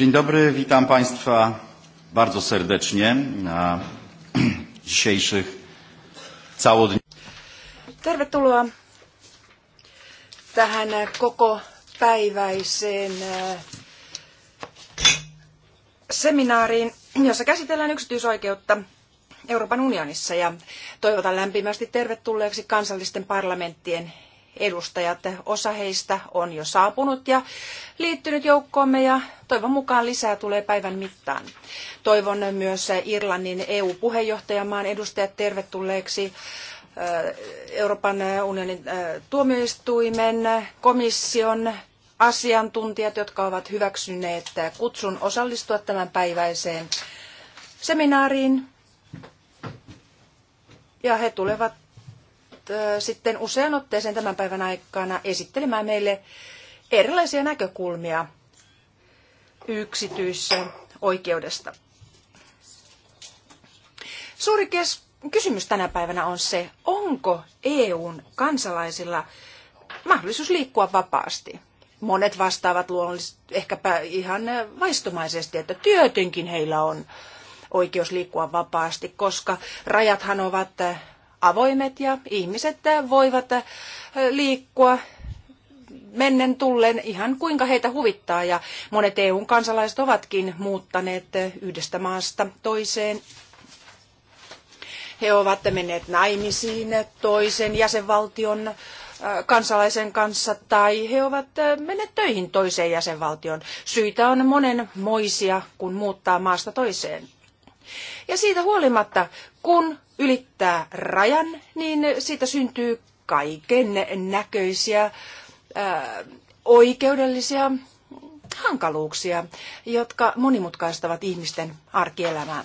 Dzień dobry, witam Państwa bardzo serdecznie na dzisiejszych całodniowych. Tervetuloa tähän koko päiväiseen äh, seminaariin, jossa käsitellään yksityisoikeutta Euroopan unionissa ja toivotan lämpimästi tervetulleeksi kansallisten parlamenttien edustajat. Osa heistä on jo saapunut ja liittynyt joukkoomme ja toivon mukaan lisää tulee päivän mittaan. Toivon myös Irlannin EU-puheenjohtajamaan edustajat tervetulleeksi äh, Euroopan unionin äh, tuomioistuimen, komission, asiantuntijat, jotka ovat hyväksyneet kutsun osallistua tämän päiväiseen seminaariin. Ja he tulevat sitten usean otteeseen tämän päivän aikana esittelemään meille erilaisia näkökulmia oikeudesta. Suuri kes- kysymys tänä päivänä on se, onko EUn kansalaisilla mahdollisuus liikkua vapaasti. Monet vastaavat luonnollisesti ehkäpä ihan vaistomaisesti, että työtynkin heillä on oikeus liikkua vapaasti, koska rajathan ovat avoimet ja ihmiset voivat liikkua mennen tullen ihan kuinka heitä huvittaa ja monet EUn kansalaiset ovatkin muuttaneet yhdestä maasta toiseen. He ovat menneet naimisiin toisen jäsenvaltion äh, kansalaisen kanssa tai he ovat äh, menneet töihin toiseen jäsenvaltioon. Syitä on monenmoisia, kun muuttaa maasta toiseen. Ja siitä huolimatta, kun ylittää rajan, niin siitä syntyy kaiken näköisiä äh, oikeudellisia hankaluuksia, jotka monimutkaistavat ihmisten arkielämää.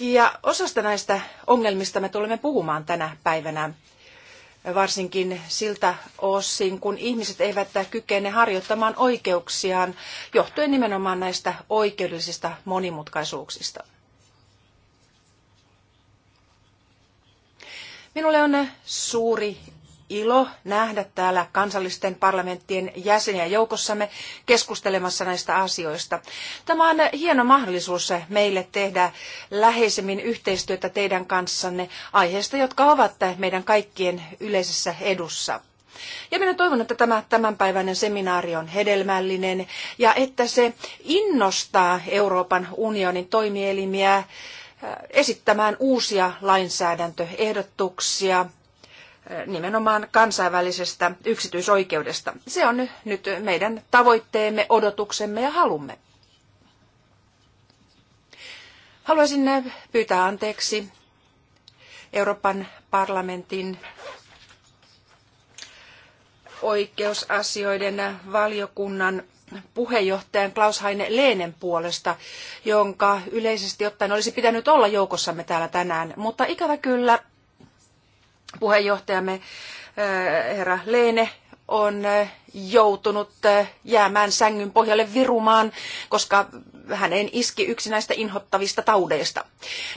Ja osasta näistä ongelmista me tulemme puhumaan tänä päivänä varsinkin siltä osin, kun ihmiset eivät kykene harjoittamaan oikeuksiaan johtuen nimenomaan näistä oikeudellisista monimutkaisuuksista. Minulle on suuri ilo nähdä täällä kansallisten parlamenttien jäseniä joukossamme keskustelemassa näistä asioista. Tämä on hieno mahdollisuus meille tehdä läheisemmin yhteistyötä teidän kanssanne aiheista, jotka ovat meidän kaikkien yleisessä edussa. Ja minä toivon, että tämä tämänpäiväinen seminaari on hedelmällinen ja että se innostaa Euroopan unionin toimielimiä äh, esittämään uusia lainsäädäntöehdotuksia nimenomaan kansainvälisestä yksityisoikeudesta. Se on nyt meidän tavoitteemme, odotuksemme ja halumme. Haluaisin pyytää anteeksi Euroopan parlamentin oikeusasioiden valiokunnan puheenjohtajan Klaus-Heine Leenen puolesta, jonka yleisesti ottaen olisi pitänyt olla joukossamme täällä tänään, mutta ikävä kyllä puheenjohtajamme äh, herra Leene on äh, joutunut äh, jäämään sängyn pohjalle virumaan, koska häneen iski yksi näistä inhottavista taudeista.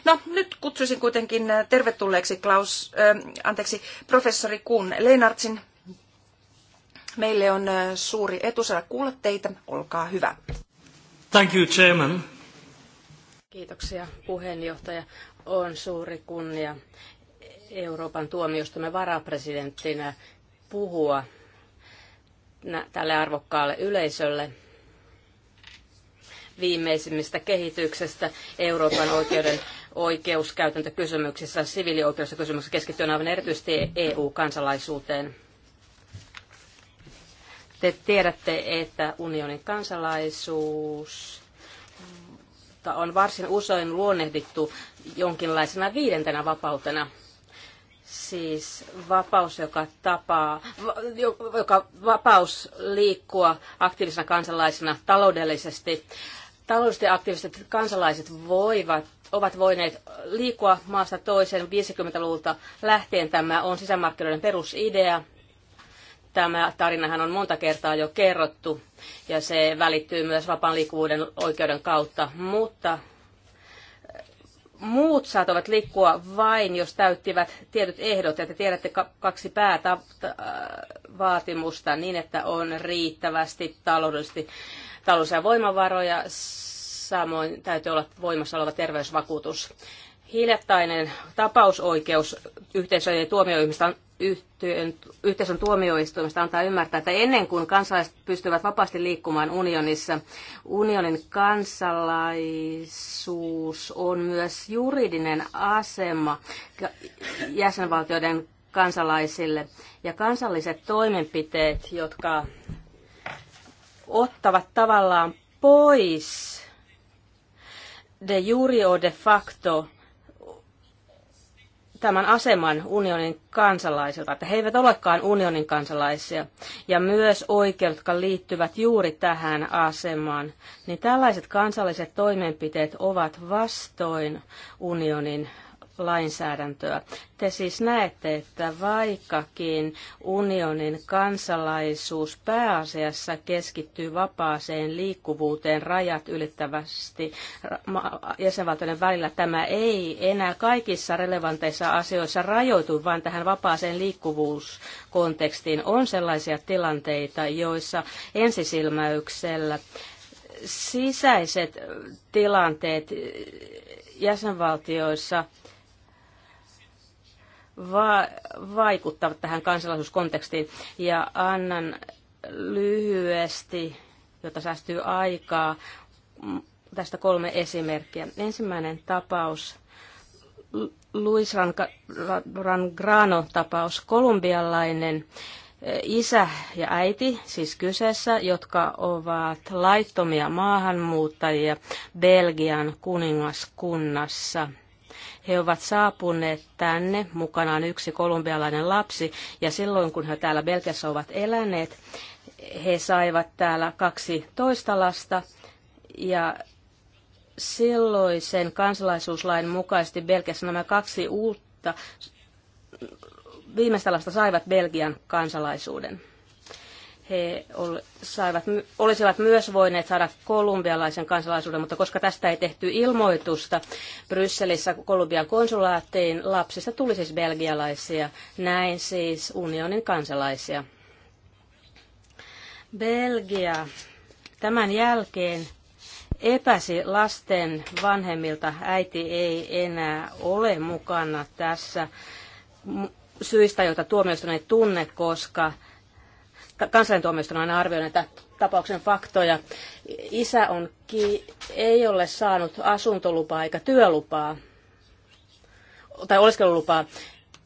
No, nyt kutsuisin kuitenkin tervetulleeksi Klaus, äh, anteeksi, professori Kun Leinartsin. Meille on suuri etu saada kuulla teitä. Olkaa hyvä. Thank you, Chairman. Kiitoksia puheenjohtaja. On suuri kunnia Euroopan tuomioistuimen varapresidenttinä puhua tälle arvokkaalle yleisölle viimeisimmistä kehityksestä Euroopan oikeuden oikeuskäytäntökysymyksissä, siviilioikeudessa kysymyksissä keskittyen aivan erityisesti EU-kansalaisuuteen. Te tiedätte, että unionin kansalaisuus on varsin usein luonnehdittu jonkinlaisena viidentenä vapautena – siis vapaus, joka tapaa, joka vapaus liikkua aktiivisena kansalaisena taloudellisesti. Taloudellisesti aktiiviset kansalaiset voivat, ovat voineet liikkua maasta toiseen 50-luvulta lähtien. Tämä on sisämarkkinoiden perusidea. Tämä tarinahan on monta kertaa jo kerrottu ja se välittyy myös vapaan liikkuvuuden oikeuden kautta, mutta muut saatavat liikkua vain, jos täyttivät tietyt ehdot, ja te tiedätte kaksi päävaatimusta äh, niin, että on riittävästi taloudellisesti taloudellisia voimavaroja, samoin täytyy olla voimassa oleva terveysvakuutus. Hiljattainen tapausoikeus yhteisöjen tuomioimista yhteisön tuomioistuimesta antaa ymmärtää, että ennen kuin kansalaiset pystyvät vapaasti liikkumaan unionissa, unionin kansalaisuus on myös juridinen asema jäsenvaltioiden kansalaisille. Ja kansalliset toimenpiteet, jotka ottavat tavallaan pois de jure o de facto tämän aseman unionin kansalaisilta, että he eivät olekaan unionin kansalaisia, ja myös oikeudet, jotka liittyvät juuri tähän asemaan, niin tällaiset kansalliset toimenpiteet ovat vastoin unionin lainsäädäntöä. Te siis näette, että vaikkakin unionin kansalaisuus pääasiassa keskittyy vapaaseen liikkuvuuteen rajat ylittävästi jäsenvaltioiden välillä, tämä ei enää kaikissa relevanteissa asioissa rajoitu, vaan tähän vapaaseen liikkuvuuskontekstiin on sellaisia tilanteita, joissa ensisilmäyksellä sisäiset tilanteet jäsenvaltioissa va- vaikuttavat tähän kansalaisuuskontekstiin. Ja annan lyhyesti, jotta säästyy aikaa, tästä kolme esimerkkiä. Ensimmäinen tapaus, Luis Rangrano-tapaus, kolumbialainen eh, isä ja äiti, siis kyseessä, jotka ovat laittomia maahanmuuttajia Belgian kuningaskunnassa – he ovat saapuneet tänne, mukanaan yksi kolumbialainen lapsi, ja silloin kun he täällä Belgiassa ovat eläneet, he saivat täällä kaksi toista lasta, ja silloisen kansalaisuuslain mukaisesti Belgiassa nämä kaksi uutta viimeistä lasta saivat Belgian kansalaisuuden he saivat, olisivat myös voineet saada kolumbialaisen kansalaisuuden, mutta koska tästä ei tehty ilmoitusta Brysselissä Kolumbian konsulaattiin, lapsista tuli siis belgialaisia, näin siis unionin kansalaisia. Belgia tämän jälkeen epäsi lasten vanhemmilta, äiti ei enää ole mukana tässä syistä, joita tuomioistuin ei tunne, koska kansallintuomioistuin on arvioinut tapauksen faktoja. Isä on ki- ei ole saanut asuntolupaa eikä työlupaa tai oleskelulupaa,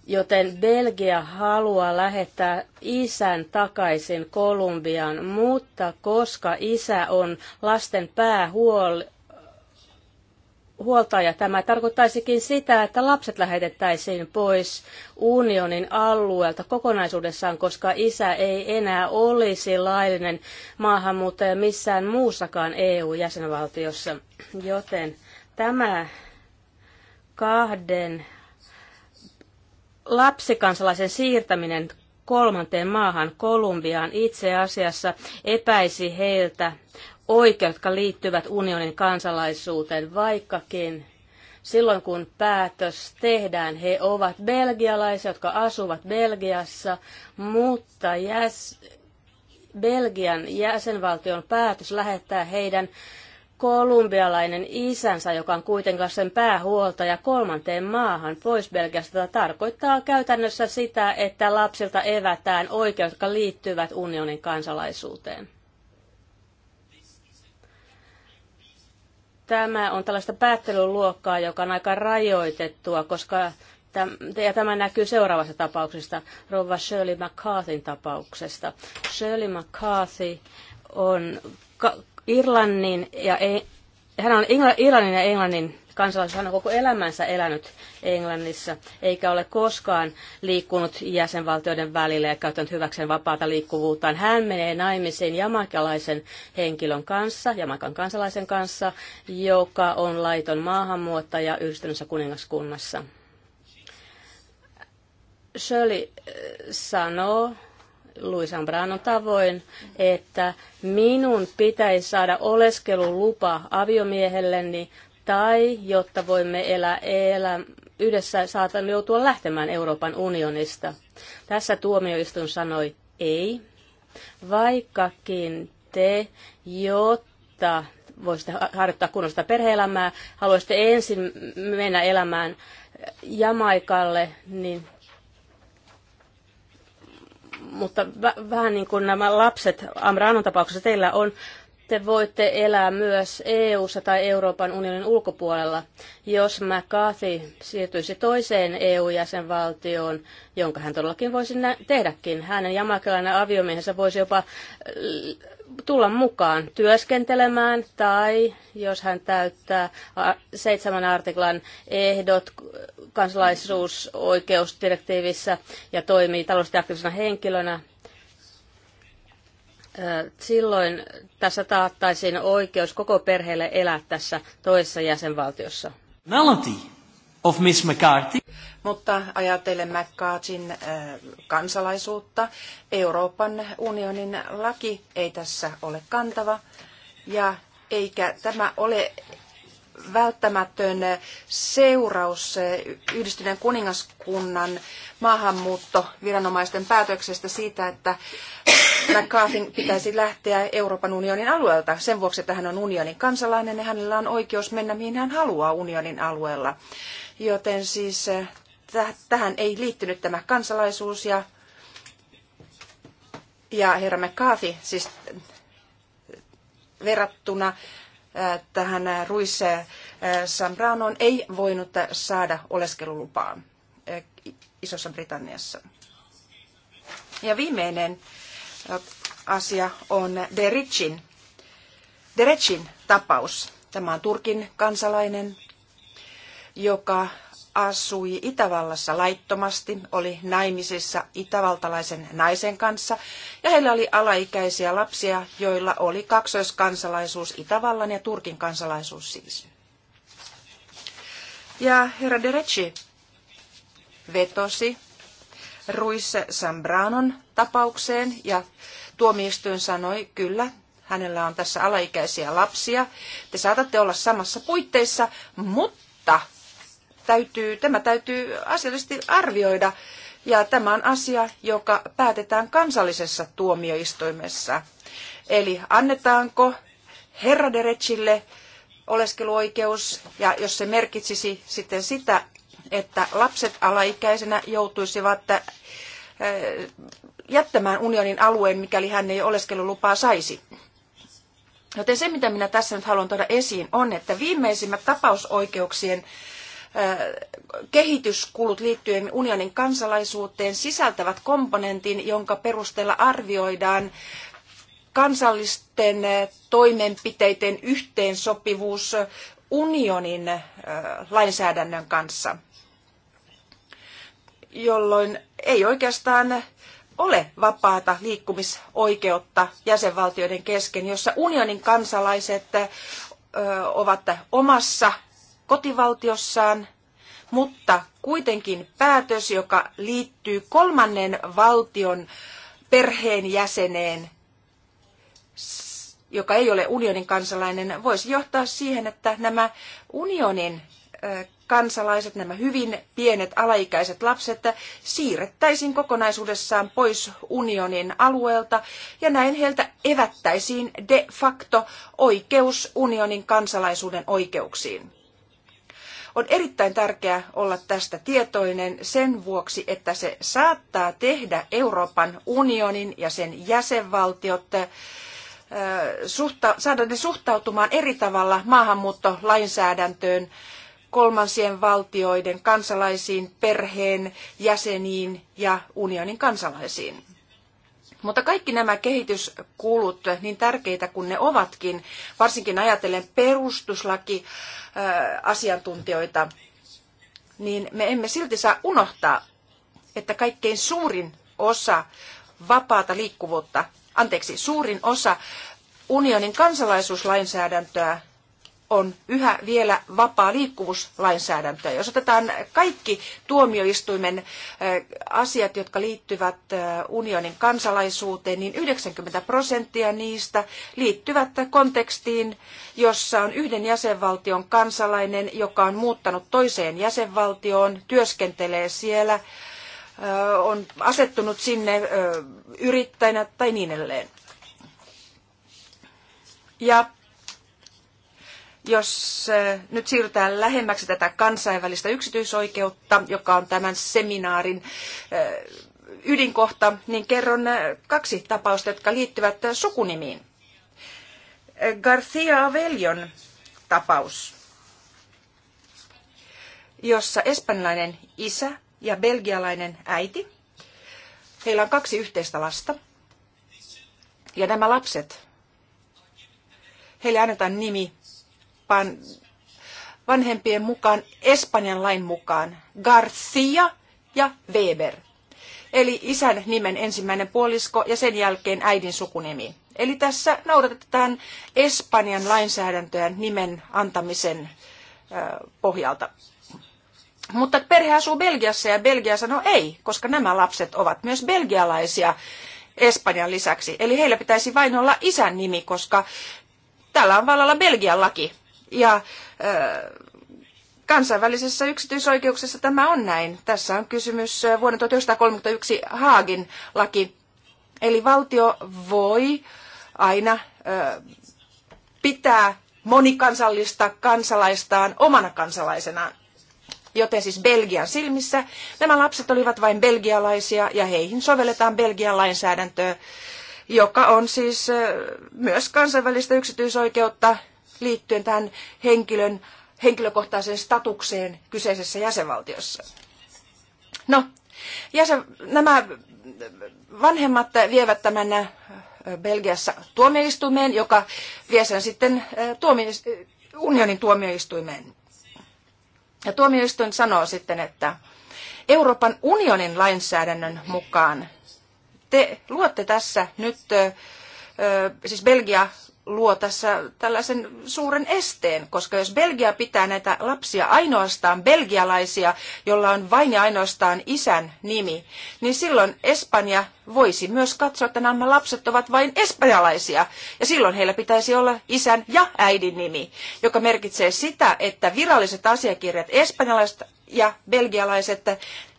joten Belgia haluaa lähettää isän takaisin Kolumbiaan, mutta koska isä on lasten päähuoli, huoltaja. Tämä tarkoittaisikin sitä, että lapset lähetettäisiin pois unionin alueelta kokonaisuudessaan, koska isä ei enää olisi laillinen maahanmuuttaja missään muussakaan EU-jäsenvaltiossa. Joten tämä kahden lapsikansalaisen siirtäminen kolmanteen maahan Kolumbiaan itse asiassa epäisi heiltä oikeudet, jotka liittyvät unionin kansalaisuuteen, vaikkakin silloin kun päätös tehdään, he ovat belgialaisia, jotka asuvat Belgiassa, mutta jäs, Belgian jäsenvaltion päätös lähettää heidän kolumbialainen isänsä, joka on kuitenkaan sen päähuoltaja kolmanteen maahan pois Belgiasta, tarkoittaa käytännössä sitä, että lapsilta evätään oikeudet, jotka liittyvät unionin kansalaisuuteen. Tämä on tällaista päättelyluokkaa, joka on aika rajoitettua, koska ja tämä näkyy seuraavassa tapauksesta, rouva Shirley McCarthyn tapauksesta. Shirley McCarthy on Irlannin ja hän on Irlannin ja Englannin kansalaisuus on koko elämänsä elänyt Englannissa, eikä ole koskaan liikkunut jäsenvaltioiden välillä ja käyttänyt hyväkseen vapaata liikkuvuuttaan. Hän menee naimisiin jamaikalaisen henkilön kanssa, jamaikan kansalaisen kanssa, joka on laiton maahanmuuttaja yhdistyneessä kuningaskunnassa. Shirley eh, sanoo, Luisan Branon tavoin, että minun pitäisi saada oleskelulupa aviomiehelleni tai jotta voimme elää, elä, yhdessä, saatan joutua lähtemään Euroopan unionista. Tässä tuomioistuin sanoi ei, vaikkakin te, jotta voisitte harjoittaa kunnosta perheelämää, haluaisitte ensin mennä elämään Jamaikalle, niin mutta vähän niin kuin nämä lapset Amranon tapauksessa teillä on te voitte elää myös EU-ssa tai Euroopan unionin ulkopuolella. Jos McCarthy siirtyisi toiseen EU-jäsenvaltioon, jonka hän todellakin voisi tehdäkin, hänen jamakilainen aviomiehensä voisi jopa äh, tulla mukaan työskentelemään tai jos hän täyttää seitsemän artiklan ehdot kansalaisuusoikeusdirektiivissä ja toimii taloudellisesti aktiivisena henkilönä, Silloin tässä taattaisiin oikeus koko perheelle elää tässä toisessa jäsenvaltiossa. Melody of Miss McCarthy. Mutta ajatellen McCartin kansalaisuutta, Euroopan unionin laki ei tässä ole kantava ja eikä tämä ole välttämätön seuraus yhdistyneen kuningaskunnan maahanmuuttoviranomaisten päätöksestä siitä, että McCarthyn pitäisi lähteä Euroopan unionin alueelta sen vuoksi, että hän on unionin kansalainen ja hänellä on oikeus mennä mihin hän haluaa unionin alueella. Joten siis eh, tähän ei liittynyt tämä kansalaisuus ja, ja herra McCarthy siis eh, verrattuna tähän Ruiz Sambranoon eh, ei voinut saada oleskelulupaa eh, Isossa Britanniassa. Ja viimeinen eh, asia on Derichin. Derecin tapaus. Tämä on Turkin kansalainen, joka asui Itävallassa laittomasti, oli naimisissa itävaltalaisen naisen kanssa ja heillä oli alaikäisiä lapsia, joilla oli kaksoiskansalaisuus Itävallan ja Turkin kansalaisuus siis. Ja herra Dereci vetosi Ruiz Sambranon tapaukseen ja tuomioistuin sanoi, kyllä, hänellä on tässä alaikäisiä lapsia, te saatatte olla samassa puitteissa, mutta täytyy, tämä täytyy asiallisesti arvioida. Ja tämä on asia, joka päätetään kansallisessa tuomioistuimessa. Eli annetaanko Herra Derechille oleskeluoikeus, ja jos se merkitsisi sitten sitä, että lapset alaikäisenä joutuisivat äh, jättämään unionin alueen, mikäli hän ei oleskelulupaa saisi. Joten se, mitä minä tässä nyt haluan tuoda esiin, on, että viimeisimmät tapausoikeuksien kehityskulut liittyen unionin kansalaisuuteen sisältävät komponentin, jonka perusteella arvioidaan kansallisten toimenpiteiden yhteensopivuus unionin lainsäädännön kanssa, jolloin ei oikeastaan ole vapaata liikkumisoikeutta jäsenvaltioiden kesken, jossa unionin kansalaiset ovat omassa kotivaltiossaan, mutta kuitenkin päätös, joka liittyy kolmannen valtion perheenjäseneen, joka ei ole unionin kansalainen, voisi johtaa siihen, että nämä unionin kansalaiset, nämä hyvin pienet alaikäiset lapset siirrettäisiin kokonaisuudessaan pois unionin alueelta ja näin heiltä evättäisiin de facto oikeus unionin kansalaisuuden oikeuksiin. On erittäin tärkeää olla tästä tietoinen sen vuoksi, että se saattaa tehdä Euroopan unionin ja sen jäsenvaltiot suhta, saada ne suhtautumaan eri tavalla maahanmuuttolainsäädäntöön, kolmansien valtioiden kansalaisiin, perheen jäseniin ja unionin kansalaisiin. Mutta kaikki nämä kehityskulut, niin tärkeitä kuin ne ovatkin, varsinkin ajatellen perustuslaki-asiantuntijoita, äh, niin me emme silti saa unohtaa, että kaikkein suurin osa vapaata liikkuvuutta, anteeksi, suurin osa unionin kansalaisuuslainsäädäntöä on yhä vielä vapaa liikkuvuuslainsäädäntöä. Jos otetaan kaikki tuomioistuimen asiat, jotka liittyvät unionin kansalaisuuteen, niin 90 prosenttia niistä liittyvät kontekstiin, jossa on yhden jäsenvaltion kansalainen, joka on muuttanut toiseen jäsenvaltioon, työskentelee siellä, on asettunut sinne yrittäjänä tai niin edelleen. Ja jos eh, nyt siirrytään lähemmäksi tätä kansainvälistä yksityisoikeutta, joka on tämän seminaarin eh, ydinkohta, niin kerron eh, kaksi tapausta, jotka liittyvät sukunimiin. Garcia Avellion tapaus, jossa espanjalainen isä ja belgialainen äiti, heillä on kaksi yhteistä lasta, ja nämä lapset, heille annetaan nimi pan, vanhempien mukaan Espanjan lain mukaan Garcia ja Weber. Eli isän nimen ensimmäinen puolisko ja sen jälkeen äidin sukunimi. Eli tässä noudatetaan Espanjan lainsäädäntöä nimen antamisen pohjalta. Mutta perhe asuu Belgiassa ja Belgia sanoo ei, koska nämä lapset ovat myös belgialaisia Espanjan lisäksi. Eli heillä pitäisi vain olla isän nimi, koska tällä on vallalla Belgian laki. Ja kansainvälisessä yksityisoikeuksessa tämä on näin. Tässä on kysymys vuoden 1931 Haagin laki. Eli valtio voi aina pitää monikansallista kansalaistaan omana kansalaisenaan. Joten siis Belgian silmissä nämä lapset olivat vain belgialaisia ja heihin sovelletaan Belgian lainsäädäntöä, joka on siis myös kansainvälistä yksityisoikeutta liittyen tähän henkilön henkilökohtaiseen statukseen kyseisessä jäsenvaltiossa. No, jäsen, nämä vanhemmat vievät tämän äh, Belgiassa tuomioistuimeen, joka vie sen sitten äh, tuomioist unionin tuomioistuimeen. Ja tuomioistuin sanoo sitten, että Euroopan unionin lainsäädännön mukaan te luotte tässä nyt, äh, siis Belgia luo tässä tällaisen suuren esteen, koska jos Belgia pitää näitä lapsia ainoastaan belgialaisia, jolla on vain ja ainoastaan isän nimi, niin silloin Espanja voisi myös katsoa, että nämä lapset ovat vain espanjalaisia, ja silloin heillä pitäisi olla isän ja äidin nimi, joka merkitsee sitä, että viralliset asiakirjat espanjalaiset ja belgialaiset,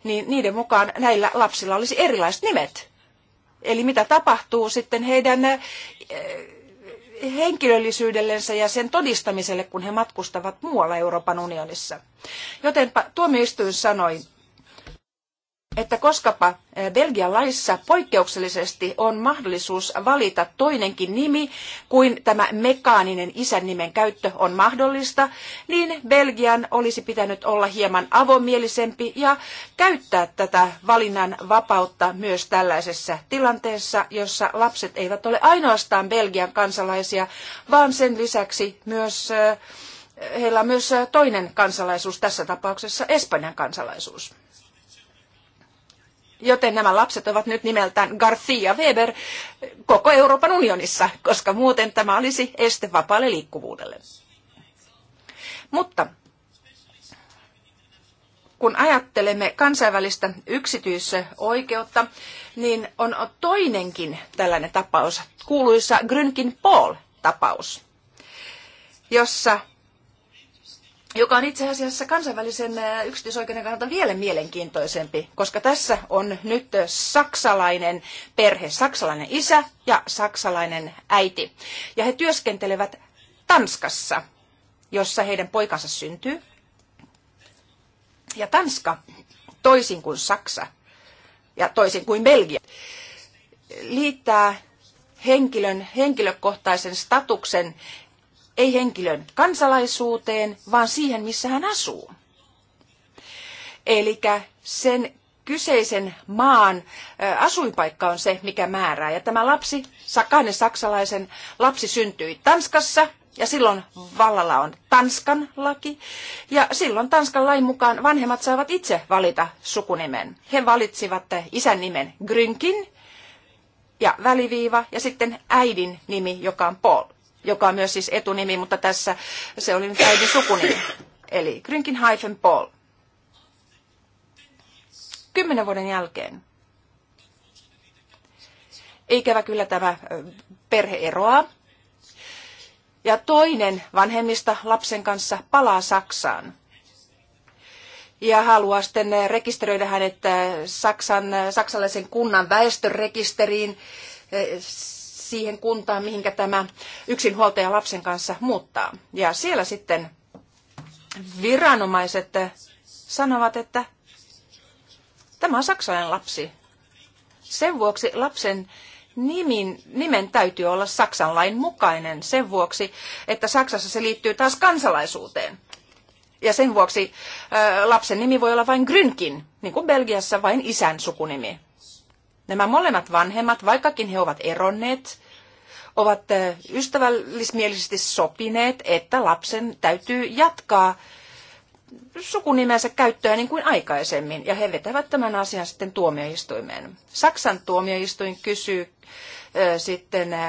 niin niiden mukaan näillä lapsilla olisi erilaiset nimet. Eli mitä tapahtuu sitten heidän eh, henkilöllisyydellensä ja sen todistamiselle, kun he matkustavat muualla Euroopan unionissa. Joten tuomioistuin sanoi, että koskapa eh, Belgian laissa poikkeuksellisesti on mahdollisuus valita toinenkin nimi kuin tämä mekaaninen isän nimen käyttö on mahdollista, niin Belgian olisi pitänyt olla hieman avomielisempi ja käyttää tätä valinnan vapautta myös tällaisessa tilanteessa, jossa lapset eivät ole ainoastaan Belgian kansalaisia, vaan sen lisäksi myös eh, heillä on myös toinen kansalaisuus, tässä tapauksessa Espanjan kansalaisuus. Joten nämä lapset ovat nyt nimeltään Garcia Weber koko Euroopan unionissa, koska muuten tämä olisi este vapaalle liikkuvuudelle. Mutta kun ajattelemme kansainvälistä yksityisoikeutta, niin on toinenkin tällainen tapaus, kuuluisa Grönkin Paul-tapaus, jossa joka on itse asiassa kansainvälisen yksityisoikeuden kannalta vielä mielenkiintoisempi, koska tässä on nyt saksalainen perhe, saksalainen isä ja saksalainen äiti. Ja he työskentelevät Tanskassa, jossa heidän poikansa syntyy. Ja Tanska, toisin kuin Saksa ja toisin kuin Belgia, liittää henkilön henkilökohtaisen statuksen ei henkilön kansalaisuuteen, vaan siihen, missä hän asuu. Eli sen kyseisen maan asuinpaikka on se, mikä määrää. Ja tämä lapsi, kahden saksalaisen lapsi syntyi Tanskassa, ja silloin vallalla on Tanskan laki. Ja silloin Tanskan lain mukaan vanhemmat saavat itse valita sukunimen. He valitsivat isän nimen Grynkin ja väliviiva ja sitten äidin nimi, joka on Paul joka on myös siis etunimi, mutta tässä se oli nyt äidin sukunimi. Eli Krynkin hyphen Paul. Kymmenen vuoden jälkeen. Ikävä kyllä tämä perhe eroaa. Ja toinen vanhemmista lapsen kanssa palaa Saksaan ja haluaa sitten rekisteröidä hänet Saksan, saksalaisen kunnan väestörekisteriin siihen kuntaan, mihinkä tämä yksinhuoltaja lapsen kanssa muuttaa. Ja siellä sitten viranomaiset sanovat, että tämä on saksalainen lapsi. Sen vuoksi lapsen nimin, nimen täytyy olla Saksan lain mukainen sen vuoksi, että Saksassa se liittyy taas kansalaisuuteen. Ja sen vuoksi lapsen nimi voi olla vain Grynkin, niin kuin Belgiassa vain isän sukunimi. Nämä molemmat vanhemmat, vaikkakin he ovat eronneet, ovat eh, ystävällismielisesti sopineet, että lapsen täytyy jatkaa sukunimensä käyttöä niin kuin aikaisemmin, ja he vetävät tämän asian sitten tuomioistuimeen. Saksan tuomioistuin kysyy eh, sitten eh,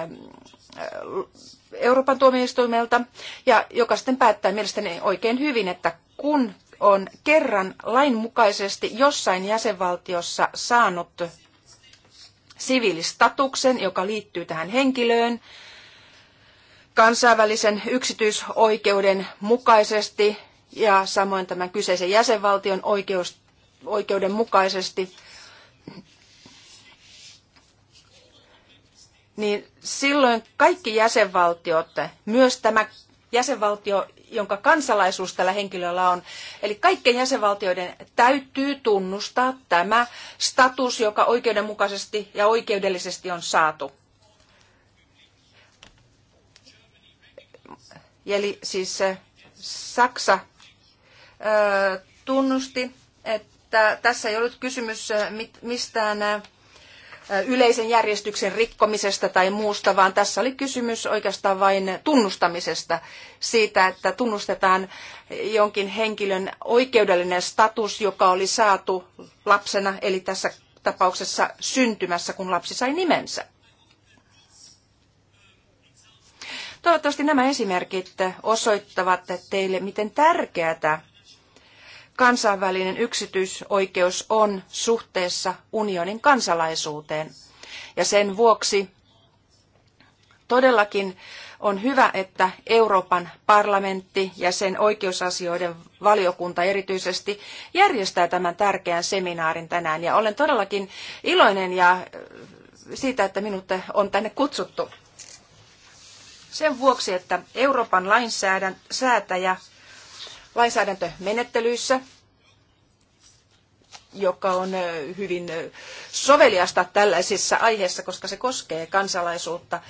Euroopan tuomioistuimelta, ja joka sitten päättää mielestäni oikein hyvin, että kun on kerran lainmukaisesti jossain jäsenvaltiossa saanut siviilistatuksen, joka liittyy tähän henkilöön, kansainvälisen yksityisoikeuden mukaisesti ja samoin tämän kyseisen jäsenvaltion oikeus, oikeuden mukaisesti, niin silloin kaikki jäsenvaltiot, myös tämä jäsenvaltio, jonka kansalaisuus tällä henkilöllä on. Eli kaikkien jäsenvaltioiden täytyy tunnustaa tämä status, joka oikeudenmukaisesti ja oikeudellisesti on saatu. Eli siis eh, Saksa eh, tunnusti, että tässä ei ollut kysymys eh, mistään yleisen järjestyksen rikkomisesta tai muusta, vaan tässä oli kysymys oikeastaan vain tunnustamisesta siitä, että tunnustetaan jonkin henkilön oikeudellinen status, joka oli saatu lapsena, eli tässä tapauksessa syntymässä, kun lapsi sai nimensä. Toivottavasti nämä esimerkit osoittavat teille, miten tärkeää kansainvälinen yksityisoikeus on suhteessa unionin kansalaisuuteen. Ja sen vuoksi todellakin on hyvä, että Euroopan parlamentti ja sen oikeusasioiden valiokunta erityisesti järjestää tämän tärkeän seminaarin tänään. Ja olen todellakin iloinen ja äh, siitä, että minut on tänne kutsuttu. Sen vuoksi, että Euroopan lainsäätäjä lainsäädäntömenettelyissä, joka on hyvin soveliasta tällaisissa aiheissa, koska se koskee kansalaisuutta,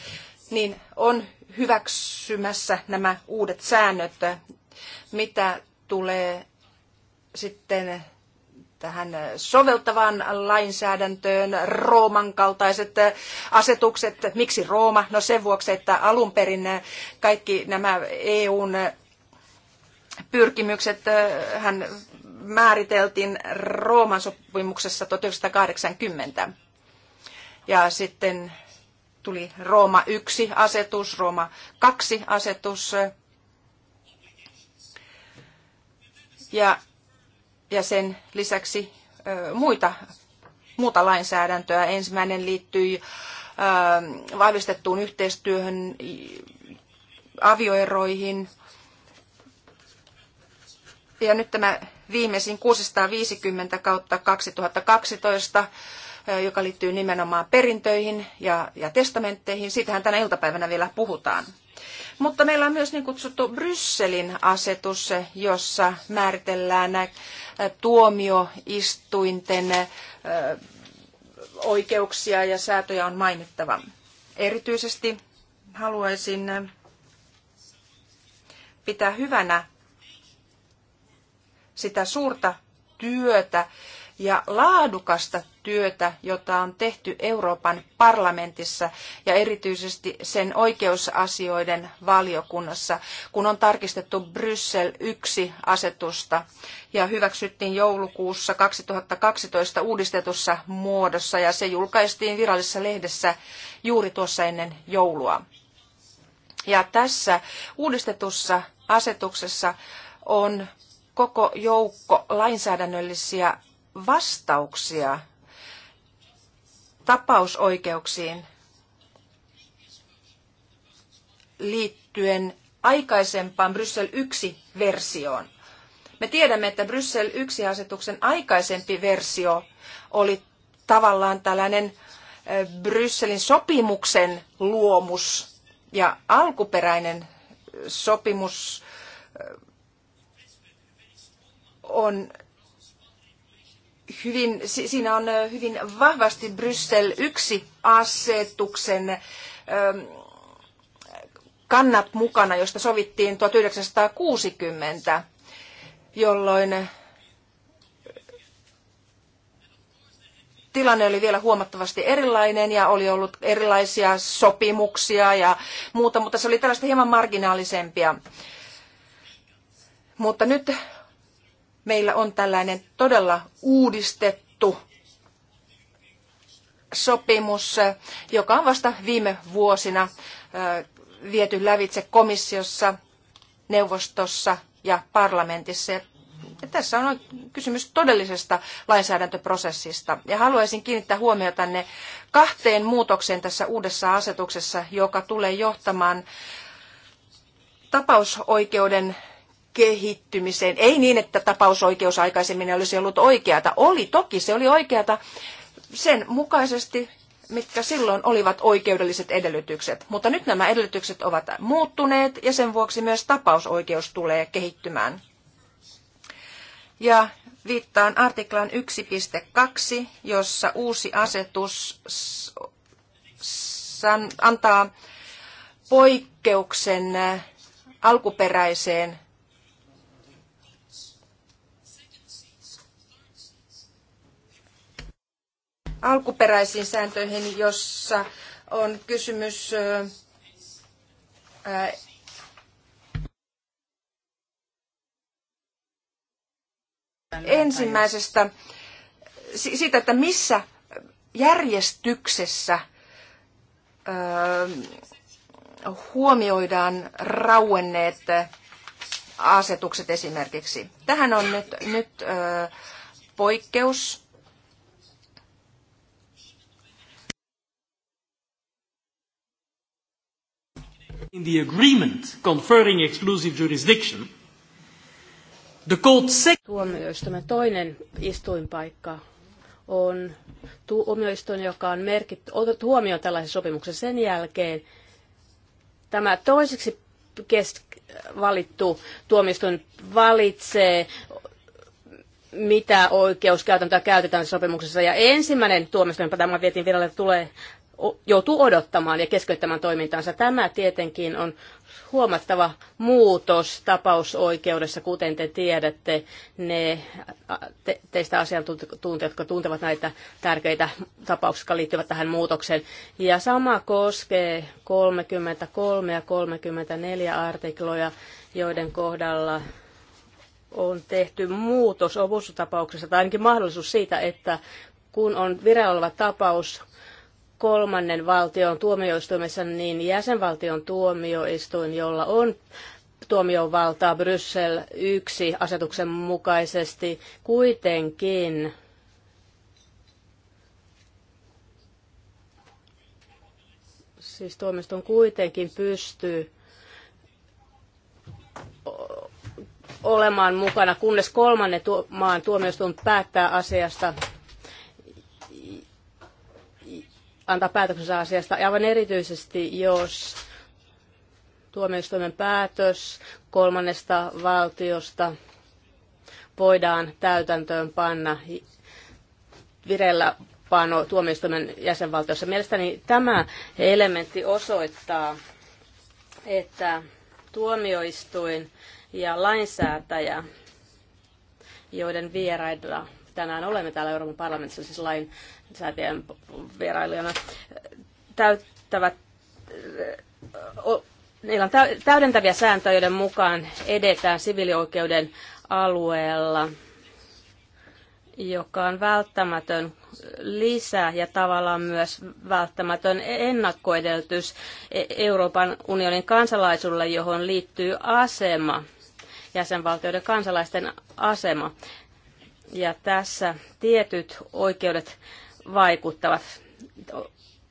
niin on hyväksymässä nämä uudet säännöt, mitä tulee sitten tähän soveltavaan lainsäädäntöön, Rooman kaltaiset asetukset. Miksi Rooma? No sen vuoksi, että alun perin kaikki nämä EUn pyrkimykset hän määriteltiin Rooman sopimuksessa 1980. Ja sitten tuli Rooma 1 asetus, Rooma 2 asetus. Ja, ja sen lisäksi muita, muuta lainsäädäntöä. Ensimmäinen liittyi vahvistettuun yhteistyöhön, avioeroihin – ja nyt tämä viimeisin 650 kautta 2012, joka liittyy nimenomaan perintöihin ja, ja testamentteihin. Siitähän tänä iltapäivänä vielä puhutaan. Mutta meillä on myös niin kutsuttu Brysselin asetus, jossa määritellään tuomioistuinten oikeuksia ja säätöjä on mainittava. Erityisesti haluaisin pitää hyvänä sitä suurta työtä ja laadukasta työtä, jota on tehty Euroopan parlamentissa ja erityisesti sen oikeusasioiden valiokunnassa, kun on tarkistettu Bryssel 1 asetusta ja hyväksyttiin joulukuussa 2012 uudistetussa muodossa ja se julkaistiin virallisessa lehdessä juuri tuossa ennen joulua. Ja tässä uudistetussa asetuksessa on koko joukko lainsäädännöllisiä vastauksia tapausoikeuksiin liittyen aikaisempaan Bryssel 1-versioon. Me tiedämme, että Bryssel 1-asetuksen aikaisempi versio oli tavallaan tällainen Brysselin sopimuksen luomus ja alkuperäinen sopimus on hyvin, siinä on hyvin vahvasti Bryssel yksi asetuksen kannat mukana, josta sovittiin 1960, jolloin tilanne oli vielä huomattavasti erilainen ja oli ollut erilaisia sopimuksia ja muuta, mutta se oli tällaista hieman marginaalisempia. Mutta nyt meillä on tällainen todella uudistettu sopimus, joka on vasta viime vuosina viety lävitse komissiossa, neuvostossa ja parlamentissa. Ja tässä on kysymys todellisesta lainsäädäntöprosessista. Ja haluaisin kiinnittää huomiota ne kahteen muutokseen tässä uudessa asetuksessa, joka tulee johtamaan tapausoikeuden kehittymiseen. Ei niin, että tapausoikeus aikaisemmin olisi ollut oikeata. Oli toki, se oli oikeata sen mukaisesti, mitkä silloin olivat oikeudelliset edellytykset. Mutta nyt nämä edellytykset ovat muuttuneet ja sen vuoksi myös tapausoikeus tulee kehittymään. Ja viittaan artiklaan 1.2, jossa uusi asetus antaa poikkeuksen alkuperäiseen alkuperäisiin sääntöihin, jossa on kysymys ensimmäisestä siitä, että missä järjestyksessä huomioidaan rauenneet asetukset esimerkiksi. Tähän on nyt, nyt poikkeus In the agreement conferring exclusive jurisdiction, the court said... Tuomioistuimen toinen istuinpaikka on tuomioistuin, joka on merkitty, otettu huomioon tällaisen sopimuksen sen jälkeen. Tämä toiseksi kest valittu tuomioistuin valitsee mitä oikeuskäytäntöä käytetään sopimuksessa. Ja ensimmäinen tuomioistuin, jota tämä vietiin vieraille, tulee joutuu odottamaan ja keskeyttämään toimintansa. Tämä tietenkin on huomattava muutos tapausoikeudessa, kuten te tiedätte, ne te, teistä asiantuntijat, jotka tuntevat näitä tärkeitä tapauksia, jotka liittyvät tähän muutokseen. Ja sama koskee 33 ja 34 artikloja, joiden kohdalla on tehty muutos obustapauksessa, tai ainakin mahdollisuus siitä, että kun on vireä oleva tapaus kolmannen valtion tuomioistuimessa, niin jäsenvaltion tuomioistuin, jolla on tuomiovaltaa Bryssel 1 asetuksen mukaisesti, kuitenkin siis tuomiston kuitenkin pystyy olemaan mukana, kunnes kolmannen maan tuomioistuin päättää asiasta antaa päätöksensä asiasta, aivan erityisesti jos tuomioistuimen päätös kolmannesta valtiosta voidaan täytäntöön panna vireillä pano tuomioistuimen jäsenvaltiossa. Mielestäni tämä elementti osoittaa, että tuomioistuin ja lainsäätäjä, joiden vierailla tänään olemme täällä Euroopan parlamentissa, siis lain säätiön vierailijana täyttävät Niillä on täydentäviä sääntöjä, joiden mukaan edetään sivilioikeuden alueella, joka on välttämätön lisä ja tavallaan myös välttämätön ennakkoedeltys e-, Euroopan unionin kansalaisuudelle, johon liittyy asema, jäsenvaltioiden kansalaisten asema. Ja tässä tietyt oikeudet vaikuttavat.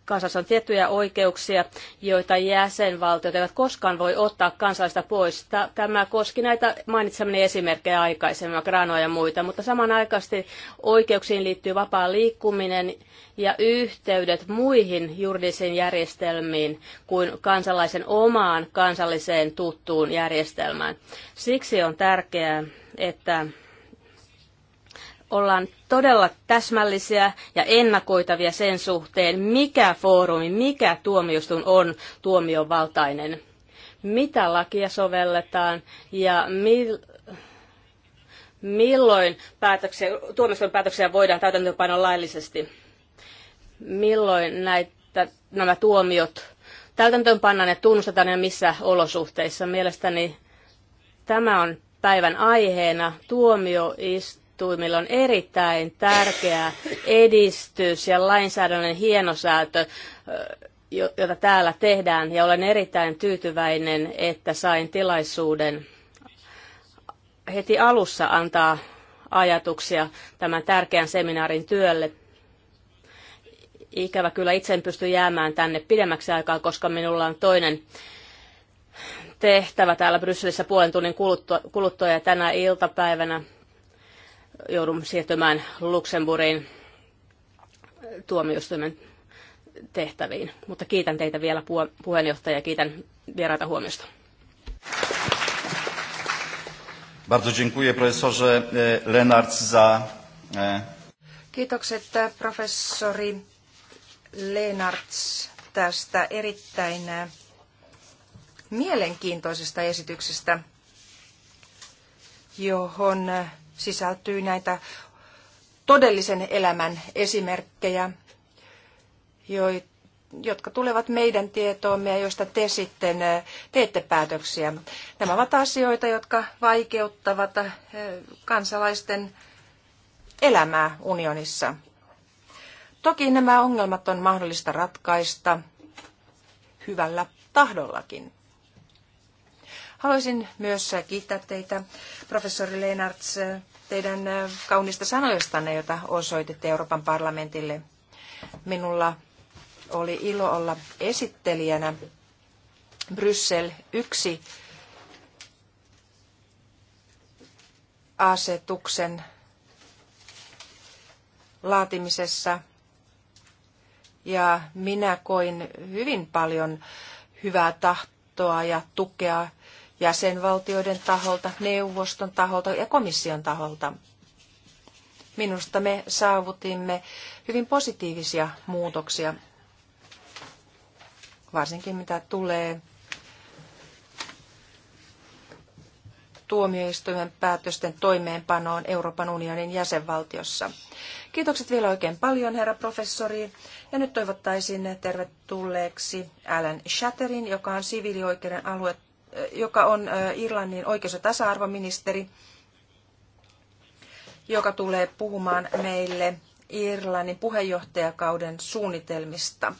Kansassa on tiettyjä oikeuksia, joita jäsenvaltiot eivät koskaan voi ottaa kansalaista pois. Tämä koski näitä mainitsemani esimerkkejä aikaisemmin, Granoa ja muita, mutta samanaikaisesti oikeuksiin liittyy vapaa liikkuminen ja yhteydet muihin juridisiin järjestelmiin kuin kansalaisen omaan kansalliseen tuttuun järjestelmään. Siksi on tärkeää, että ollaan todella täsmällisiä ja ennakoitavia sen suhteen, mikä foorumi, mikä tuomioistuin on tuomiovaltainen, mitä lakia sovelletaan ja mil, milloin päätöksiä, tuomioistuin päätöksiä voidaan täytäntöönpanon laillisesti, milloin näitä, nämä tuomiot täytäntöönpannaan ja tunnustetaan ja missä olosuhteissa. Mielestäni tämä on päivän aiheena tuomioistuin tuomioistuimilla on erittäin tärkeä edistys ja lainsäädännön hienosäätö, jota täällä tehdään, ja olen erittäin tyytyväinen, että sain tilaisuuden heti alussa antaa ajatuksia tämän tärkeän seminaarin työlle. Ikävä kyllä itse en pysty jäämään tänne pidemmäksi aikaa, koska minulla on toinen tehtävä täällä Brysselissä puolen tunnin kuluttua, kuluttua ja tänä iltapäivänä joudun siirtymään Luxemburgin tuomioistuimen tehtäviin. Mutta kiitän teitä vielä puheenjohtaja ja kiitän vieraita huomiosta. Bardzo dziękuję profesorze e, Lenarts za... E, Kiitokset e, professori Lenarts tästä erittäin mielenkiintoisesta esityksestä, johon sisältyy näitä todellisen elämän esimerkkejä, jotka tulevat meidän tietoomme ja joista te sitten teette päätöksiä. Nämä ovat asioita, jotka vaikeuttavat kansalaisten elämää unionissa. Toki nämä ongelmat on mahdollista ratkaista hyvällä tahdollakin. Haluaisin myös kiittää teitä, professori Leenarts, teidän kaunista sanoistanne, jota osoititte Euroopan parlamentille. Minulla oli ilo olla esittelijänä Bryssel 1 asetuksen laatimisessa. Ja minä koin hyvin paljon hyvää tahtoa ja tukea jäsenvaltioiden taholta, neuvoston taholta ja komission taholta. Minusta me saavutimme hyvin positiivisia muutoksia, varsinkin mitä tulee tuomioistuimen päätösten toimeenpanoon Euroopan unionin jäsenvaltiossa. Kiitokset vielä oikein paljon, herra professori. Ja nyt toivottaisin tervetulleeksi Alan Shatterin, joka on siviilioikeuden aluetta joka on Irlannin oikeus- ja tasa-arvoministeri, joka tulee puhumaan meille Irlannin puheenjohtajakauden suunnitelmista.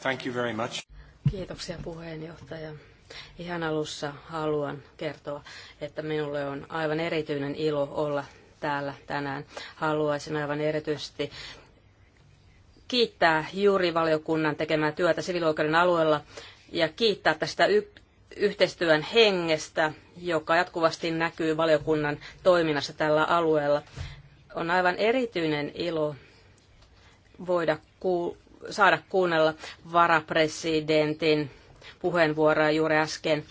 Thank you very much. Kiitoksia puheenjohtaja. Ihan alussa haluan kertoa, että minulle on aivan erityinen ilo olla täällä tänään. Haluaisin aivan erityisesti kiittää juurivaliokunnan tekemää työtä sivilioikeuden alueella ja kiittää tästä yhteistyön hengestä, joka jatkuvasti näkyy valiokunnan toiminnassa tällä alueella. On aivan erityinen ilo voida ku- saada kuunnella varapresidentin puheenvuoroa juuri äsken.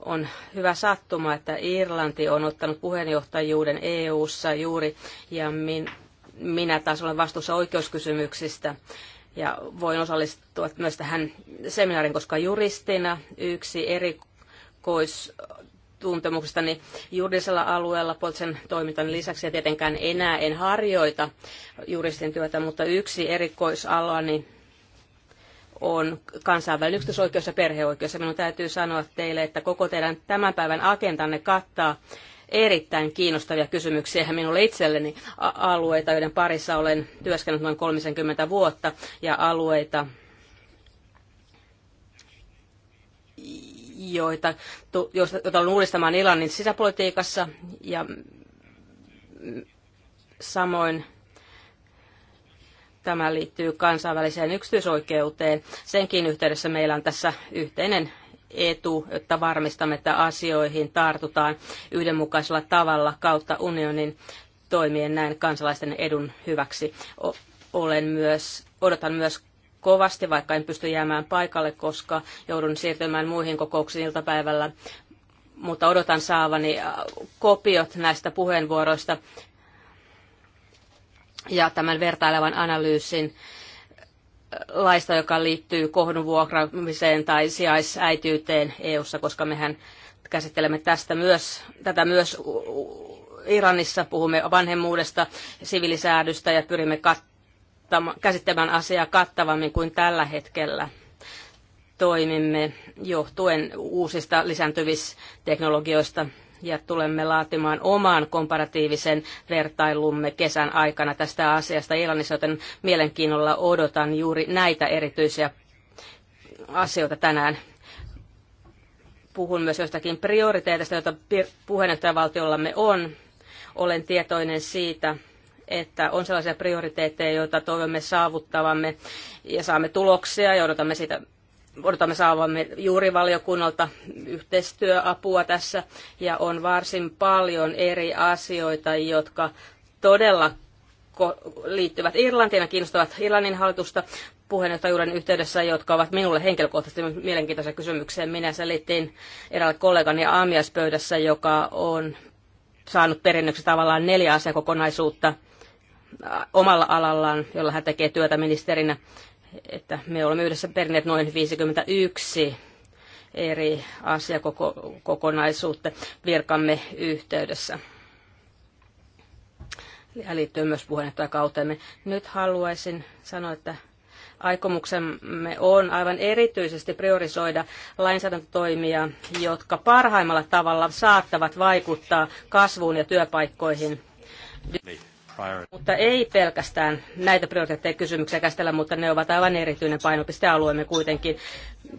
On hyvä sattuma, että Irlanti on ottanut puheenjohtajuuden EU-ssa juuri, ja min- minä taas olen vastuussa oikeuskysymyksistä ja voin osallistua myös tähän seminaarin, koska juristina yksi erikois tuntemuksestani juridisella alueella poliittisen toimintan lisäksi ja tietenkään enää en harjoita juristin työtä, mutta yksi erikoisalani on kansainvälinen yksityisoikeus ja perheoikeus. Ja minun täytyy sanoa teille, että koko teidän tämän päivän agendanne kattaa erittäin kiinnostavia kysymyksiä minulle itselleni alueita, joiden parissa olen työskennellyt noin 30 vuotta ja alueita, joita, joita olen uudistamaan Irlannin sisäpolitiikassa ja samoin tämä liittyy kansainväliseen yksityisoikeuteen. Senkin yhteydessä meillä on tässä yhteinen etu, että varmistamme, että asioihin tartutaan yhdenmukaisella tavalla kautta unionin toimien näin kansalaisten edun hyväksi. Olen myös, odotan myös kovasti, vaikka en pysty jäämään paikalle, koska joudun siirtymään muihin kokouksiin iltapäivällä, mutta odotan saavani äh, kopiot näistä puheenvuoroista ja tämän vertailevan analyysin laista, joka liittyy kohdun vuokraamiseen tai sijaisäityyteen EU-ssa, koska mehän käsittelemme tästä myös, tätä myös Iranissa, puhumme vanhemmuudesta, sivilisäädystä ja pyrimme kattama, käsittelemään asiaa kattavammin kuin tällä hetkellä toimimme johtuen uusista teknologioista ja tulemme laatimaan oman komparatiivisen vertailumme kesän aikana tästä asiasta Irlannissa, joten mielenkiinnolla odotan juuri näitä erityisiä asioita tänään. Puhun myös jostakin prioriteetista, joita puheenjohtajavaltiollamme on. Olen tietoinen siitä, että on sellaisia prioriteetteja, joita toivomme saavuttavamme ja saamme tuloksia ja odotamme sitä odotamme saavamme juuri valiokunnalta yhteistyöapua tässä ja on varsin paljon eri asioita, jotka todella liittyvät Irlantiin ja kiinnostavat Irlannin hallitusta puheenjohtajuuden yhteydessä, jotka ovat minulle henkilökohtaisesti mielenkiintoisia kysymyksiä. Minä selitin eräälle kollegani aamiaispöydässä, joka on saanut perinnöksi tavallaan neljä asiakokonaisuutta omalla alallaan, jolla hän tekee työtä ministerinä että me olemme yhdessä perineet noin 51 eri asiakokonaisuutta virkamme yhteydessä. Ja liittyy myös puheenjohtajakauteemme. Nyt haluaisin sanoa, että aikomuksemme on aivan erityisesti priorisoida lainsäädäntötoimia, jotka parhaimmalla tavalla saattavat vaikuttaa kasvuun ja työpaikkoihin. Niin mutta ei pelkästään näitä prioriteetteja kysymyksiä käsitellä, mutta ne ovat aivan erityinen painopistealueemme kuitenkin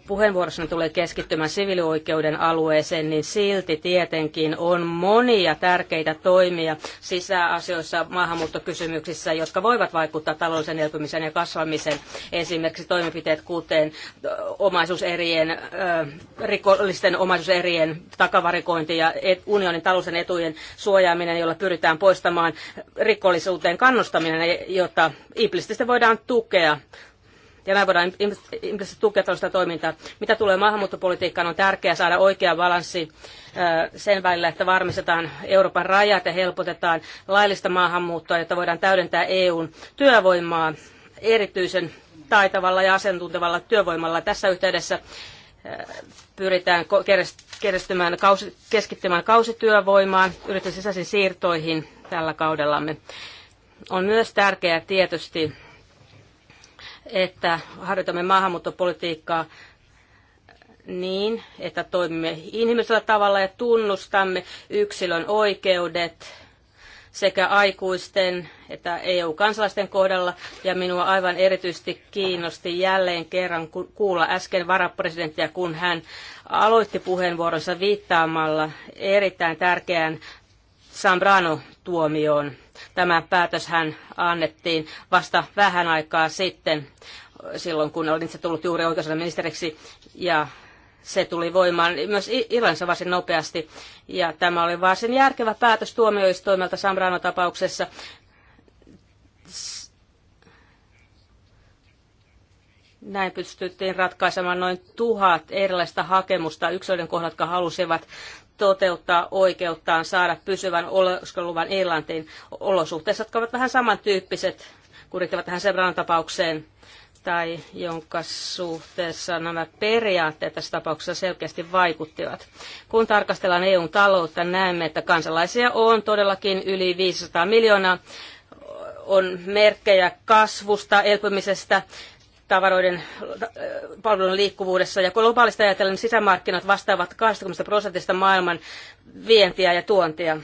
puheenvuorossani tulee keskittymään sivilioikeuden alueeseen, niin silti tietenkin on monia tärkeitä toimia sisäasioissa, maahanmuuttokysymyksissä, jotka voivat vaikuttaa taloudellisen elpymiseen ja kasvamiseen. Esimerkiksi toimenpiteet kuten omaisuuserien, rikollisten omaisuuserien takavarikointi ja unionin talouden etujen suojaaminen, jolla pyritään poistamaan rikollisuuteen kannustaminen, jotta implisesti voidaan tukea ja näin voidaan implisiittisesti tukea tällaista toimintaa. Mitä tulee maahanmuuttopolitiikkaan, on tärkeää saada oikea balanssi sen välillä, että varmistetaan Euroopan rajat ja helpotetaan laillista maahanmuuttoa, jotta voidaan täydentää EUn työvoimaa erityisen taitavalla ja asiantuntevalla työvoimalla. Tässä yhteydessä pyritään keskittymään, kausi, keskittymään kausityövoimaan, yritysten sisäisiin siirtoihin tällä kaudellamme. On myös tärkeää tietysti että harjoitamme maahanmuuttopolitiikkaa niin, että toimimme inhimillisellä tavalla ja tunnustamme yksilön oikeudet sekä aikuisten että EU-kansalaisten kohdalla. Ja minua aivan erityisesti kiinnosti jälleen kerran kuulla äsken varapresidenttiä, kun hän aloitti puheenvuoronsa viittaamalla erittäin tärkeään Sambrano-tuomioon Tämä päätöshän annettiin vasta vähän aikaa sitten, silloin kun olin itse tullut juuri ministeriksi ja se tuli voimaan myös Irlannissa varsin nopeasti. Ja tämä oli varsin järkevä päätös tuomioistuimelta Samrano-tapauksessa. Näin pystyttiin ratkaisemaan noin tuhat erilaista hakemusta yksilöiden kohdat, jotka halusivat toteuttaa oikeuttaan saada pysyvän oleskeluluvan Irlantiin olosuhteissa, jotka ovat vähän samantyyppiset kun riittävät tähän Sebran tapaukseen tai jonka suhteessa nämä periaatteet tässä tapauksessa selkeästi vaikuttivat. Kun tarkastellaan EUn taloutta, näemme, että kansalaisia on todellakin yli 500 miljoonaa. On merkkejä kasvusta, elpymisestä, tavaroiden äh, palvelun liikkuvuudessa. Ja globaalista ajatellen niin sisämarkkinat vastaavat 20 prosentista maailman vientiä ja tuontia.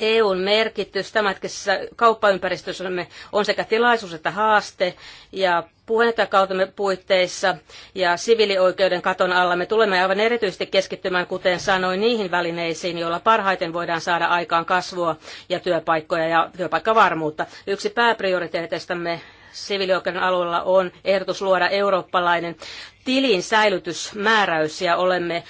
EUn merkitys hetkessä kauppaympäristössämme on sekä tilaisuus että haaste, ja puheenjohtajakautemme puitteissa ja siviilioikeuden katon alla me tulemme aivan erityisesti keskittymään, kuten sanoin, niihin välineisiin, joilla parhaiten voidaan saada aikaan kasvua ja työpaikkoja ja työpaikkavarmuutta. Yksi pääprioriteeteistamme sivilioikeuden alueella on ehdotus luoda eurooppalainen tilin säilytysmääräys ja olemme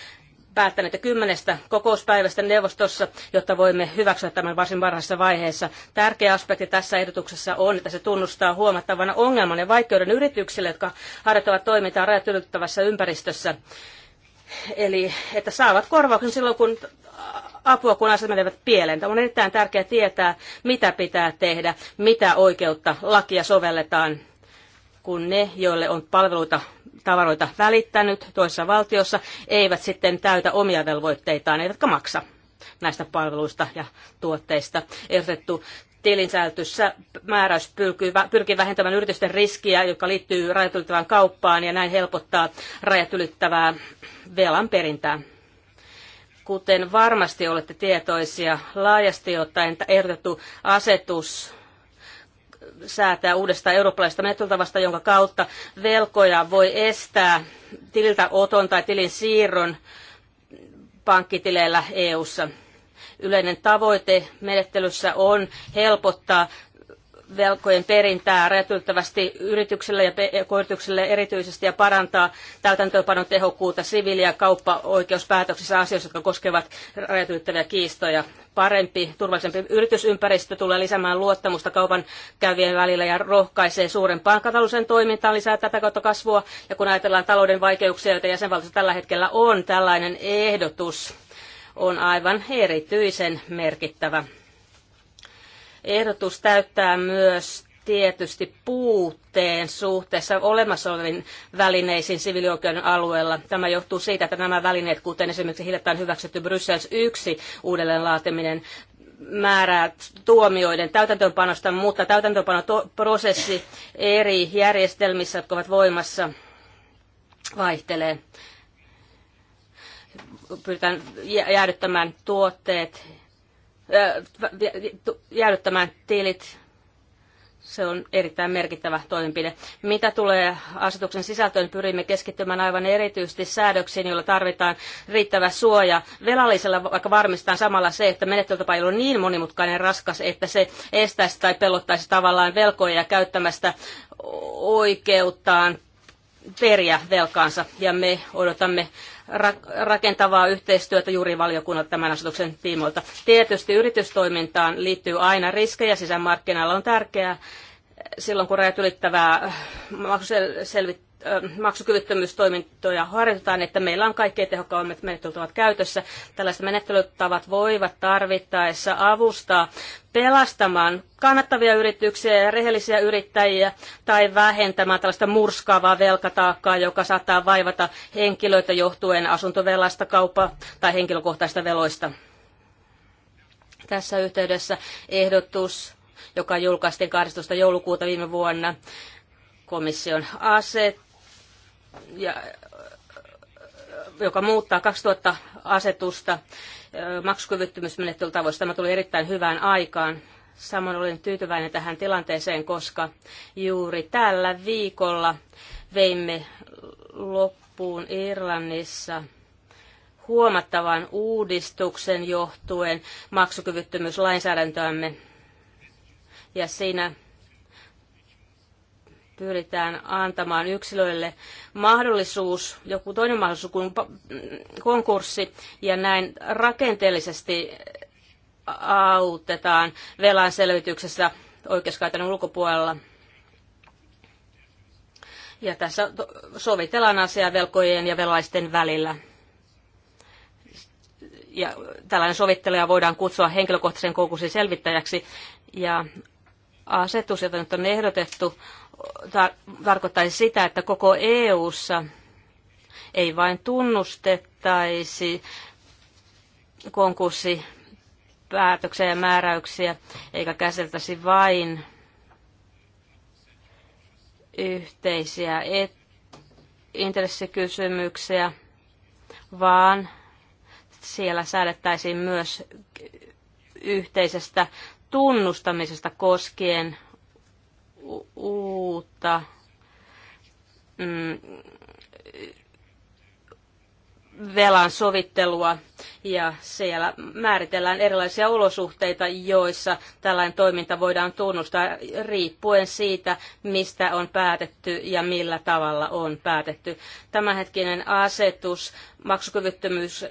päättäneet kymmenestä kokouspäivästä neuvostossa, jotta voimme hyväksyä tämän varsin varhaisessa vaiheessa. Tärkeä aspekti tässä ehdotuksessa on, että se tunnustaa huomattavana ongelman ja vaikeuden yrityksille, jotka harjoittavat toimintaa rajat ylittävässä ympäristössä. Eli että saavat korvauksen silloin, kun apua, kun asiat menevät pieleen. On erittäin tärkeää tietää, mitä pitää tehdä, mitä oikeutta lakia sovelletaan, kun ne, joille on palveluita tavaroita välittänyt toisessa valtiossa, eivät sitten täytä omia velvoitteitaan, eivätkä maksa näistä palveluista ja tuotteista. Ehdotettu tilinsäältyssä määräys pyrkii, vähentämään yritysten riskiä, joka liittyy rajat ylittävään kauppaan ja näin helpottaa rajat ylittävää velan perintää. Kuten varmasti olette tietoisia, laajasti ottaen ehdotettu asetus säätää uudesta eurooppalaisesta menettelytavasta, jonka kautta velkoja voi estää tililtä oton tai tilin siirron pankkitileillä EU:ssa. Yleinen tavoite menettelyssä on helpottaa velkojen perintää räjätyltävästi yrityksille ja yrityksille erityisesti ja parantaa täytäntöönpanon tehokkuutta siviili- ja kauppaoikeuspäätöksissä asioissa, jotka koskevat räjätyltäviä kiistoja. Parempi, turvallisempi yritysympäristö tulee lisäämään luottamusta kaupan käyvien välillä ja rohkaisee suurempaan katalosen toimintaan, lisää tätä kautta kasvua. Ja kun ajatellaan talouden vaikeuksia, joita jäsenvaltiossa tällä hetkellä on, tällainen ehdotus on aivan erityisen merkittävä. Ehdotus täyttää myös tietysti puutteen suhteessa olemassa oleviin välineisiin siviilioikeuden alueella. Tämä johtuu siitä, että nämä välineet, kuten esimerkiksi hiljattain hyväksytty Bryssels 1 uudelleenlaatiminen, määrää tuomioiden täytäntöönpanosta, mutta täytäntöönpanoprosessi eri järjestelmissä, jotka ovat voimassa, vaihtelee. Pyritään jäädyttämään tuotteet jäädyttämään tilit. Se on erittäin merkittävä toimenpide. Mitä tulee asetuksen sisältöön, pyrimme keskittymään aivan erityisesti säädöksiin, joilla tarvitaan riittävä suoja velallisella, vaikka varmistetaan samalla se, että menettelytapa ei ole niin monimutkainen ja raskas, että se estäisi tai pelottaisi tavallaan velkoja käyttämästä oikeuttaan periä velkaansa. Ja me odotamme rakentavaa yhteistyötä juuri valiokunnalta tämän asetuksen tiimoilta. Tietysti yritystoimintaan liittyy aina riskejä. Sisämarkkinoilla on tärkeää eh, silloin, kun rajat ylittävää eh, selvittää maksukyvyttömyystoimintoja harjoitetaan, että meillä on kaikkein tehokkaimmat menettelytavat käytössä. Tällaiset menettelytavat voivat tarvittaessa avustaa pelastamaan kannattavia yrityksiä ja rehellisiä yrittäjiä tai vähentämään tällaista murskaavaa velkataakkaa, joka saattaa vaivata henkilöitä johtuen asuntovelasta, kauppa- tai henkilökohtaista veloista. Tässä yhteydessä ehdotus, joka julkaistiin 12. joulukuuta viime vuonna, komission aset ja, joka muuttaa 2000 asetusta maksukyvyttömyysmenettelytavoista. Tämä tuli erittäin hyvään aikaan. Samoin olin tyytyväinen tähän tilanteeseen, koska juuri tällä viikolla veimme loppuun Irlannissa huomattavan uudistuksen johtuen maksukyvyttömyyslainsäädäntöämme. Ja siinä pyritään antamaan yksilöille mahdollisuus, joku toinen mahdollisuus kuin konkurssi, ja näin rakenteellisesti autetaan velan selvityksessä oikeuskäytännön ulkopuolella. Ja tässä sovitellaan asiaa velkojen ja velaisten välillä. Ja tällainen sovittelija voidaan kutsua henkilökohtaisen konkurssin selvittäjäksi. Ja asetus, jota nyt on ehdotettu, tar- tarkoittaisi sitä, että koko EU:ssa ei vain tunnustettaisi konkurssipäätöksiä ja määräyksiä, eikä käsiteltäisi vain yhteisiä et- intressikysymyksiä, vaan siellä säädettäisiin myös yhteisestä tunnustamisesta koskien uutta mm, velan sovittelua ja siellä määritellään erilaisia olosuhteita, joissa tällainen toiminta voidaan tunnustaa riippuen siitä, mistä on päätetty ja millä tavalla on päätetty. Tämänhetkinen asetus maksukyvyttömyys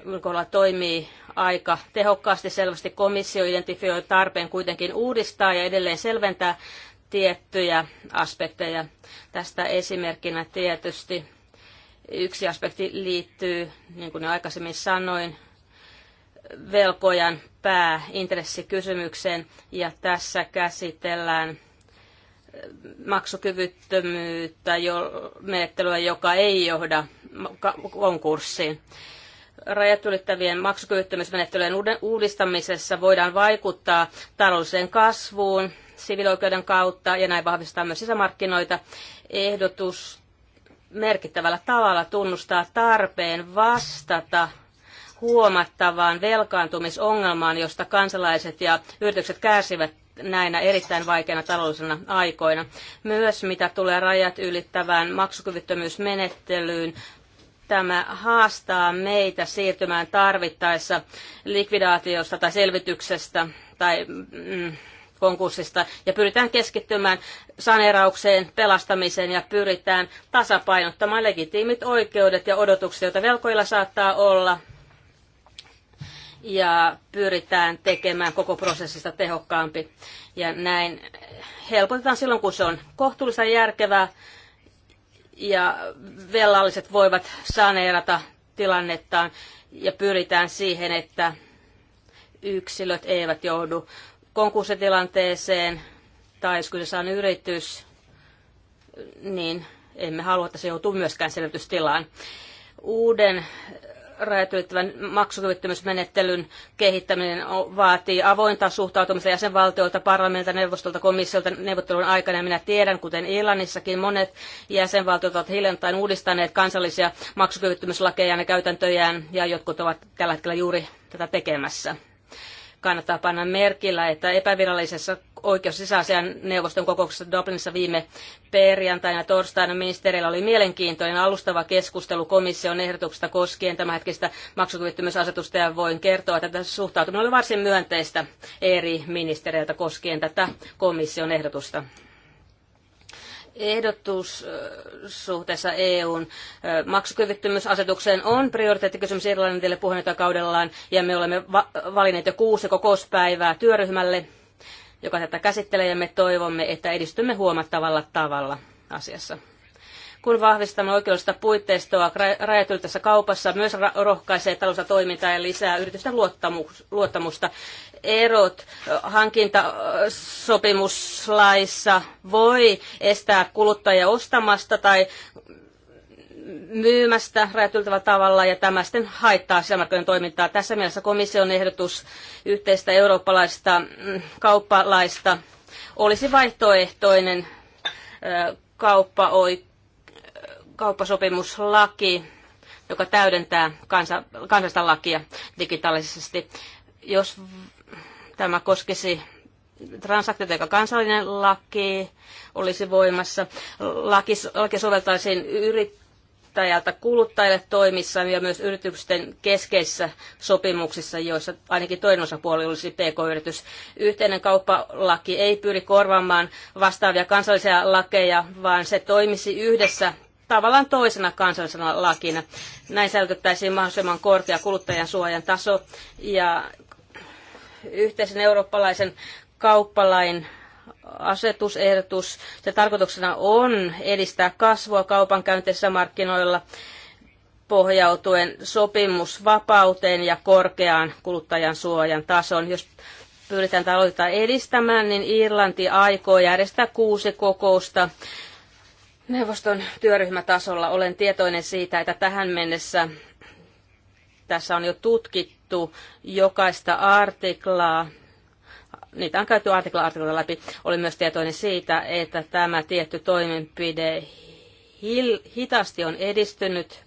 toimii aika tehokkaasti. Selvästi komissio identifioi tarpeen kuitenkin uudistaa ja edelleen selventää tiettyjä aspekteja. Tästä esimerkkinä tietysti yksi aspekti liittyy, niin kuin jo aikaisemmin sanoin, velkojan pääintressikysymykseen, ja tässä käsitellään maksukyvyttömyyttä jo, menettelyä, joka ei johda konkurssiin. Rajat ylittävien maksukyvyttömyysmenettelyjen uudistamisessa voidaan vaikuttaa taloudelliseen kasvuun, siviloikeuden kautta ja näin vahvistaa myös sisämarkkinoita. Ehdotus merkittävällä tavalla tunnustaa tarpeen vastata huomattavaan velkaantumisongelmaan, josta kansalaiset ja yritykset kärsivät näinä erittäin vaikeina taloudellisina aikoina. Myös mitä tulee rajat ylittävään maksukyvyttömyysmenettelyyn, tämä haastaa meitä siirtymään tarvittaessa likvidaatiosta tai selvityksestä tai mm, konkurssista ja pyritään keskittymään saneeraukseen, pelastamiseen ja pyritään tasapainottamaan legitiimit oikeudet ja odotukset, joita velkoilla saattaa olla ja pyritään tekemään koko prosessista tehokkaampi. Ja näin helpotetaan silloin, kun se on kohtuullisen järkevää ja velalliset voivat saneerata tilannettaan ja pyritään siihen, että yksilöt eivät joudu konkurssitilanteeseen tai jos kyseessä on yritys, niin emme halua, että se joutuu myöskään selvitystilaan. Uuden rajat ylittävän maksukyvyttömyysmenettelyn kehittäminen vaatii avointa suhtautumista jäsenvaltioilta, parlamentilta, neuvostolta, komissiolta neuvottelun aikana. Ja minä tiedän, kuten Irlannissakin monet jäsenvaltiot ovat hiljattain uudistaneet kansallisia maksukyvyttömyyslakeja ja käytäntöjään, ja jotkut ovat tällä hetkellä juuri tätä tekemässä. Kannattaa panna merkillä, että epävirallisessa oikeus- ja sisäasian neuvoston kokouksessa Dublinissa viime perjantaina ja torstaina ministerillä oli mielenkiintoinen alustava keskustelu komission ehdotuksesta koskien tämänhetkistä maksukyvyttömyysasetusta ja voin kertoa, että tässä suhtautuminen oli varsin myönteistä eri ministereiltä koskien tätä komission ehdotusta ehdotus suhteessa EUn maksukyvyttömyysasetukseen on prioriteettikysymys Irlannille puheenjohtajakaudellaan, ja me olemme valinneet jo kuusi kokouspäivää työryhmälle, joka tätä käsittelee, ja me toivomme, että edistymme huomattavalla tavalla asiassa kun vahvistamme oikeudellista puitteistoa rajatyltässä kaupassa, myös rohkaisee talousta toimintaa ja lisää yritysten luottamusta erot hankintasopimuslaissa voi estää kuluttajia ostamasta tai myymästä räätyltävällä tavalla ja tämä sitten haittaa sisämarkkinoiden toimintaa. Tässä mielessä komission ehdotus yhteistä eurooppalaista mm, kauppalaista olisi vaihtoehtoinen kauppaoi, kauppasopimuslaki, joka täydentää kansa, kansallista lakia digitaalisesti. Jos Tämä koskisi transaktiota, joka kansallinen laki olisi voimassa. Laki, laki soveltaisiin yrittäjältä kuluttajille toimissa ja myös yritysten keskeisissä sopimuksissa, joissa ainakin toinen osapuoli olisi pk-yritys. Yhteinen kauppalaki ei pyri korvaamaan vastaavia kansallisia lakeja, vaan se toimisi yhdessä tavallaan toisena kansallisena lakina. Näin säilytettäisiin mahdollisimman korkea kuluttajan suojan taso ja yhteisen eurooppalaisen kauppalain asetusehdotus. Se tarkoituksena on edistää kasvua kaupankäyntissä markkinoilla pohjautuen sopimusvapauteen ja korkeaan kuluttajan suojan tason. Jos pyritään taloutta edistämään, niin Irlanti aikoo järjestää kuusi kokousta neuvoston työryhmätasolla. Olen tietoinen siitä, että tähän mennessä tässä on jo tutkittu jokaista artiklaa. Niitä on käyty artikla artikla läpi. oli myös tietoinen siitä, että tämä tietty toimenpide hitaasti on edistynyt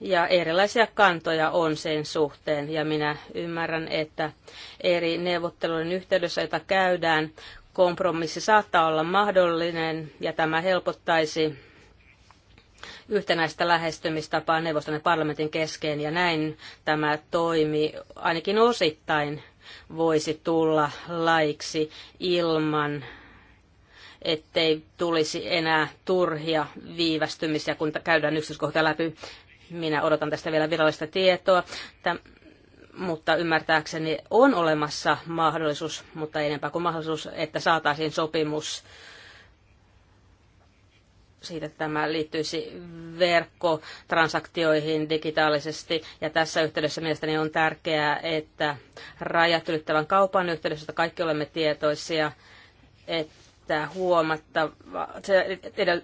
ja erilaisia kantoja on sen suhteen. Ja minä ymmärrän, että eri neuvottelujen yhteydessä, joita käydään, kompromissi saattaa olla mahdollinen ja tämä helpottaisi yhtenäistä lähestymistapaa neuvoston ja parlamentin kesken, ja näin tämä toimi ainakin osittain voisi tulla laiksi ilman ettei tulisi enää turhia viivästymisiä, kun käydään yksityiskohtia läpi. Minä odotan tästä vielä virallista tietoa, Täm, mutta ymmärtääkseni on olemassa mahdollisuus, mutta ei enempää kuin mahdollisuus, että saataisiin sopimus siitä, että tämä liittyisi verkkotransaktioihin digitaalisesti. Ja tässä yhteydessä mielestäni on tärkeää, että rajat ylittävän kaupan yhteydessä, kaikki olemme tietoisia, että huomattava, se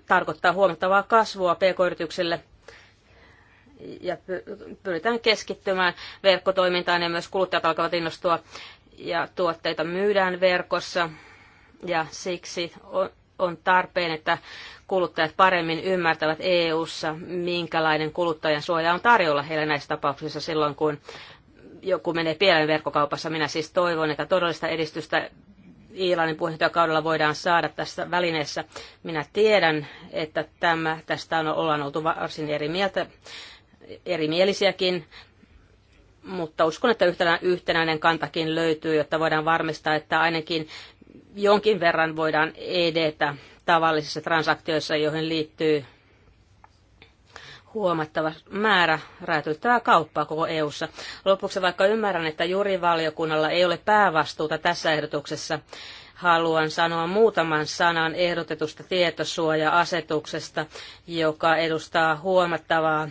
tarkoittaa huomattavaa kasvua pk-yrityksille ja pyritään keskittymään verkkotoimintaan ja myös kuluttajat alkavat innostua ja tuotteita myydään verkossa ja siksi on on tarpeen, että kuluttajat paremmin ymmärtävät EU-ssa, minkälainen kuluttajan suoja on tarjolla heille näissä tapauksissa silloin, kun joku menee pieleen verkkokaupassa. Minä siis toivon, että todellista edistystä Iilanin puheenjohtajakaudella voidaan saada tässä välineessä. Minä tiedän, että tämä, tästä on, ollaan oltu varsin eri mieltä, erimielisiäkin, mutta uskon, että yhtenäinen kantakin löytyy, jotta voidaan varmistaa, että ainakin jonkin verran voidaan edetä tavallisissa transaktioissa, joihin liittyy huomattava määrä räätyttävää kauppaa koko EU:ssa. Lopuksi vaikka ymmärrän, että jurivaliokunnalla ei ole päävastuuta tässä ehdotuksessa, haluan sanoa muutaman sanan ehdotetusta tietosuoja-asetuksesta, joka edustaa huomattavaa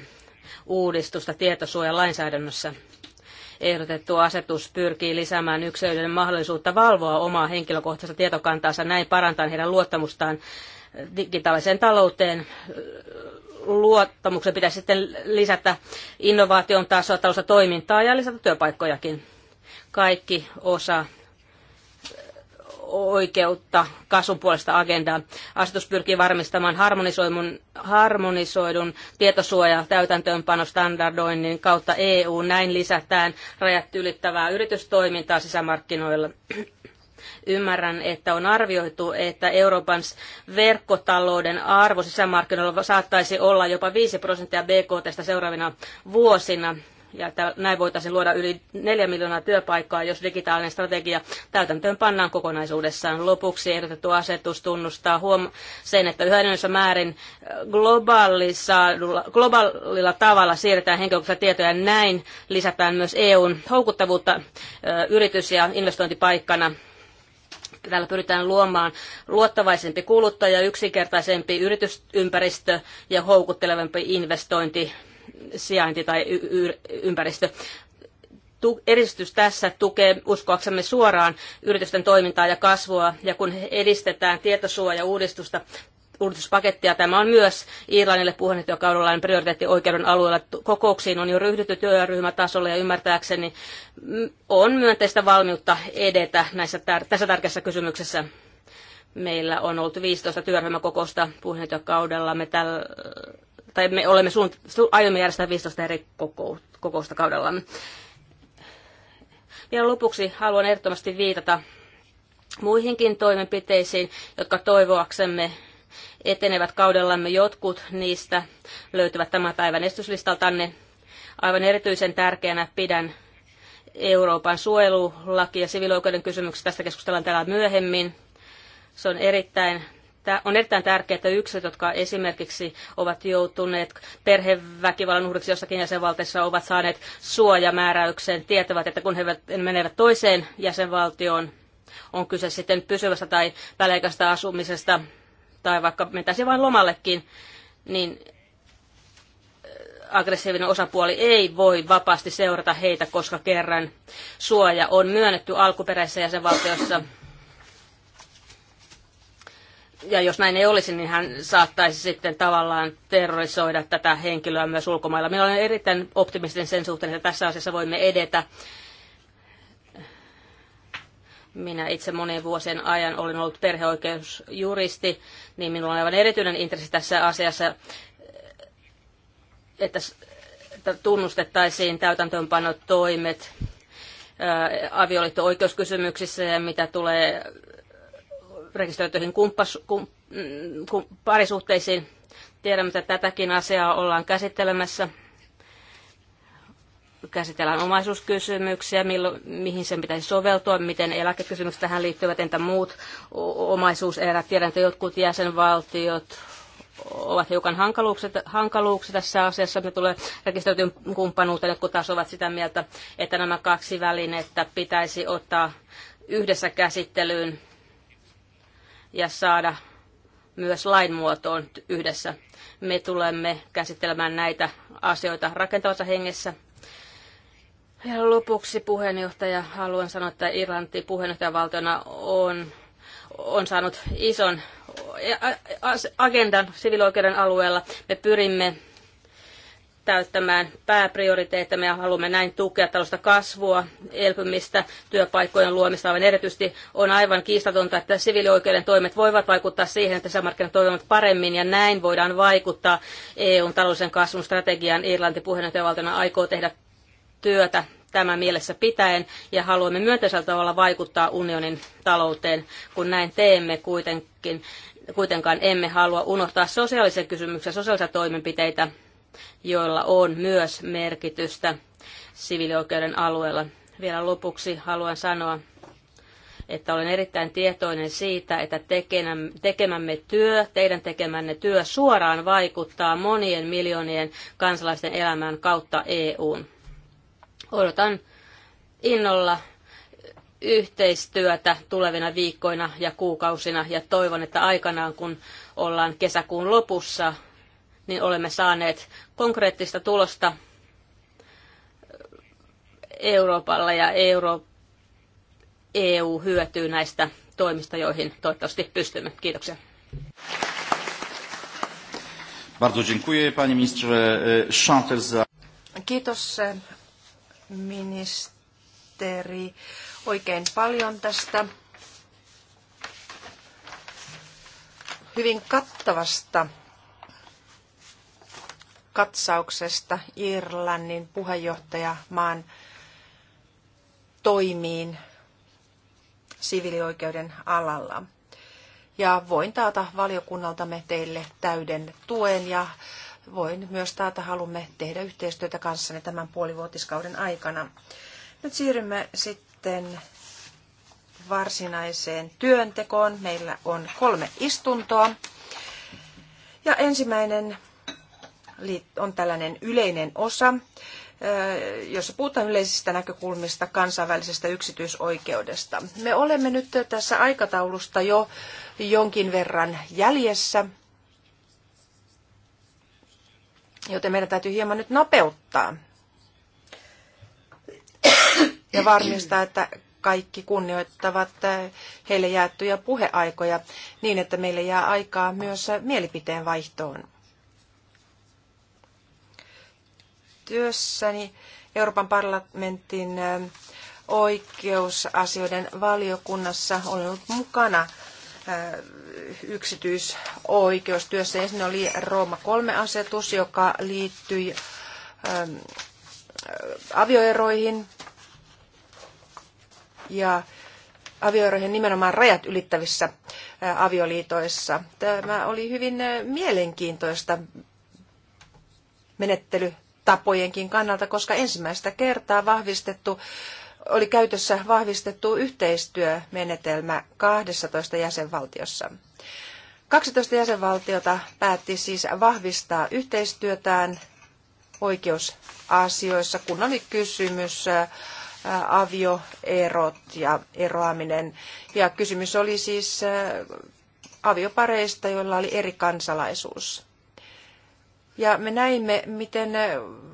uudistusta tietosuojalainsäädännössä. Ehdotettu asetus pyrkii lisäämään yksilöiden mahdollisuutta valvoa omaa henkilökohtaista tietokantaansa, näin parantaen heidän luottamustaan digitaaliseen talouteen. Luottamuksen pitäisi sitten lisätä innovaation tasoa, talousta toimintaa ja lisätä työpaikkojakin. Kaikki osa oikeutta kasvun puolesta agendaa. Asetus pyrkii varmistamaan harmonisoidun, harmonisoidun tietosuoja täytäntöönpanostandardoinnin kautta EU. Näin lisätään rajat ylittävää yritystoimintaa sisämarkkinoilla. Ymmärrän, että on arvioitu, että Euroopan verkkotalouden arvo sisämarkkinoilla saattaisi olla jopa 5 prosenttia BKT seuraavina vuosina ja näin voitaisiin luoda yli 4 miljoonaa työpaikkaa, jos digitaalinen strategia täytäntöön pannaan kokonaisuudessaan. Lopuksi ehdotettu asetus tunnustaa huom- sen, että yhä enemmän määrin globaalilla tavalla siirretään henkilökohtaisia tietoja. Näin lisätään myös EUn houkuttavuutta yritys- ja investointipaikkana Täällä pyritään luomaan luottavaisempi kuluttaja, yksinkertaisempi yritysympäristö ja houkuttelevampi investointi sijainti tai ympäristö. Eristys tässä tukee uskoaksemme suoraan yritysten toimintaa ja kasvua, ja kun edistetään uudistusta uudistuspakettia. Tämä on myös Irlannille puheenjohtajakaudellaan prioriteetti oikeuden alueella. Kokouksiin on jo ryhdytty työryhmätasolla ja ymmärtääkseni on myönteistä valmiutta edetä näissä tässä tärkeässä kysymyksessä. Meillä on ollut 15 työryhmäkokousta puheenjohtajakaudella. Me tällä tai me olemme suunnit- aiomme järjestää 15 eri kokousta kaudellaan. Vielä lopuksi haluan ehdottomasti viitata muihinkin toimenpiteisiin, jotka toivoaksemme etenevät kaudellamme. Jotkut niistä löytyvät tämän päivän estyslistaltanne. Aivan erityisen tärkeänä pidän Euroopan suojelulaki ja sivilioikeuden kysymyksiä. Tästä keskustellaan täällä myöhemmin. Se on erittäin on erittäin tärkeää, että yksilöt, jotka esimerkiksi ovat joutuneet perheväkivallan uhriksi jossakin jäsenvaltiossa, ovat saaneet suojamääräyksen, tietävät, että kun he menevät toiseen jäsenvaltioon, on kyse sitten pysyvästä tai väliaikaisesta asumisesta, tai vaikka mentäisiin vain lomallekin, niin äh, aggressiivinen osapuoli ei voi vapaasti seurata heitä, koska kerran suoja on myönnetty alkuperäisessä jäsenvaltiossa ja jos näin ei olisi, niin hän saattaisi sitten tavallaan terrorisoida tätä henkilöä myös ulkomailla. Minä olen erittäin optimistinen sen suhteen, että tässä asiassa voimme edetä. Minä itse monien vuosien ajan olen ollut perheoikeusjuristi, niin minulla on aivan erityinen intressi tässä asiassa, että tunnustettaisiin täytäntöönpanotoimet avioliitto-oikeuskysymyksissä ja mitä tulee rekisteröityihin kumppas, kum, mm, kum, parisuhteisiin. Tiedämme, että tätäkin asiaa ollaan käsittelemässä. Käsitellään omaisuuskysymyksiä, millo, mihin sen pitäisi soveltua, miten eläkekysymykset tähän liittyvät, entä muut omaisuuserät. Tiedän, että jotkut jäsenvaltiot ovat hiukan hankaluuksia tässä asiassa. Me tulee rekisteröityn kumppanuuteen, kun taas ovat sitä mieltä, että nämä kaksi välinettä pitäisi ottaa yhdessä käsittelyyn ja saada myös lain muotoon yhdessä. Me tulemme käsittelemään näitä asioita rakentavassa hengessä. Ja lopuksi puheenjohtaja, haluan sanoa, että Irlanti puheenjohtajavaltiona on, on saanut ison agendan sivilioikeuden alueella. Me pyrimme täyttämään pääprioriteettamme ja haluamme näin tukea tällaista kasvua, elpymistä, työpaikkojen luomista. Aivan erityisesti on aivan kiistatonta, että siviilioikeuden toimet voivat vaikuttaa siihen, että sisämarkkinat toimivat paremmin ja näin voidaan vaikuttaa EUn taloudellisen kasvun strategiaan. Irlanti puheenjohtajavaltiona aikoo tehdä työtä tämä mielessä pitäen ja haluamme myönteisellä tavalla vaikuttaa unionin talouteen, kun näin teemme kuitenkin kuitenkaan emme halua unohtaa sosiaalisia kysymyksiä, sosiaalisia toimenpiteitä joilla on myös merkitystä siviilioikeuden alueella. Vielä lopuksi haluan sanoa, että olen erittäin tietoinen siitä, että tekemämme työ, teidän tekemänne työ suoraan vaikuttaa monien miljoonien kansalaisten elämään kautta EUn. Odotan innolla yhteistyötä tulevina viikkoina ja kuukausina ja toivon, että aikanaan kun ollaan kesäkuun lopussa, niin olemme saaneet konkreettista tulosta Euroopalla ja Euro, EU hyötyy näistä toimista, joihin toivottavasti pystymme. Kiitoksia. Bardzo dziękuję ministrze Chantel e, za... Kiitos e, ministeri oikein paljon tästä hyvin kattavasta katsauksesta Irlannin puheenjohtajamaan toimiin siviilioikeuden alalla. Ja voin taata valiokunnaltamme teille täyden tuen ja voin myös taata halumme tehdä yhteistyötä kanssanne tämän puolivuotiskauden aikana. Nyt siirrymme sitten varsinaiseen työntekoon. Meillä on kolme istuntoa. Ja ensimmäinen on tällainen yleinen osa, jossa puhutaan yleisistä näkökulmista kansainvälisestä yksityisoikeudesta. Me olemme nyt tässä aikataulusta jo jonkin verran jäljessä, joten meidän täytyy hieman nyt nopeuttaa ja varmistaa, että kaikki kunnioittavat heille jaettuja puheaikoja niin, että meille jää aikaa myös mielipiteen vaihtoon. työssäni Euroopan parlamentin oikeusasioiden valiokunnassa olen ollut mukana yksityisoikeustyössä. Ensin oli Rooma 3-asetus, joka liittyi avioeroihin ja avioeroihin nimenomaan rajat ylittävissä avioliitoissa. Tämä oli hyvin mielenkiintoista menettelytapaa tapojenkin kannalta, koska ensimmäistä kertaa vahvistettu oli käytössä vahvistettu yhteistyömenetelmä 12 jäsenvaltiossa. 12 jäsenvaltiota päätti siis vahvistaa yhteistyötään oikeusasioissa, kun oli kysymys avioerot ja eroaminen. Ja kysymys oli siis aviopareista, joilla oli eri kansalaisuus. Ja me näimme, miten, äh,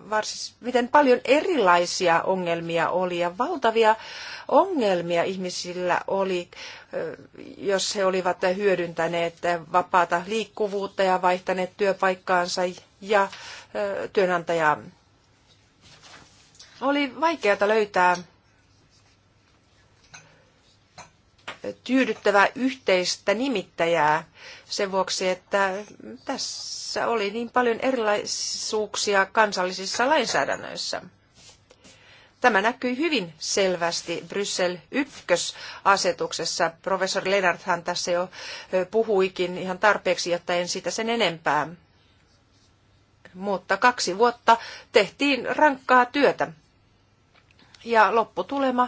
varsis, miten paljon erilaisia ongelmia oli ja valtavia ongelmia ihmisillä oli, äh, jos he olivat hyödyntäneet vapaata liikkuvuutta ja vaihtaneet työpaikkaansa ja äh, työnantajaa. Oli vaikeaa löytää tyydyttävää yhteistä nimittäjää sen vuoksi, että tässä oli niin paljon erilaisuuksia kansallisissa lainsäädännöissä. Tämä näkyy hyvin selvästi Bryssel 1-asetuksessa. Professori Lennarthan tässä jo puhuikin ihan tarpeeksi, jotta en sitä sen enempää. Mutta kaksi vuotta tehtiin rankkaa työtä. Ja lopputulema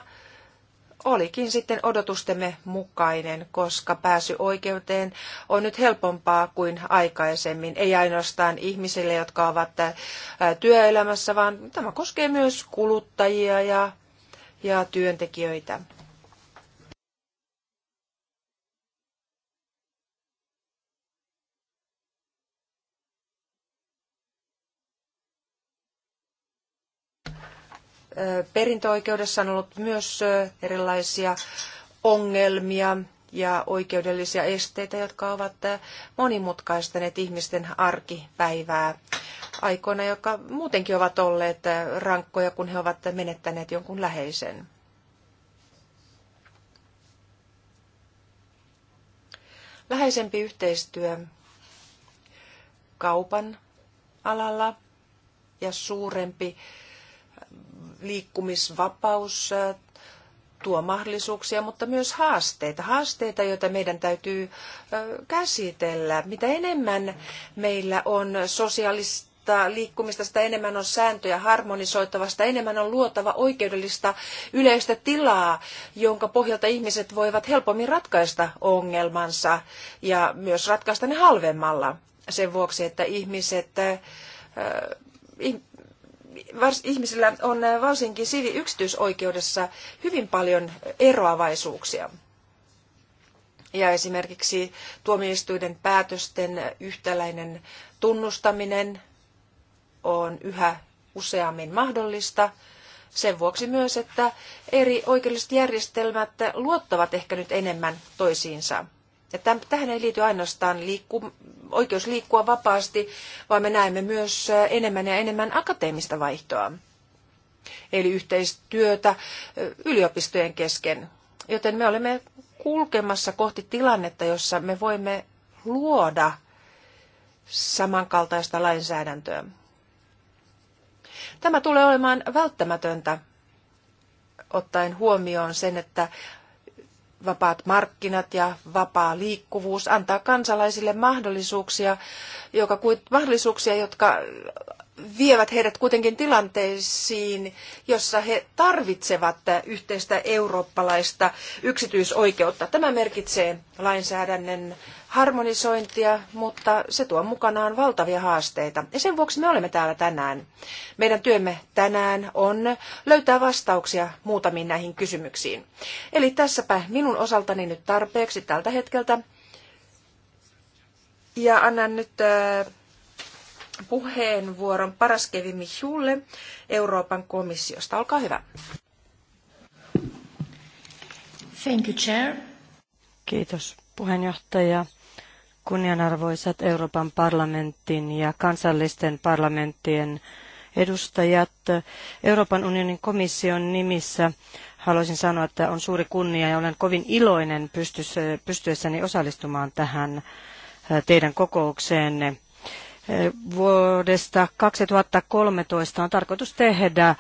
olikin sitten odotustemme mukainen, koska pääsy oikeuteen on nyt helpompaa kuin aikaisemmin. Ei ainoastaan ihmisille, jotka ovat työelämässä, vaan tämä koskee myös kuluttajia ja, ja työntekijöitä. perintöoikeudessa on ollut myös erilaisia ongelmia ja oikeudellisia esteitä, jotka ovat monimutkaistaneet ihmisten arkipäivää aikoina, jotka muutenkin ovat olleet rankkoja, kun he ovat menettäneet jonkun läheisen. Läheisempi yhteistyö kaupan alalla ja suurempi äh, liikkumisvapaus tuo mahdollisuuksia, mutta myös haasteita. Haasteita, joita meidän täytyy käsitellä. Mitä enemmän meillä on sosiaalista liikkumista, sitä enemmän on sääntöjä harmonisoitavasta, enemmän on luotava oikeudellista yleistä tilaa, jonka pohjalta ihmiset voivat helpommin ratkaista ongelmansa ja myös ratkaista ne halvemmalla sen vuoksi, että ihmiset ihmisillä on eh, varsinkin sivi yksityisoikeudessa hyvin paljon eroavaisuuksia. Ja esimerkiksi tuomioistuiden päätösten yhtäläinen tunnustaminen on yhä useammin mahdollista. Sen vuoksi myös, että eri oikeudelliset järjestelmät luottavat ehkä nyt enemmän toisiinsa. Ja tähän ei liity ainoastaan liikku, oikeus liikkua vapaasti, vaan me näemme myös äh, enemmän ja enemmän akateemista vaihtoa, eli yhteistyötä äh, yliopistojen kesken. Joten me olemme kulkemassa kohti tilannetta, jossa me voimme luoda samankaltaista lainsäädäntöä. Tämä tulee olemaan välttämätöntä ottaen huomioon sen, että vapaat markkinat ja vapaa liikkuvuus antaa kansalaisille mahdollisuuksia, joka, mahdollisuuksia jotka vievät heidät kuitenkin tilanteisiin, jossa he tarvitsevat yhteistä eurooppalaista yksityisoikeutta. Tämä merkitsee lainsäädännön harmonisointia, mutta se tuo mukanaan valtavia haasteita. Ja sen vuoksi me olemme täällä tänään. Meidän työmme tänään on löytää vastauksia muutamiin näihin kysymyksiin. Eli tässäpä minun osaltani nyt tarpeeksi tältä hetkeltä. Ja annan nyt äh, puheenvuoron Paraskevi Mihulle Euroopan komissiosta. Olkaa hyvä. Thank you, Chair. Kiitos puheenjohtaja. Kunnianarvoisat Euroopan parlamentin ja kansallisten parlamenttien edustajat. Euroopan unionin komission nimissä haluaisin sanoa, että on suuri kunnia ja olen kovin iloinen pystyessäni osallistumaan tähän teidän kokoukseenne. Vuodesta 2013 on tarkoitus tehdä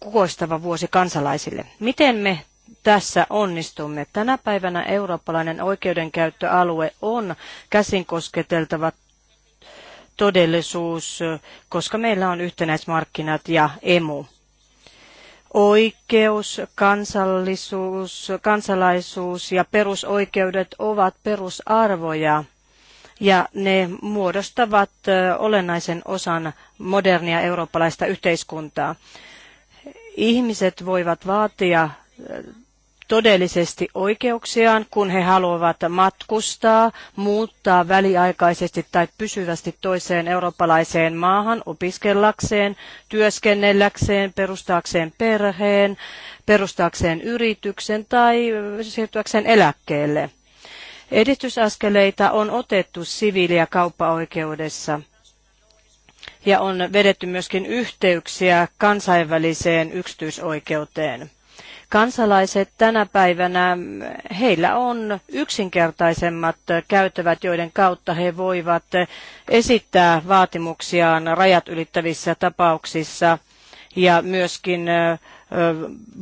kukoistava vuosi kansalaisille. Miten me tässä onnistumme. Tänä päivänä eurooppalainen oikeudenkäyttöalue on käsin kosketeltava todellisuus, koska meillä on yhtenäismarkkinat ja emu. Oikeus, kansallisuus, kansalaisuus ja perusoikeudet ovat perusarvoja ja ne muodostavat olennaisen osan modernia eurooppalaista yhteiskuntaa. Ihmiset voivat vaatia todellisesti oikeuksiaan, kun he haluavat matkustaa, muuttaa väliaikaisesti tai pysyvästi toiseen eurooppalaiseen maahan opiskellakseen, työskennelläkseen, perustaakseen perheen, perustaakseen yrityksen tai siirtyäkseen eläkkeelle. Edistysaskeleita on otettu siviili- ja kauppaoikeudessa ja on vedetty myöskin yhteyksiä kansainväliseen yksityisoikeuteen. Kansalaiset tänä päivänä, heillä on yksinkertaisemmat käytävät, joiden kautta he voivat esittää vaatimuksiaan rajat ylittävissä tapauksissa ja myöskin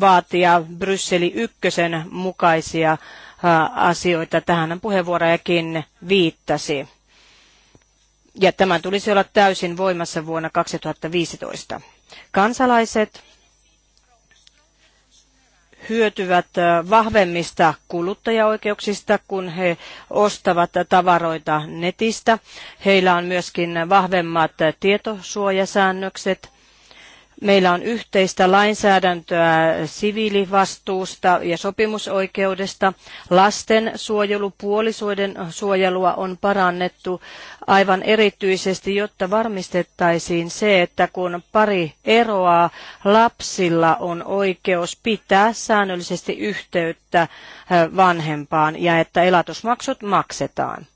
vaatia Brysseli ykkösen mukaisia asioita. Tähän puheenvuorojakin viittasi. Ja tämän tulisi olla täysin voimassa vuonna 2015. Kansalaiset hyötyvät vahvemmista kuluttajaoikeuksista, kun he ostavat tavaroita netistä. Heillä on myöskin vahvemmat tietosuojasäännökset Meillä on yhteistä lainsäädäntöä siviilivastuusta ja sopimusoikeudesta. Lasten suojelu, puolisoiden suojelua on parannettu aivan erityisesti, jotta varmistettaisiin se, että kun pari eroaa, lapsilla on oikeus pitää säännöllisesti yhteyttä äh, vanhempaan ja että elatusmaksut maksetaan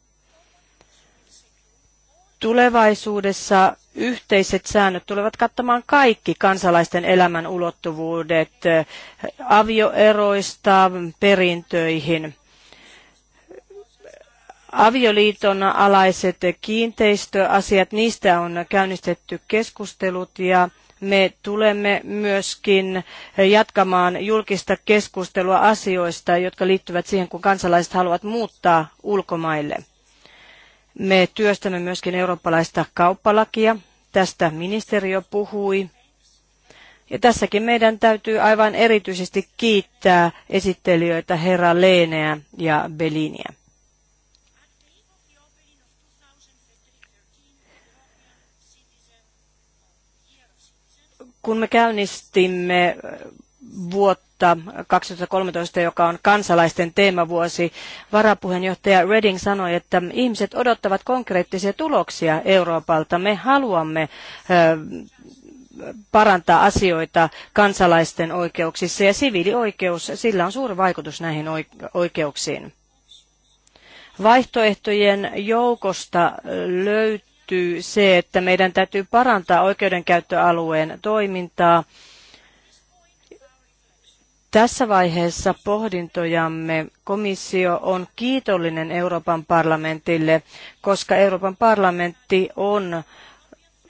tulevaisuudessa yhteiset säännöt tulevat kattamaan kaikki kansalaisten elämän ulottuvuudet avioeroista perintöihin. Avioliiton alaiset kiinteistöasiat, niistä on käynnistetty keskustelut ja me tulemme myöskin jatkamaan julkista keskustelua asioista, jotka liittyvät siihen, kun kansalaiset haluavat muuttaa ulkomaille. Me työstämme myöskin eurooppalaista kauppalakia. Tästä ministeriö puhui. Ja tässäkin meidän täytyy aivan erityisesti kiittää esittelijöitä herra Leeneä ja Beliniä. Kun me käynnistimme vuotta 2013, joka on kansalaisten teemavuosi. Varapuheenjohtaja Redding sanoi, että ihmiset odottavat konkreettisia tuloksia Euroopalta. Me haluamme parantaa asioita kansalaisten oikeuksissa ja siviilioikeus, sillä on suuri vaikutus näihin oikeuksiin. Vaihtoehtojen joukosta löytyy se, että meidän täytyy parantaa oikeudenkäyttöalueen toimintaa tässä vaiheessa pohdintojamme komissio on kiitollinen Euroopan parlamentille, koska Euroopan parlamentti on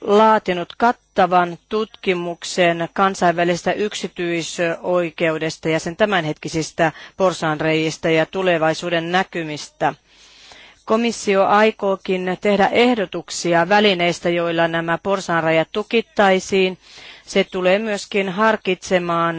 laatinut kattavan tutkimuksen kansainvälisestä yksityisoikeudesta ja sen tämänhetkisistä porsaanreijistä ja tulevaisuuden näkymistä. Komissio aikookin tehdä ehdotuksia välineistä, joilla nämä porsaanrajat tukittaisiin se tulee myöskin harkitsemaan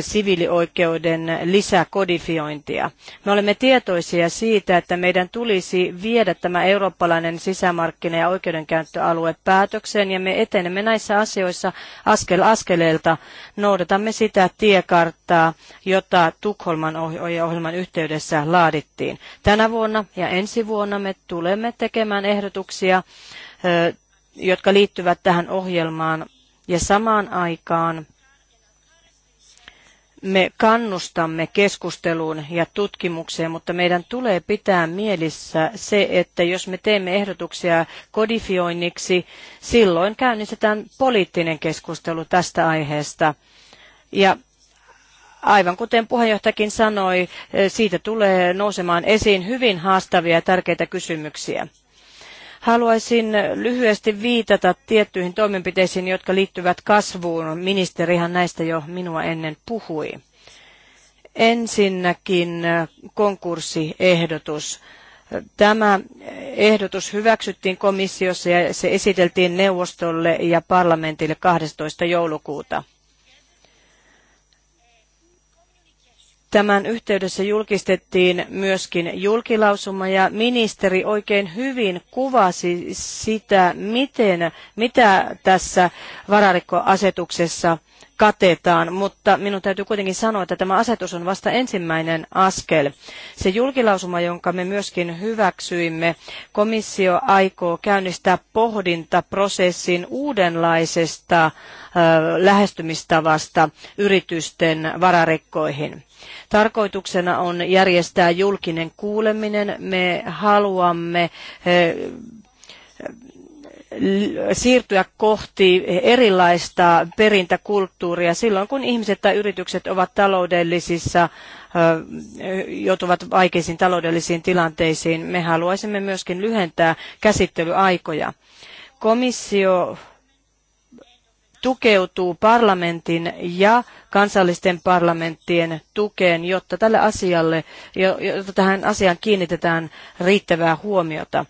siviilioikeuden lisäkodifiointia. Me olemme tietoisia siitä, että meidän tulisi viedä tämä eurooppalainen sisämarkkina- ja oikeudenkäyttöalue päätökseen, ja me etenemme näissä asioissa askel askeleelta. Noudatamme sitä tiekarttaa, jota Tukholman ohjelman yhteydessä laadittiin. Tänä vuonna ja ensi vuonna me tulemme tekemään ehdotuksia, jotka liittyvät tähän ohjelmaan ja samaan aikaan me kannustamme keskusteluun ja tutkimukseen, mutta meidän tulee pitää mielissä se, että jos me teemme ehdotuksia kodifioinniksi, silloin käynnistetään poliittinen keskustelu tästä aiheesta. Ja aivan kuten puheenjohtajakin sanoi, siitä tulee nousemaan esiin hyvin haastavia ja tärkeitä kysymyksiä. Haluaisin lyhyesti viitata tiettyihin toimenpiteisiin, jotka liittyvät kasvuun. Ministerihan näistä jo minua ennen puhui. Ensinnäkin äh, konkurssiehdotus. Tämä ehdotus hyväksyttiin komissiossa ja se esiteltiin neuvostolle ja parlamentille 12. joulukuuta. Tämän yhteydessä julkistettiin myöskin julkilausuma ja ministeri oikein hyvin kuvasi sitä, miten, mitä tässä vararikkoasetuksessa katetaan, mutta minun täytyy kuitenkin sanoa, että tämä asetus on vasta ensimmäinen askel. Se julkilausuma, jonka me myöskin hyväksyimme, komissio aikoo käynnistää pohdintaprosessin uudenlaisesta lähestymistavasta yritysten vararekkoihin. Tarkoituksena on järjestää julkinen kuuleminen. Me haluamme siirtyä kohti erilaista perintäkulttuuria silloin, kun ihmiset tai yritykset ovat taloudellisissa, joutuvat vaikeisiin taloudellisiin tilanteisiin. Me haluaisimme myöskin lyhentää käsittelyaikoja. Komissio tukeutuu parlamentin ja kansallisten parlamenttien tukeen, jotta, tälle asialle, jotta tähän asiaan kiinnitetään riittävää huomiota.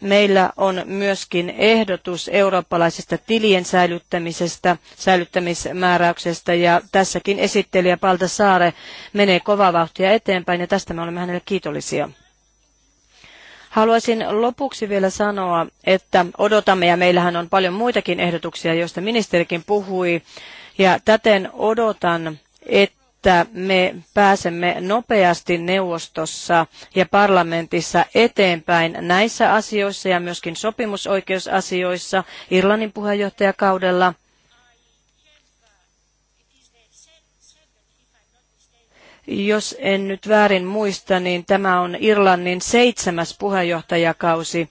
Meillä on myöskin ehdotus eurooppalaisesta tilien säilyttämisestä, säilyttämismääräyksestä ja tässäkin esittelijä Palta Saare menee kovaa vauhtia eteenpäin ja tästä me olemme hänelle kiitollisia. Haluaisin lopuksi vielä sanoa, että odotamme, ja meillähän on paljon muitakin ehdotuksia, joista ministerikin puhui, ja täten odotan, että että me pääsemme nopeasti neuvostossa ja parlamentissa eteenpäin näissä asioissa ja myöskin sopimusoikeusasioissa Irlannin puheenjohtajakaudella. Jos en nyt väärin muista, niin tämä on Irlannin seitsemäs puheenjohtajakausi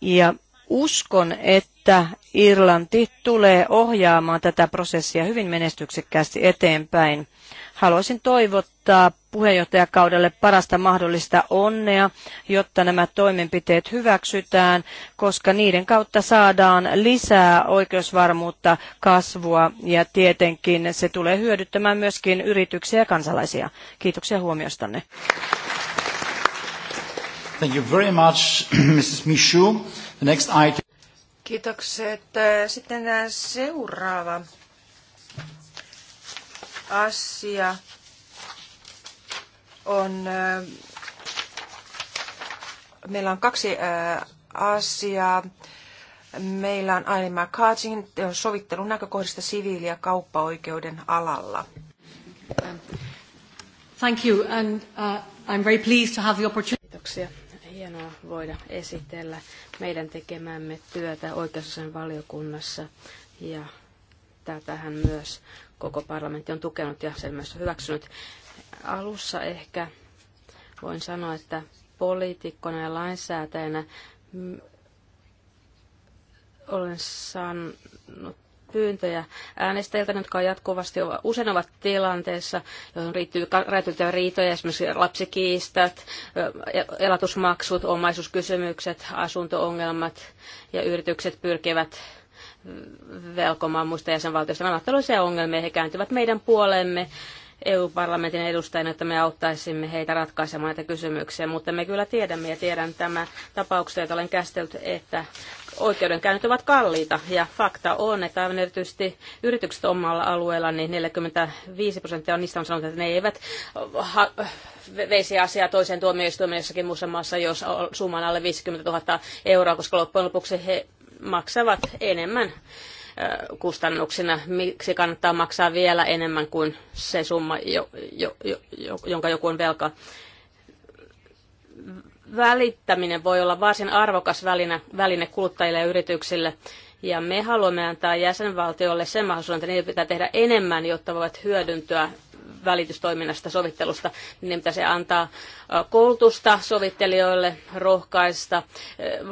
ja Uskon, että Irlanti tulee ohjaamaan tätä prosessia hyvin menestyksekkäästi eteenpäin. Haluaisin toivottaa puheenjohtajakaudelle parasta mahdollista onnea, jotta nämä toimenpiteet hyväksytään, koska niiden kautta saadaan lisää oikeusvarmuutta, kasvua ja tietenkin se tulee hyödyttämään myöskin yrityksiä ja kansalaisia. Kiitoksia huomiostanne. Thank you very much, Mrs. The next item. Kiitokset. Sitten äh, seuraava asia on, äh, meillä on kaksi äh, asiaa. Meillä on Aileen McCartin sovittelun näkökohdista siviili- ja kauppaoikeuden alalla. Thank you and uh, I'm very pleased to have the opportunity. Kiitoksia hienoa voida esitellä meidän tekemämme työtä oikeusasian valiokunnassa ja tätähän myös koko parlamentti on tukenut ja sen myös hyväksynyt. Alussa ehkä voin sanoa, että poliitikkona ja lainsäätäjänä olen saanut pyyntöjä äänestäjiltä, jotka on jatkuvasti usein ovat tilanteessa, johon liittyy räätyltyä riitoja, esimerkiksi lapsikiistat, elatusmaksut, omaisuuskysymykset, asuntoongelmat ja yritykset pyrkivät velkomaan muista jäsenvaltioista. Nämä ovat ongelmia, he kääntyvät meidän puoleemme EU-parlamentin edustajina, että me auttaisimme heitä ratkaisemaan näitä kysymyksiä, mutta me kyllä tiedämme ja tiedän tämä tapauksia, joita olen käsitellyt, että oikeudenkäynnit ovat kalliita ja fakta on, että aivan erityisesti yritykset omalla alueella, niin 45 prosenttia on niistä on sanonut, että ne eivät ha- veisi asiaa toiseen tuomioistuimeen jossakin muussa maassa, jos summa on alle 50 000 euroa, koska loppujen lopuksi he maksavat enemmän kustannuksina, miksi kannattaa maksaa vielä enemmän kuin se summa, jo, jo, jo, jonka joku on velkaa välittäminen voi olla varsin arvokas väline, väline kuluttajille ja yrityksille. Ja me haluamme antaa jäsenvaltioille sen mahdollisuuden, että niitä pitää tehdä enemmän, jotta voivat hyödyntyä välitystoiminnasta, sovittelusta, niin mitä se antaa koulutusta sovittelijoille, rohkaista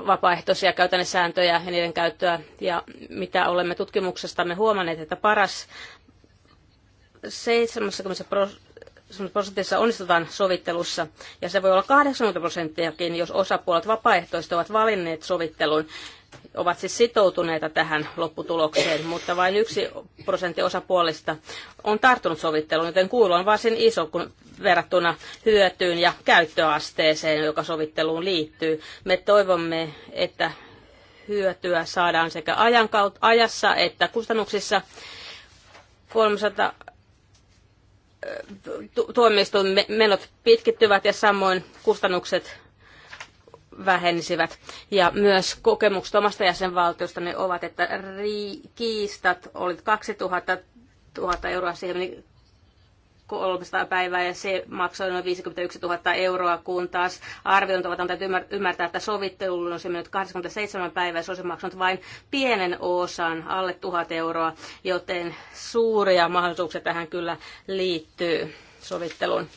vapaaehtoisia sääntöjä ja niiden käyttöä. Ja mitä olemme tutkimuksestamme huomanneet, että paras 70 prosentissa onnistutaan sovittelussa, ja se voi olla 80 prosenttiakin, jos osapuolet vapaaehtoisesti ovat valinneet sovittelun, ovat siis sitoutuneita tähän lopputulokseen, mutta vain yksi prosentti osapuolista on tarttunut sovitteluun, joten kuilu on varsin iso kun verrattuna hyötyyn ja käyttöasteeseen, joka sovitteluun liittyy. Me toivomme, että hyötyä saadaan sekä ajan kautta, ajassa että kustannuksissa 300 tuomioistuin menot pitkittyvät ja samoin kustannukset vähenisivät. Ja myös kokemukset omasta jäsenvaltiosta ne ovat, että ri- kiistat oli 2000 000 euroa, siihen niin 300 päivää ja se maksoi noin 51 000 euroa, kun taas arviointi ovat antaneet ymmärtää, että sovitteluun on se mennyt 87 päivää ja se olisi maksanut vain pienen osan, alle 1000 euroa, joten suuria mahdollisuuksia tähän kyllä liittyy sovitteluun.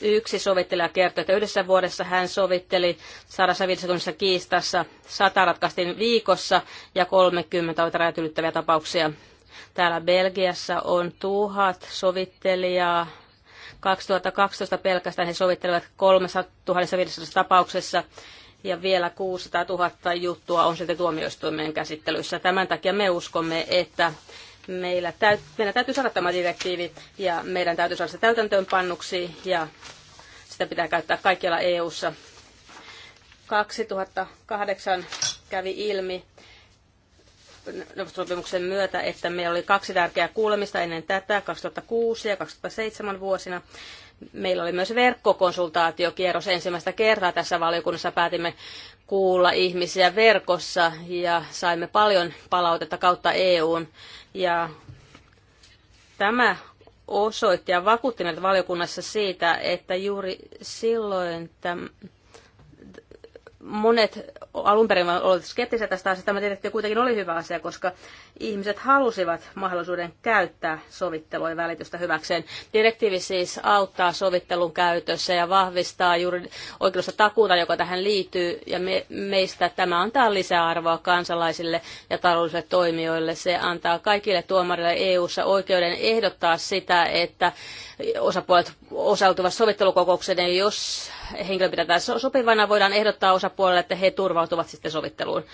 Yksi sovittelija kertoi, että yhdessä vuodessa hän sovitteli 150 kiistassa, 100 ratkaistiin viikossa ja 30 oli rajat tapauksia Täällä Belgiassa on tuhat sovittelijaa. 2012 pelkästään he sovittelevat 3500 tapauksessa ja vielä 600 000 juttua on sitten tuomioistuimen käsittelyssä. Tämän takia me uskomme, että meillä, täyt, meidän täytyy saada tämä direktiivi ja meidän täytyy saada se täytäntöönpannuksi ja sitä pitää käyttää kaikkialla EU-ssa. 2008 kävi ilmi, neuvostosopimuksen myötä, että meillä oli kaksi tärkeää kuulemista ennen tätä, 2006 ja 2007 vuosina. Meillä oli myös verkkokonsultaatiokierros ensimmäistä kertaa tässä valiokunnassa. Päätimme kuulla ihmisiä verkossa ja saimme paljon palautetta kautta EUn. Ja tämä osoitti ja vakuutti meidät valiokunnassa siitä, että juuri silloin tämä monet alun perin olivat skeptisiä tästä asiasta, tämä tietysti kuitenkin oli hyvä asia, koska ihmiset halusivat mahdollisuuden käyttää sovittelua ja välitystä hyväkseen. Direktiivi siis auttaa sovittelun käytössä ja vahvistaa juuri oikeudesta takuuta, joka tähän liittyy, ja me, meistä tämä antaa lisäarvoa kansalaisille ja taloudellisille toimijoille. Se antaa kaikille tuomarille EU-ssa oikeuden ehdottaa sitä, että osapuolet osaltuvat sovittelukokoukseen, ja jos henkilö pidetään sopivana, voidaan ehdottaa osapuolelle, että he turvautuvat sitten sovitteluun.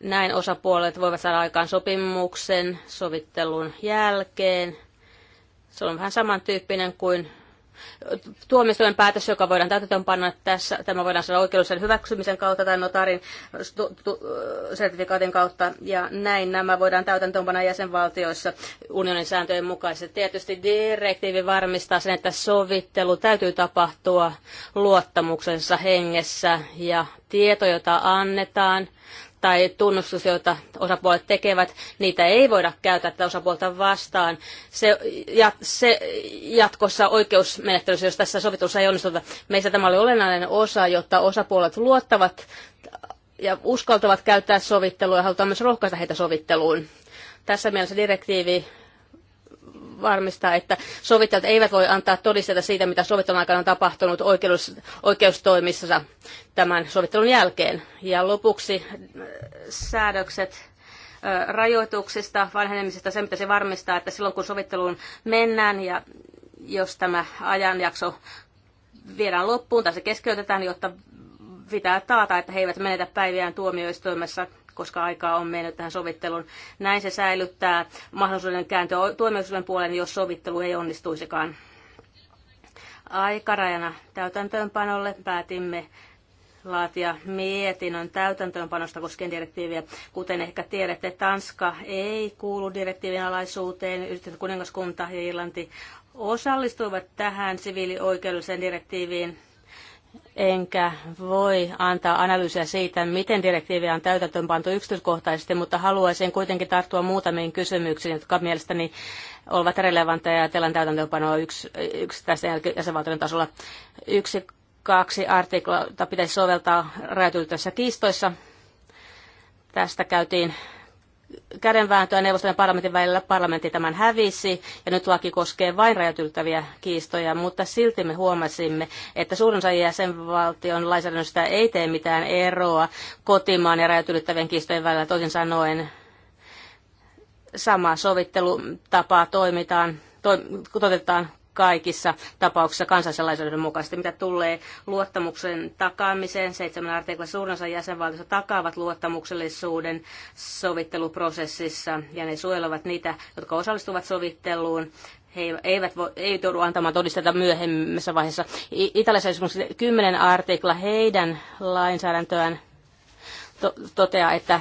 Näin osapuolet voivat saada aikaan sopimuksen sovittelun jälkeen. Se on vähän samantyyppinen kuin tuomioistuimen päätös, joka voidaan täytäntöönpanna tässä, tämä voidaan saada oikeudellisen hyväksymisen kautta tai notarin tu, tu, sertifikaatin kautta, ja näin nämä voidaan täytäntöönpanna jäsenvaltioissa unionin sääntöjen mukaisesti. Tietysti direktiivi varmistaa sen, että sovittelu täytyy tapahtua luottamuksensa hengessä, ja tieto, jota annetaan, tai tunnustus, joita osapuolet tekevät, niitä ei voida käyttää tätä osapuolta vastaan. Se, ja, se jatkossa oikeusmenettelyssä, jos tässä sovitussa ei onnistuta, meistä tämä oli olennainen osa, jotta osapuolet luottavat ja uskaltavat käyttää sovittelua ja halutaan myös rohkaista heitä sovitteluun. Tässä mielessä direktiivi varmistaa, että sovittajat eivät voi antaa todisteita siitä, mitä sovittelun aikana on tapahtunut oikeus, oikeustoimissa tämän sovittelun jälkeen. Ja lopuksi äh, säädökset äh, rajoituksista, vanhenemisesta, sen pitäisi varmistaa, että silloin kun sovitteluun mennään ja jos tämä ajanjakso viedään loppuun tai se keskeytetään, jotta pitää taata, että he eivät menetä päiviään tuomioistuimessa koska aikaa on mennyt tähän sovitteluun. Näin se säilyttää mahdollisuuden kääntöä tuomioistuimen puoleen, jos sovittelu ei onnistuisikaan. Aikarajana täytäntöönpanolle päätimme laatia mietinnön täytäntöönpanosta koskien direktiiviä. Kuten ehkä tiedätte, Tanska ei kuulu direktiivin alaisuuteen, yhteiskuningaskunta ja Irlanti osallistuivat tähän siviilioikeudelliseen direktiiviin enkä voi antaa analyysiä siitä, miten direktiiviä on täytäntöönpantu yksityiskohtaisesti, mutta haluaisin kuitenkin tarttua muutamiin kysymyksiin, jotka mielestäni ovat relevantteja ja ajatellaan täytäntöönpanoa yksi, yksittäisten jäsenvaltion tasolla. Yksi, kaksi artiklaa pitäisi soveltaa rajatylyttävissä kiistoissa. Tästä käytiin kädenvääntöä neuvoston ja parlamentin välillä. Parlamentti tämän hävisi ja nyt laki koskee vain rajat ylittäviä kiistoja, mutta silti me huomasimme, että suurin osa jäsenvaltion lainsäädännöstä ei tee mitään eroa kotimaan ja rajat ylittävien kiistojen välillä. Toisin sanoen sama sovittelutapaa toimitaan, toteutetaan kaikissa tapauksissa kansallisen mukaisesti. Mitä tulee luottamuksen takaamiseen, seitsemän artikla suurin osa jäsenvaltioista takaavat luottamuksellisuuden sovitteluprosessissa ja ne suojelevat niitä, jotka osallistuvat sovitteluun he eivät voi, ei joudu antamaan todisteita myöhemmässä vaiheessa. Italiassa esimerkiksi 10 artikla heidän lainsäädäntöään to- toteaa, että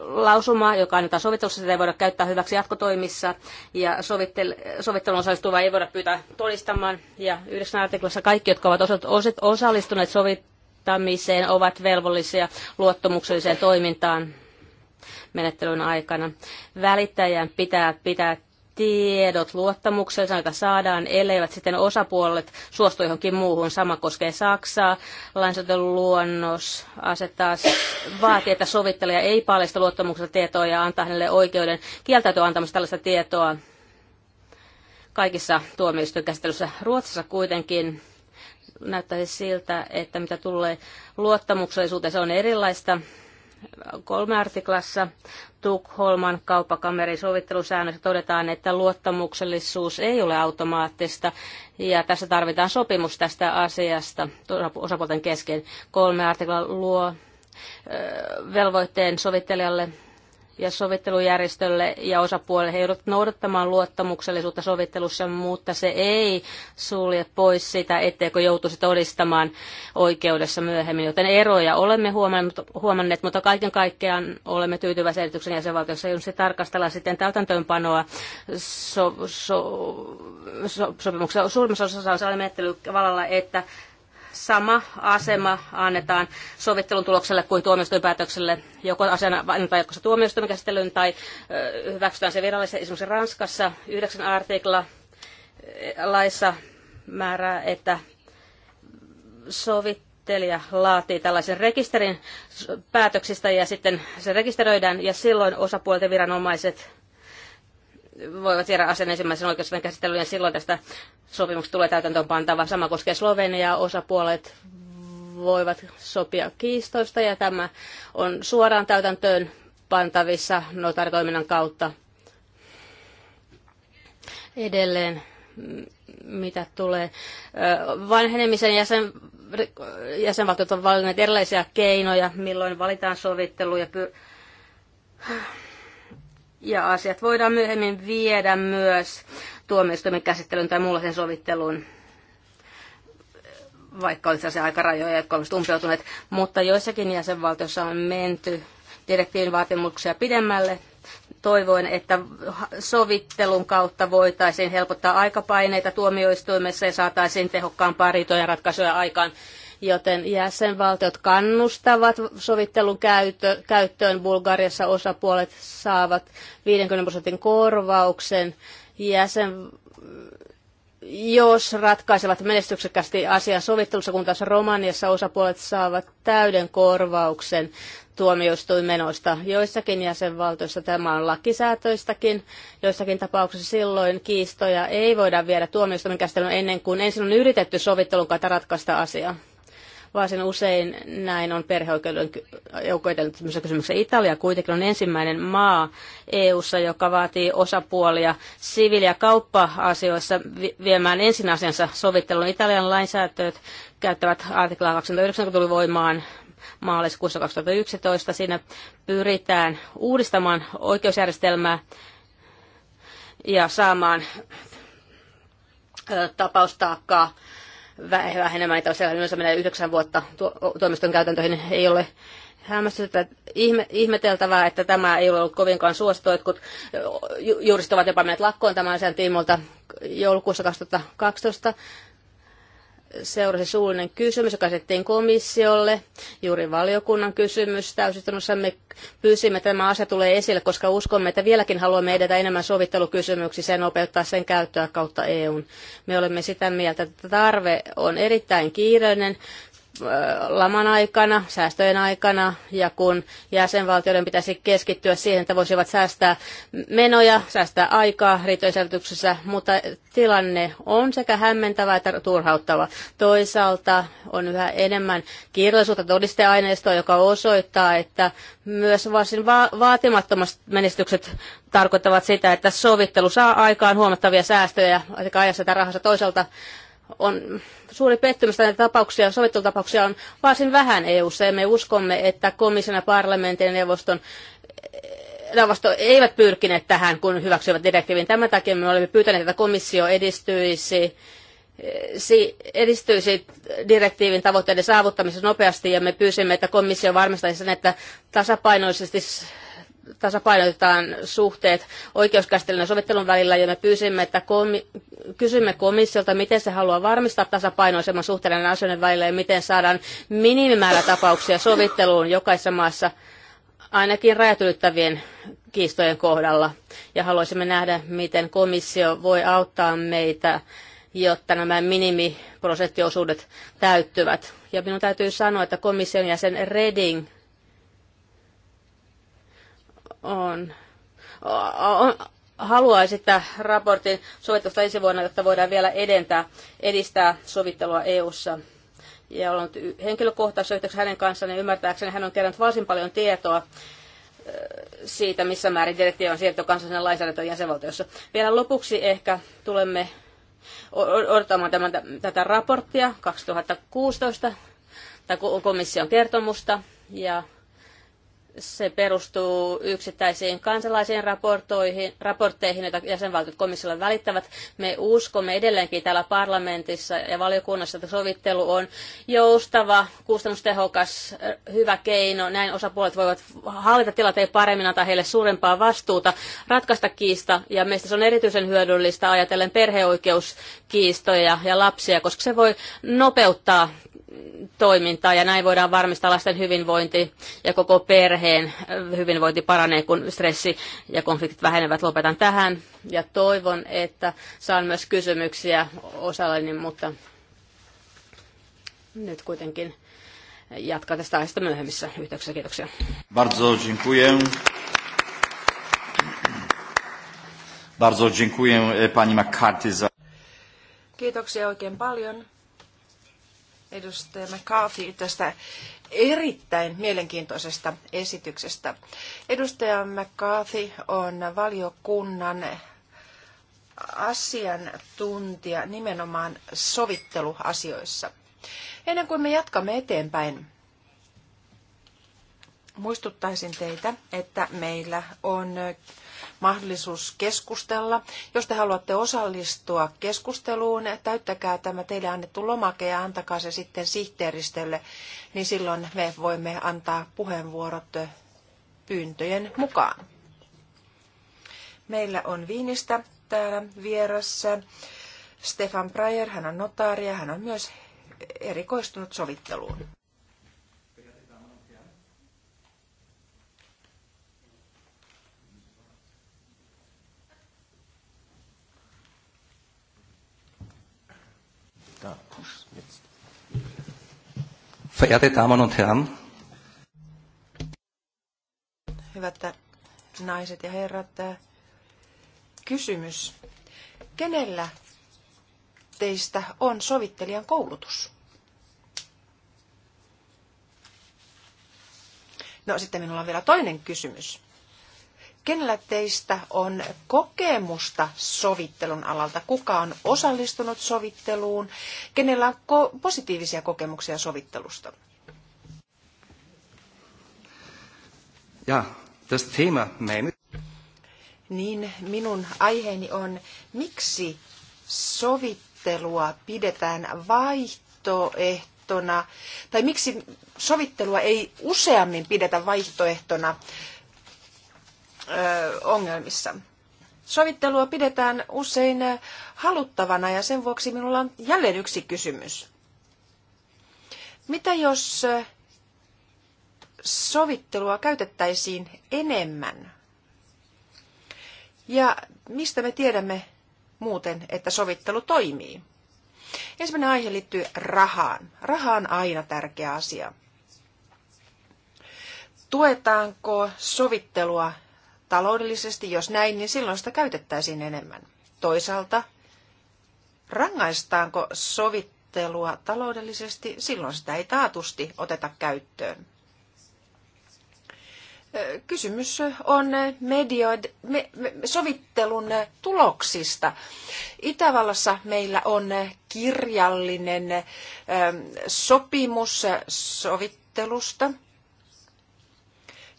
lausuma, joka annetaan sovittelussa, sitä ei voida käyttää hyväksi jatkotoimissa, ja sovittel- sovittelun osallistuvaa ei voida pyytää todistamaan, ja yhdeksän artiklassa kaikki, jotka ovat osallistuneet sovittamiseen, ovat velvollisia luottamukselliseen toimintaan menettelyn aikana. Välittäjän pitää pitää tiedot luottamuksella, aika saadaan, elleivät sitten osapuolet suostu johonkin muuhun. Sama koskee Saksaa. luonnos asettaa vaatii, että sovittelija ei paljasta luottamuksella tietoa ja antaa hänelle oikeuden kieltäytyä antamasta tällaista tietoa kaikissa käsittelyssä Ruotsissa kuitenkin näyttäisi siltä, että mitä tulee luottamuksellisuuteen, se on erilaista kolme artiklassa Tukholman kauppakamerin sovittelusäännössä todetaan, että luottamuksellisuus ei ole automaattista ja tässä tarvitaan sopimus tästä asiasta osapuolten kesken. Kolme artikla luo velvoitteen sovittelijalle ja sovittelujärjestölle ja osapuolelle. He joudut noudattamaan luottamuksellisuutta sovittelussa, mutta se ei sulje pois sitä, etteikö joutuisi todistamaan oikeudessa myöhemmin. Joten eroja olemme huomanneet, mutta kaiken kaikkiaan olemme tyytyväisiä erityksen jäsenvaltiossa, jos se tarkastellaan sitten täytäntöönpanoa so, so, so, sopimuksessa. Suurimmassa osassa on sellainen menettely valalla, että sama asema annetaan sovittelun tulokselle kuin tuomioistuinpäätökselle, joko asiana annetaan jatkossa tuomioistuimen käsittelyyn tai hyväksytään se virallisesti. Esimerkiksi Ranskassa 9 artikla laissa määrää, että sovittelija laatii tällaisen rekisterin päätöksistä ja sitten se rekisteröidään ja silloin osapuolten viranomaiset voivat viedä asian ensimmäisen oikeuden käsittelyyn ja silloin tästä sopimuksesta tulee täytäntöön pantava. Sama koskee Sloveniaa, osapuolet voivat sopia kiistoista ja tämä on suoraan täytäntöön pantavissa notaritoiminnan kautta. Edelleen mitä tulee vanhenemisen jäsen, jäsenvaltiot ovat valinneet erilaisia keinoja, milloin valitaan sovittelu ja pyr- ja asiat voidaan myöhemmin viedä myös tuomioistuimen käsittelyyn tai sen sovitteluun vaikka olisi se aikarajoja, jotka olisivat umpeutuneet, mutta joissakin jäsenvaltioissa on menty direktiivin vaatimuksia pidemmälle. Toivoin, että sovittelun kautta voitaisiin helpottaa aikapaineita tuomioistuimessa ja saataisiin tehokkaampaa riitojen ratkaisuja aikaan joten jäsenvaltiot kannustavat sovittelun käyttö, käyttöön. Bulgariassa osapuolet saavat 50 prosentin korvauksen. Jäsen, jos ratkaisevat menestyksekkäästi asian sovittelussa, kun taas Romaniassa osapuolet saavat täyden korvauksen tuomioistuinmenoista. Joissakin jäsenvaltioissa tämä on lakisäätöistäkin. Joissakin tapauksissa silloin kiistoja ei voida viedä tuomioistuimen käsittelyyn ennen kuin ensin on yritetty sovittelun kautta ratkaista asiaa varsin usein näin on perheoikeuden kysymyksessä. Italia kuitenkin on ensimmäinen maa EU-ssa, joka vaatii osapuolia siviili- ja kauppa-asioissa viemään ensin asiansa sovittelun. Italian lainsäätöt käyttävät artiklaa 29, kun tuli voimaan maaliskuussa 2011. Siinä pyritään uudistamaan oikeusjärjestelmää ja saamaan tapaustaakkaa vähenemään, että siellä yleensä menee yhdeksän vuotta toimiston käytäntöihin, ei ole hämmästyttävää, ihme, ihmeteltävää, että tämä ei ole ollut kovinkaan suosittu. kun eh, juristit ovat jopa menneet lakkoon tämän asian tiimolta joulukuussa 2012 seurasi suullinen kysymys, joka asettiin komissiolle, juuri valiokunnan kysymys täysistunnossa. Me pyysimme, että tämä asia tulee esille, koska uskomme, että vieläkin haluamme edetä enemmän sovittelukysymyksissä ja nopeuttaa sen käyttöä kautta EUn. Me olemme sitä mieltä, että tarve on erittäin kiireinen Äh, laman aikana, säästöjen aikana ja kun jäsenvaltioiden pitäisi keskittyä siihen, että voisivat säästää menoja, säästää aikaa riitojenselvityksessä, mutta tilanne on sekä hämmentävä että turhauttava. Toisaalta on yhä enemmän kirjallisuutta todisteaineistoa, joka osoittaa, että myös varsin va- vaatimattomat menestykset tarkoittavat sitä, että sovittelu saa aikaan huomattavia säästöjä, sekä ajassa että rahassa. Toisaalta on suuri pettymys, että näitä tapauksia, sovittelutapauksia on varsin vähän EU-ssa, ja me uskomme, että komission parlamentin ja neuvoston neuvosto eivät pyrkineet tähän, kun hyväksyivät direktiivin. Tämän takia me olemme pyytäneet, että komissio edistyisi, edistyisi direktiivin tavoitteiden saavuttamisessa nopeasti, ja me pyysimme, että komissio varmistaisi sen, että tasapainoisesti tasapainotetaan suhteet oikeuskäsittelyn ja sovittelun välillä, ja me pyysimme, että komi- kysymme komissiolta, miten se haluaa varmistaa tasapainoisemman suhteiden asioiden välillä, ja miten saadaan minimimäärä tapauksia sovitteluun jokaisessa maassa, ainakin rajat ylittävien kiistojen kohdalla. Ja haluaisimme nähdä, miten komissio voi auttaa meitä jotta nämä minimiprosenttiosuudet täyttyvät. Ja minun täytyy sanoa, että komission jäsen Reding on, on haluaisi, että raportin sovitusta ensi vuonna, jotta voidaan vielä edentää, edistää sovittelua EU:ssa. Ja olen ollut henkilökohtaisessa yhteydessä hänen kanssaan, niin ymmärtääkseni hän on kerännyt varsin paljon tietoa siitä, missä määrin direktiivi on siirtynyt kansallisen lainsäädäntöön jäsenvaltiossa. Vielä lopuksi ehkä tulemme odottamaan tämän, tätä raporttia 2016 tai komission kertomusta ja se perustuu yksittäisiin kansalaisiin raportteihin, joita jäsenvaltiot komissiolle välittävät. Me uskomme edelleenkin täällä parlamentissa ja valiokunnassa, että sovittelu on joustava, kustannustehokas, eh, hyvä keino. Näin osapuolet voivat hallita tilanteen paremmin, antaa heille suurempaa vastuuta, ratkaista kiista. Ja meistä se on erityisen hyödyllistä ajatellen perheoikeuskiistoja ja lapsia, koska se voi nopeuttaa toimintaa ja näin voidaan varmistaa lasten hyvinvointi ja koko perheen hyvinvointi paranee, kun stressi ja konfliktit vähenevät. Lopetan tähän ja toivon, että saan myös kysymyksiä osalleni, mutta nyt kuitenkin jatkaa tästä aiheesta myöhemmissä yhteyksissä. Kiitoksia. Bardzo dziękuję. Bardzo dziękuję e, pani McCarthy za... Kiitoksia oikein paljon edustaja McCarthy tästä erittäin mielenkiintoisesta esityksestä. Edustaja McCarthy on valiokunnan asiantuntija nimenomaan sovitteluasioissa. Ennen kuin me jatkamme eteenpäin, muistuttaisin teitä, että meillä on mahdollisuus keskustella. Jos te haluatte osallistua keskusteluun, täyttäkää tämä teille annettu lomake ja antakaa se sitten sihteeristölle, niin silloin me voimme antaa puheenvuorot pyyntöjen mukaan. Meillä on Viinistä täällä vieressä Stefan Breyer, hän on notaari ja hän on myös erikoistunut sovitteluun. Verehrte Damen und Herren. Hyvät naiset ja herrat, kysymys. Kenellä teistä on sovittelijan koulutus? No sitten minulla on vielä toinen kysymys. Kenellä teistä on kokemusta sovittelun alalta? Kuka on osallistunut sovitteluun? Kenellä on ko- positiivisia kokemuksia sovittelusta? Ja, das Thema meine... Niin, minun aiheeni on, miksi sovittelua pidetään vaihtoehtona, tai miksi sovittelua ei useammin pidetä vaihtoehtona ongelmissa. Sovittelua pidetään usein haluttavana ja sen vuoksi minulla on jälleen yksi kysymys. Mitä jos sovittelua käytettäisiin enemmän? Ja mistä me tiedämme muuten, että sovittelu toimii? Ensimmäinen aihe liittyy rahaan. Raha on aina tärkeä asia. Tuetaanko sovittelua taloudellisesti, jos näin, niin silloin sitä käytettäisiin enemmän. Toisaalta, rangaistaanko sovittelua taloudellisesti, silloin sitä ei taatusti oteta käyttöön. Kysymys on medioid, me, me, sovittelun tuloksista. Itävallassa meillä on kirjallinen ö, sopimus sovittelusta.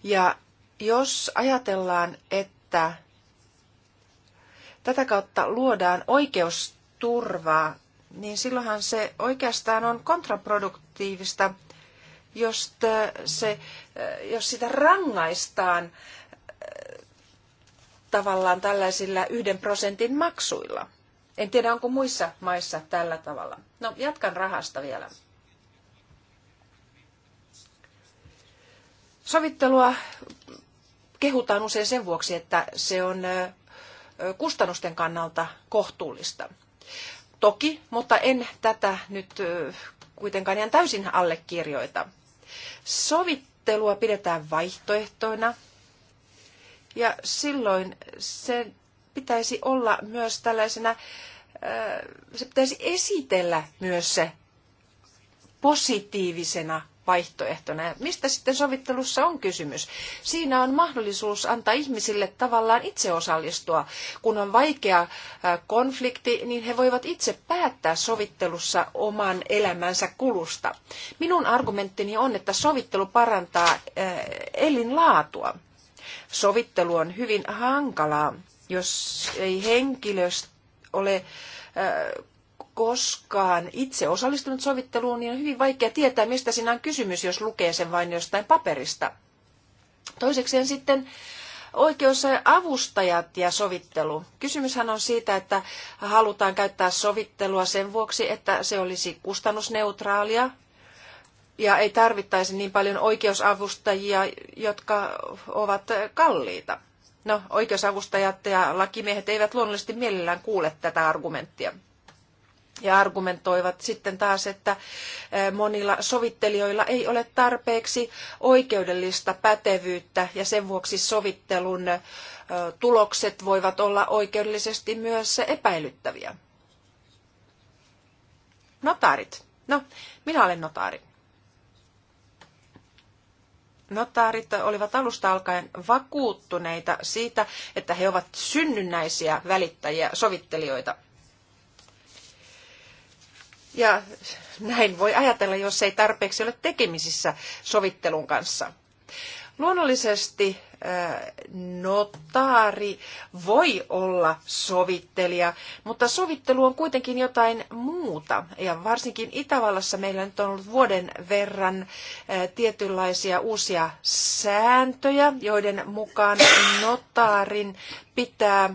Ja jos ajatellaan, että tätä kautta luodaan oikeusturvaa, niin silloinhan se oikeastaan on kontraproduktiivista, jos, se, jos sitä rangaistaan äh, tavallaan tällaisilla yhden prosentin maksuilla. En tiedä, onko muissa maissa tällä tavalla. No, jatkan rahasta vielä. Sovittelua kehutaan usein sen vuoksi, että se on kustannusten kannalta kohtuullista. Toki, mutta en tätä nyt kuitenkaan ihan täysin allekirjoita. Sovittelua pidetään vaihtoehtoina ja silloin se pitäisi olla myös tällaisena, se pitäisi esitellä myös se positiivisena vaihtoehtona. Ja mistä sitten sovittelussa on kysymys? Siinä on mahdollisuus antaa ihmisille tavallaan itse osallistua. Kun on vaikea äh, konflikti, niin he voivat itse päättää sovittelussa oman elämänsä kulusta. Minun argumenttini on, että sovittelu parantaa äh, elinlaatua. Sovittelu on hyvin hankalaa, jos ei henkilöstö ole äh, koskaan itse osallistunut sovitteluun, niin on hyvin vaikea tietää, mistä siinä on kysymys, jos lukee sen vain jostain paperista. Toisekseen sitten oikeusavustajat ja sovittelu. Kysymyshän on siitä, että halutaan käyttää sovittelua sen vuoksi, että se olisi kustannusneutraalia ja ei tarvittaisi niin paljon oikeusavustajia, jotka ovat kalliita. No, oikeusavustajat ja lakimiehet eivät luonnollisesti mielellään kuule tätä argumenttia ja argumentoivat sitten taas, että eh, monilla sovittelijoilla ei ole tarpeeksi oikeudellista pätevyyttä ja sen vuoksi sovittelun eh, tulokset voivat olla oikeudellisesti myös epäilyttäviä. Notaarit. No, minä olen notaari. Notaarit olivat alusta alkaen vakuuttuneita siitä, että he ovat synnynnäisiä välittäjiä, sovittelijoita – ja näin voi ajatella, jos ei tarpeeksi ole tekemisissä sovittelun kanssa. Luonnollisesti notaari voi olla sovittelija, mutta sovittelu on kuitenkin jotain muuta. Ja varsinkin Itävallassa meillä nyt on ollut vuoden verran tietynlaisia uusia sääntöjä, joiden mukaan notaarin pitää,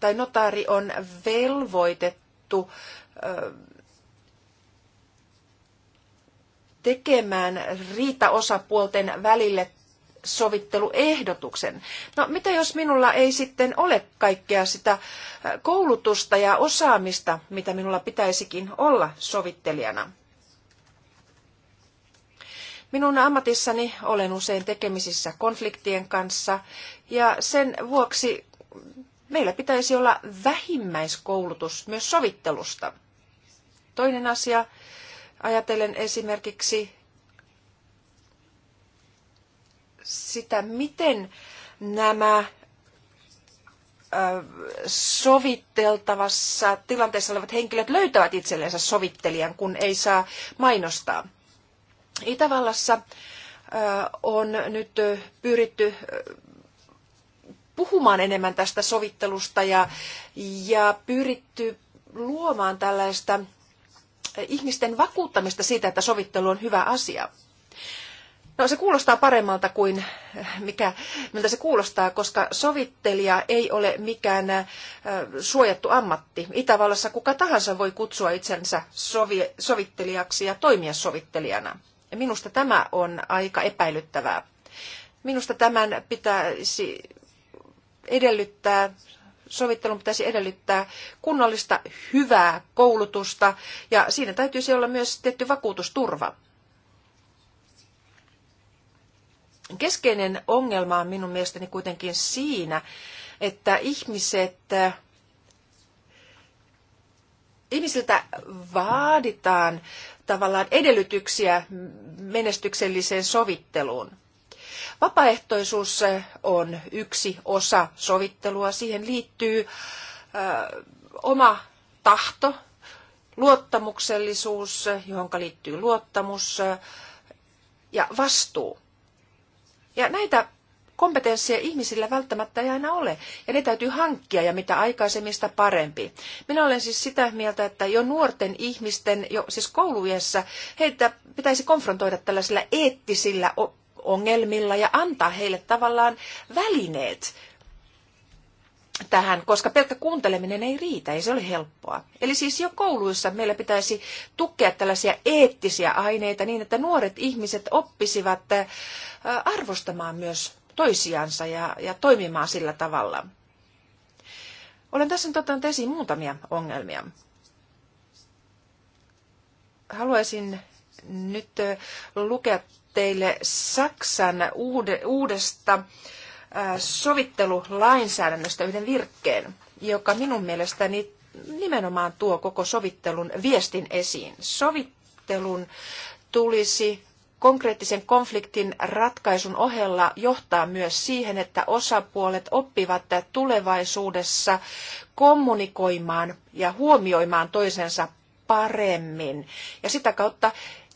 tai notaari on velvoitettu tekemään riitaosapuolten välille sovitteluehdotuksen. No mitä jos minulla ei sitten ole kaikkea sitä koulutusta ja osaamista, mitä minulla pitäisikin olla sovittelijana? Minun ammatissani olen usein tekemisissä konfliktien kanssa ja sen vuoksi meillä pitäisi olla vähimmäiskoulutus myös sovittelusta. Toinen asia, Ajatellen esimerkiksi sitä, miten nämä sovitteltavassa tilanteessa olevat henkilöt löytävät itsellensä sovittelijan, kun ei saa mainostaa. Itävallassa on nyt pyritty puhumaan enemmän tästä sovittelusta ja, ja pyritty luomaan tällaista ihmisten vakuuttamista siitä, että sovittelu on hyvä asia. No se kuulostaa paremmalta kuin mikä, miltä se kuulostaa, koska sovittelija ei ole mikään äh, suojattu ammatti. Itävallassa kuka tahansa voi kutsua itsensä sovi, sovittelijaksi ja toimia sovittelijana. Ja minusta tämä on aika epäilyttävää. Minusta tämän pitäisi edellyttää sovittelun pitäisi edellyttää kunnollista hyvää koulutusta ja siinä täytyisi olla myös tietty vakuutusturva. Keskeinen ongelma on minun mielestäni kuitenkin siinä, että ihmiset, ihmisiltä vaaditaan tavallaan edellytyksiä menestykselliseen sovitteluun. Vapaaehtoisuus on yksi osa sovittelua. Siihen liittyy ö, oma tahto, luottamuksellisuus, johon liittyy luottamus ja vastuu. Ja näitä kompetensseja ihmisillä välttämättä ei aina ole, ja ne täytyy hankkia, ja mitä aikaisemmin sitä parempi. Minä olen siis sitä mieltä, että jo nuorten ihmisten, jo siis kouluiässä, heitä pitäisi konfrontoida tällaisilla eettisillä ongelmilla ja antaa heille tavallaan välineet tähän, koska pelkkä kuunteleminen ei riitä, ei se ole helppoa. Eli siis jo kouluissa meillä pitäisi tukea tällaisia eettisiä aineita niin, että nuoret ihmiset oppisivat äh, arvostamaan myös toisiansa ja, ja toimimaan sillä tavalla. Olen tässä nyt ottanut esiin muutamia ongelmia. Haluaisin nyt äh, lukea teille Saksan uudesta sovittelulainsäädännöstä yhden virkkeen, joka minun mielestäni nimenomaan tuo koko sovittelun viestin esiin. Sovittelun tulisi konkreettisen konfliktin ratkaisun ohella johtaa myös siihen, että osapuolet oppivat tulevaisuudessa kommunikoimaan ja huomioimaan toisensa paremmin ja sitä kautta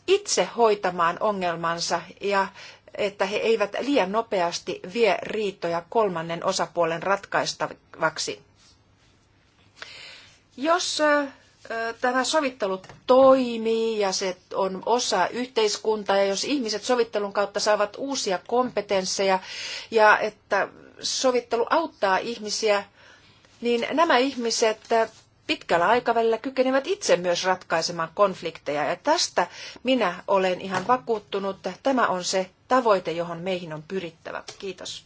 itse hoitamaan ongelmansa ja että he eivät liian nopeasti vie riitoja kolmannen osapuolen ratkaistavaksi. Jos tämä sovittelu toimii ja se on osa yhteiskuntaa ja jos ihmiset sovittelun kautta saavat uusia kompetensseja ja että sovittelu auttaa ihmisiä, niin nämä ihmiset pitkällä aikavälillä kykenevät itse myös ratkaisemaan konflikteja. Ja tästä minä olen ihan vakuuttunut. Tämä on se tavoite, johon meihin on pyrittävä. Kiitos.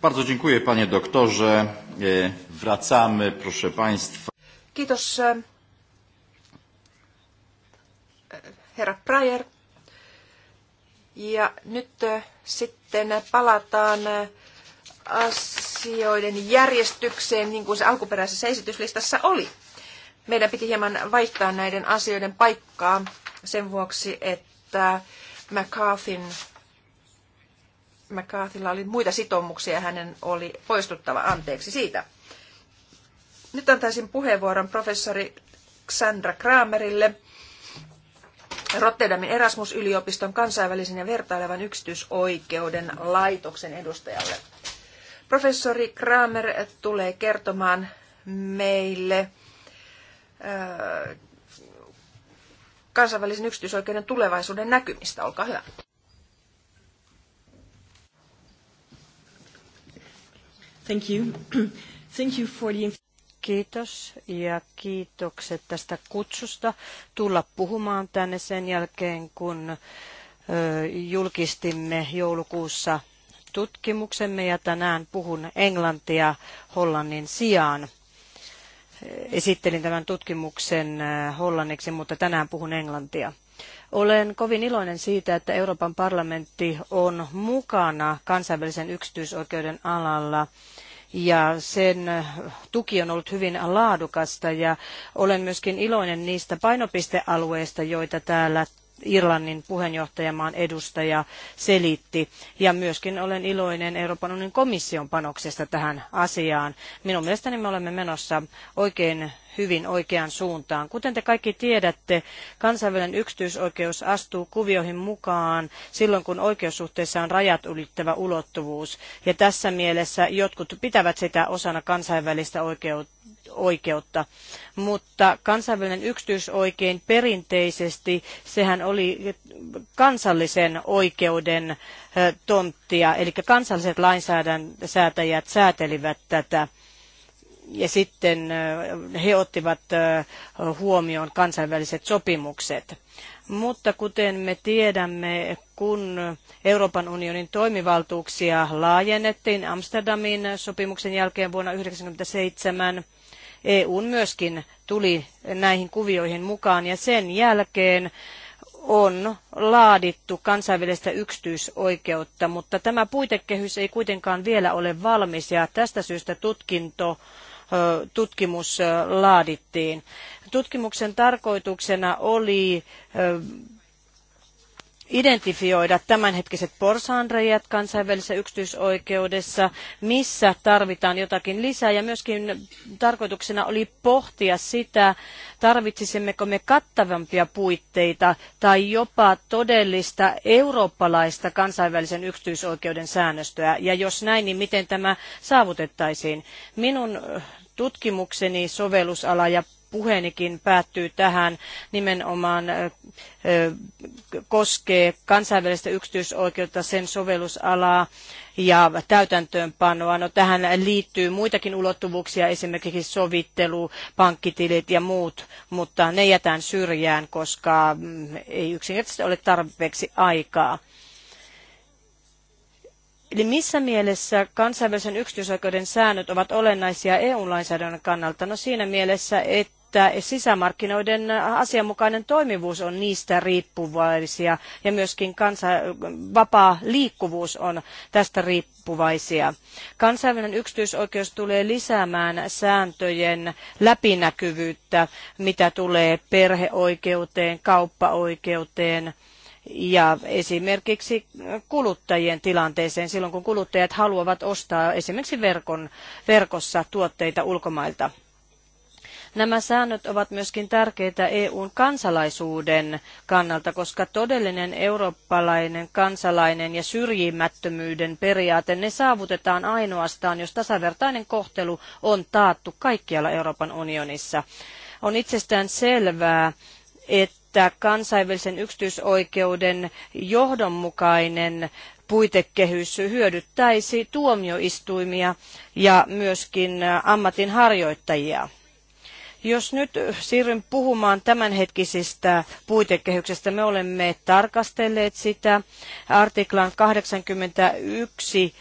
Bardzo dziękuję panie doktorze. E, wracamy, proszę państwa. Kiitos e, herra Pryor. Ja nyt e, sitten palataan asioiden järjestykseen niin kuin se alkuperäisessä esityslistassa oli. Meidän piti hieman vaihtaa näiden asioiden paikkaa sen vuoksi, että McCarthyn, McCarthylla oli muita sitoumuksia ja hänen oli poistuttava anteeksi siitä. Nyt antaisin puheenvuoron professori Xandra Kramerille Rotterdamin Erasmus-yliopiston kansainvälisen ja vertailevan yksityisoikeuden laitoksen edustajalle. Professori Kramer tulee kertomaan meille kansainvälisen yksityisoikeuden tulevaisuuden näkymistä. Olkaa hyvä. Thank you. Thank you for the... Kiitos ja kiitokset tästä kutsusta tulla puhumaan tänne sen jälkeen, kun julkistimme joulukuussa tutkimuksemme ja tänään puhun englantia hollannin sijaan. Esittelin tämän tutkimuksen äh, hollanniksi, mutta tänään puhun englantia. Olen kovin iloinen siitä, että Euroopan parlamentti on mukana kansainvälisen yksityisoikeuden alalla ja sen äh, tuki on ollut hyvin laadukasta ja olen myöskin iloinen niistä painopistealueista, joita täällä Irlannin puheenjohtajamaan edustaja selitti. Ja myöskin olen iloinen Euroopan unionin komission panoksesta tähän asiaan. Minun mielestäni me olemme menossa oikein hyvin oikeaan suuntaan. Kuten te kaikki tiedätte, kansainvälinen yksityisoikeus astuu kuvioihin mukaan silloin, kun oikeussuhteessa on rajat ylittävä ulottuvuus. Ja tässä mielessä jotkut pitävät sitä osana kansainvälistä oikeutta. Mutta kansainvälinen yksityisoikein perinteisesti, sehän oli kansallisen oikeuden tonttia, eli kansalliset lainsäätäjät säätelivät tätä ja sitten he ottivat huomioon kansainväliset sopimukset. Mutta kuten me tiedämme, kun Euroopan unionin toimivaltuuksia laajennettiin Amsterdamin sopimuksen jälkeen vuonna 1997, EUn myöskin tuli näihin kuvioihin mukaan ja sen jälkeen on laadittu kansainvälistä yksityisoikeutta, mutta tämä puitekehys ei kuitenkaan vielä ole valmis ja tästä syystä tutkinto tutkimus laadittiin. Tutkimuksen tarkoituksena oli identifioida tämänhetkiset porsaanreijät kansainvälisessä yksityisoikeudessa, missä tarvitaan jotakin lisää ja myöskin tarkoituksena oli pohtia sitä, tarvitsisimmeko me kattavampia puitteita tai jopa todellista eurooppalaista kansainvälisen yksityisoikeuden säännöstöä ja jos näin, niin miten tämä saavutettaisiin. Minun tutkimukseni sovellusala ja puheenikin päättyy tähän, nimenomaan koskee kansainvälistä yksityisoikeutta, sen sovellusalaa ja täytäntöönpanoa. No, tähän liittyy muitakin ulottuvuuksia, esimerkiksi sovittelu, pankkitilit ja muut, mutta ne jätän syrjään, koska mm, ei yksinkertaisesti ole tarpeeksi aikaa. Eli missä mielessä kansainvälisen yksityisoikeuden säännöt ovat olennaisia EU-lainsäädännön kannalta? No siinä mielessä, että sisämarkkinoiden asianmukainen toimivuus on niistä riippuvaisia ja myöskin kansa- vapaa liikkuvuus on tästä riippuvaisia. Kansainvälinen yksityisoikeus tulee lisäämään sääntöjen läpinäkyvyyttä, mitä tulee perheoikeuteen, kauppaoikeuteen – ja esimerkiksi kuluttajien tilanteeseen silloin, kun kuluttajat haluavat ostaa esimerkiksi verkon, verkossa tuotteita ulkomailta. Nämä säännöt ovat myöskin tärkeitä EUn kansalaisuuden kannalta, koska todellinen eurooppalainen kansalainen ja syrjimättömyyden periaate, ne saavutetaan ainoastaan, jos tasavertainen kohtelu on taattu kaikkialla Euroopan unionissa. On itsestään selvää, että että kansainvälisen yksityisoikeuden johdonmukainen puitekehys hyödyttäisi tuomioistuimia ja myöskin ammatinharjoittajia. Jos nyt siirryn puhumaan tämänhetkisistä puitekehyksestä, me olemme tarkastelleet sitä artiklan 81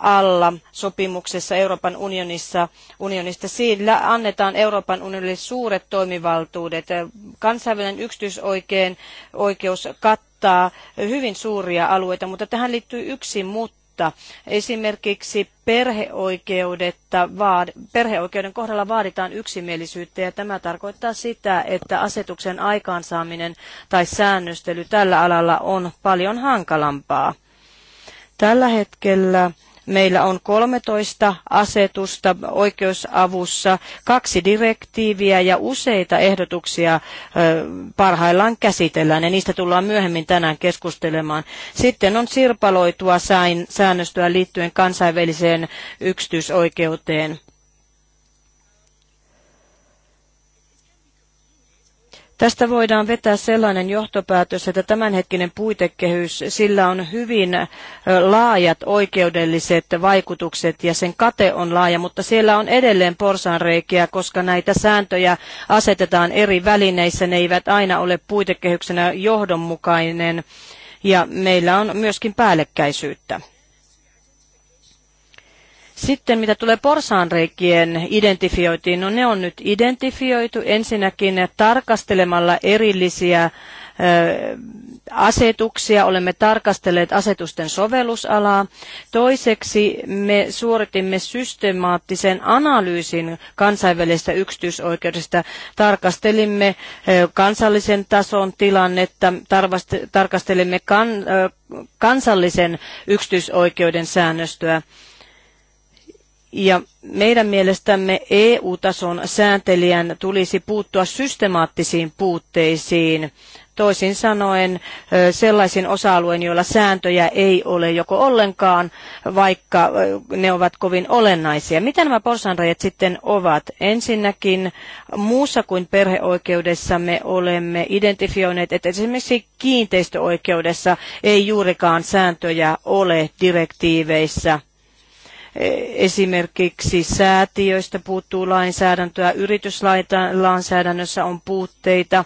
alla sopimuksessa Euroopan unionissa, unionista. Sillä annetaan Euroopan unionille suuret toimivaltuudet. Kansainvälinen yksityisoikeus kattaa hyvin suuria alueita, mutta tähän liittyy yksi mutta mutta esimerkiksi perheoikeudetta, perheoikeuden kohdalla vaaditaan yksimielisyyttä ja tämä tarkoittaa sitä, että asetuksen aikaansaaminen tai säännöstely tällä alalla on paljon hankalampaa. Tällä hetkellä Meillä on 13 asetusta oikeusavussa, kaksi direktiiviä ja useita ehdotuksia parhaillaan käsitellään ja niistä tullaan myöhemmin tänään keskustelemaan. Sitten on sirpaloitua säännöstöä liittyen kansainväliseen yksityisoikeuteen Tästä voidaan vetää sellainen johtopäätös, että tämänhetkinen puitekehys, sillä on hyvin laajat oikeudelliset vaikutukset ja sen kate on laaja, mutta siellä on edelleen porsanreikiä, koska näitä sääntöjä asetetaan eri välineissä, ne eivät aina ole puitekehyksenä johdonmukainen ja meillä on myöskin päällekkäisyyttä. Sitten mitä tulee porsaanreikien identifioitiin, no ne on nyt identifioitu ensinnäkin tarkastelemalla erillisiä asetuksia, olemme tarkastelleet asetusten sovellusalaa. Toiseksi me suoritimme systemaattisen analyysin kansainvälisestä yksityisoikeudesta. Tarkastelimme kansallisen tason tilannetta, tarkastelimme kansallisen yksityisoikeuden säännöstöä. Ja meidän mielestämme EU-tason sääntelijän tulisi puuttua systemaattisiin puutteisiin, toisin sanoen sellaisiin osa-alueen, joilla sääntöjä ei ole joko ollenkaan, vaikka ne ovat kovin olennaisia. Mitä nämä porsanrajat sitten ovat? Ensinnäkin muussa kuin perheoikeudessa me olemme identifioineet, että esimerkiksi kiinteistöoikeudessa ei juurikaan sääntöjä ole direktiiveissä Esimerkiksi säätiöistä puuttuu lainsäädäntöä, yrityslainsäädännössä on puutteita.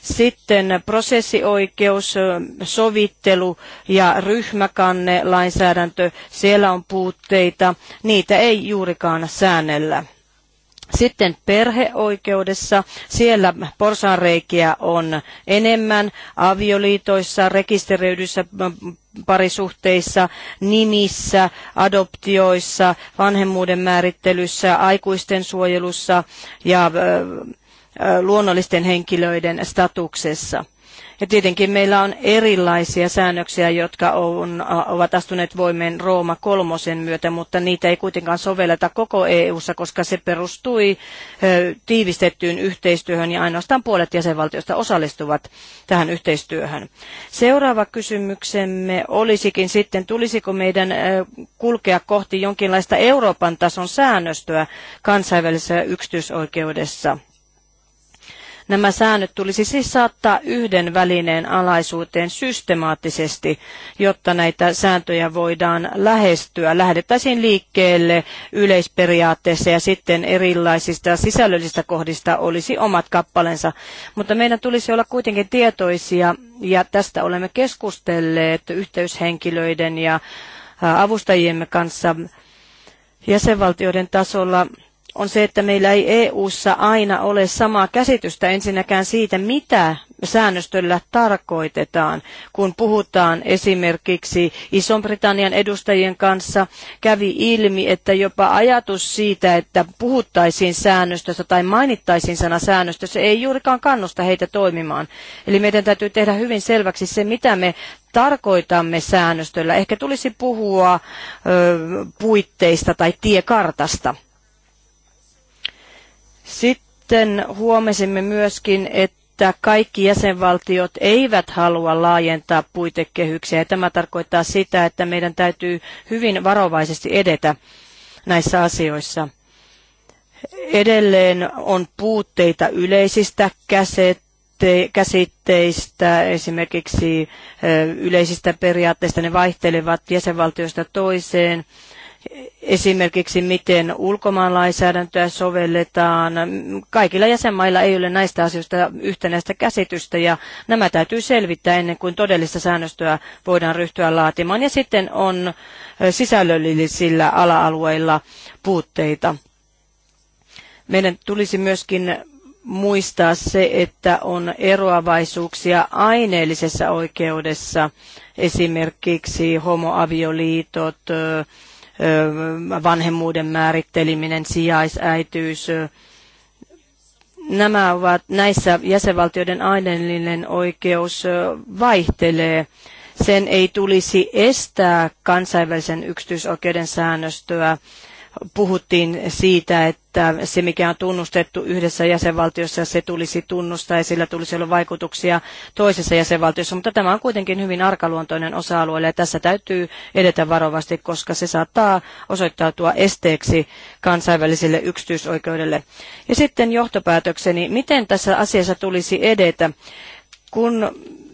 Sitten prosessioikeus, sovittelu ja ryhmäkanne lainsäädäntö, siellä on puutteita. Niitä ei juurikaan säännellä. Sitten perheoikeudessa, siellä porsaanreikiä on enemmän avioliitoissa, rekisteröidyissä parisuhteissa, nimissä, adoptioissa, vanhemmuuden määrittelyssä, aikuisten suojelussa ja luonnollisten henkilöiden statuksessa. Ja tietenkin meillä on erilaisia säännöksiä, jotka on, ovat astuneet voimeen Rooma kolmosen myötä, mutta niitä ei kuitenkaan sovelleta koko EU:ssa, koska se perustui tiivistettyyn yhteistyöhön ja ainoastaan puolet jäsenvaltioista osallistuvat tähän yhteistyöhön. Seuraava kysymyksemme olisikin sitten, tulisiko meidän kulkea kohti jonkinlaista Euroopan tason säännöstöä kansainvälisessä yksityisoikeudessa? Nämä säännöt tulisi siis saattaa yhden välineen alaisuuteen systemaattisesti, jotta näitä sääntöjä voidaan lähestyä. Lähdettäisiin liikkeelle yleisperiaatteessa ja sitten erilaisista sisällöllisistä kohdista olisi omat kappalensa. Mutta meidän tulisi olla kuitenkin tietoisia, ja tästä olemme keskustelleet yhteyshenkilöiden ja avustajiemme kanssa jäsenvaltioiden tasolla on se, että meillä ei EU:ssa aina ole samaa käsitystä ensinnäkään siitä, mitä säännöstöllä tarkoitetaan. Kun puhutaan esimerkiksi Ison-Britannian edustajien kanssa, kävi ilmi, että jopa ajatus siitä, että puhuttaisiin säännöstöstä tai mainittaisiin sana säännöstössä, ei juurikaan kannusta heitä toimimaan. Eli meidän täytyy tehdä hyvin selväksi se, mitä me tarkoitamme säännöstöllä. Ehkä tulisi puhua ö, puitteista tai tiekartasta. Sitten huomasimme myöskin, että kaikki jäsenvaltiot eivät halua laajentaa puitekehyksiä. Ja tämä tarkoittaa sitä, että meidän täytyy hyvin varovaisesti edetä näissä asioissa. Edelleen on puutteita yleisistä käsitteistä, esimerkiksi yleisistä periaatteista, ne vaihtelevat jäsenvaltioista toiseen esimerkiksi miten ulkomaanlainsäädäntöä sovelletaan. Kaikilla jäsenmailla ei ole näistä asioista yhtenäistä käsitystä ja nämä täytyy selvittää ennen kuin todellista säännöstöä voidaan ryhtyä laatimaan. Ja sitten on sisällöllisillä ala-alueilla puutteita. Meidän tulisi myöskin muistaa se, että on eroavaisuuksia aineellisessa oikeudessa, esimerkiksi homoavioliitot, vanhemmuuden määritteleminen, sijaisäityys. Nämä ovat, näissä jäsenvaltioiden aineellinen oikeus vaihtelee. Sen ei tulisi estää kansainvälisen yksityisoikeuden säännöstöä puhuttiin siitä, että se mikä on tunnustettu yhdessä jäsenvaltiossa, se tulisi tunnustaa ja sillä tulisi olla vaikutuksia toisessa jäsenvaltiossa. Mutta tämä on kuitenkin hyvin arkaluontoinen osa-alue ja tässä täytyy edetä varovasti, koska se saattaa osoittautua esteeksi kansainväliselle yksityisoikeudelle. Ja sitten johtopäätökseni, miten tässä asiassa tulisi edetä kun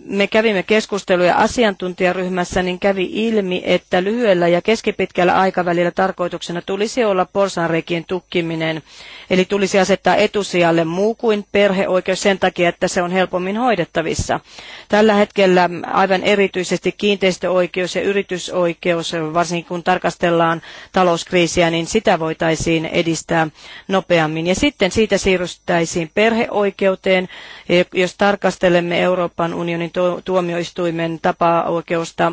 me kävimme keskusteluja asiantuntijaryhmässä, niin kävi ilmi, että lyhyellä ja keskipitkällä aikavälillä tarkoituksena tulisi olla porsanreikien tukkiminen Eli tulisi asettaa etusijalle muu kuin perheoikeus sen takia, että se on helpommin hoidettavissa. Tällä hetkellä aivan erityisesti kiinteistöoikeus ja yritysoikeus, varsinkin kun tarkastellaan talouskriisiä, niin sitä voitaisiin edistää nopeammin. Ja sitten siitä siirryttäisiin perheoikeuteen, jos tarkastelemme Euroopan unionin tuomioistuimen oikeusta.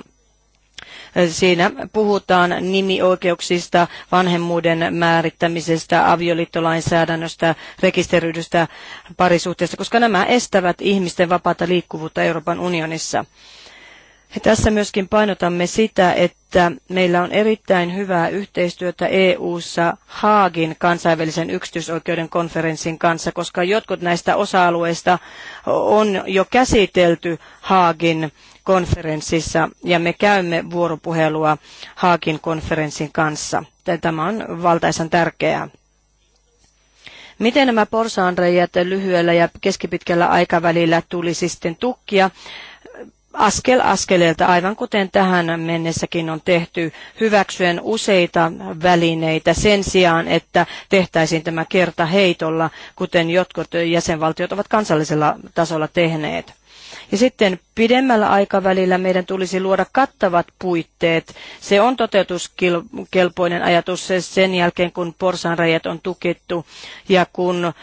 Siinä puhutaan nimioikeuksista, vanhemmuuden määrittämisestä, avioliittolainsäädännöstä, rekisteröidystä parisuhteesta, koska nämä estävät ihmisten vapaata liikkuvuutta Euroopan unionissa. Tässä myöskin painotamme sitä, että meillä on erittäin hyvää yhteistyötä EU-ssa Haagin kansainvälisen yksityisoikeuden konferenssin kanssa, koska jotkut näistä osa-alueista on jo käsitelty Haagin konferenssissa ja me käymme vuoropuhelua Haakin konferenssin kanssa. Tämä on valtaisan tärkeää. Miten nämä porsaanreijät lyhyellä ja keskipitkällä aikavälillä tulisi sitten tukkia? askel askeleelta, aivan kuten tähän mennessäkin on tehty, hyväksyen useita välineitä sen sijaan, että tehtäisiin tämä kerta heitolla, kuten jotkut jäsenvaltiot ovat kansallisella tasolla tehneet. Ja sitten pidemmällä aikavälillä meidän tulisi luoda kattavat puitteet. Se on toteutuskelpoinen ajatus sen jälkeen, kun porsanrajat on tukittu ja kun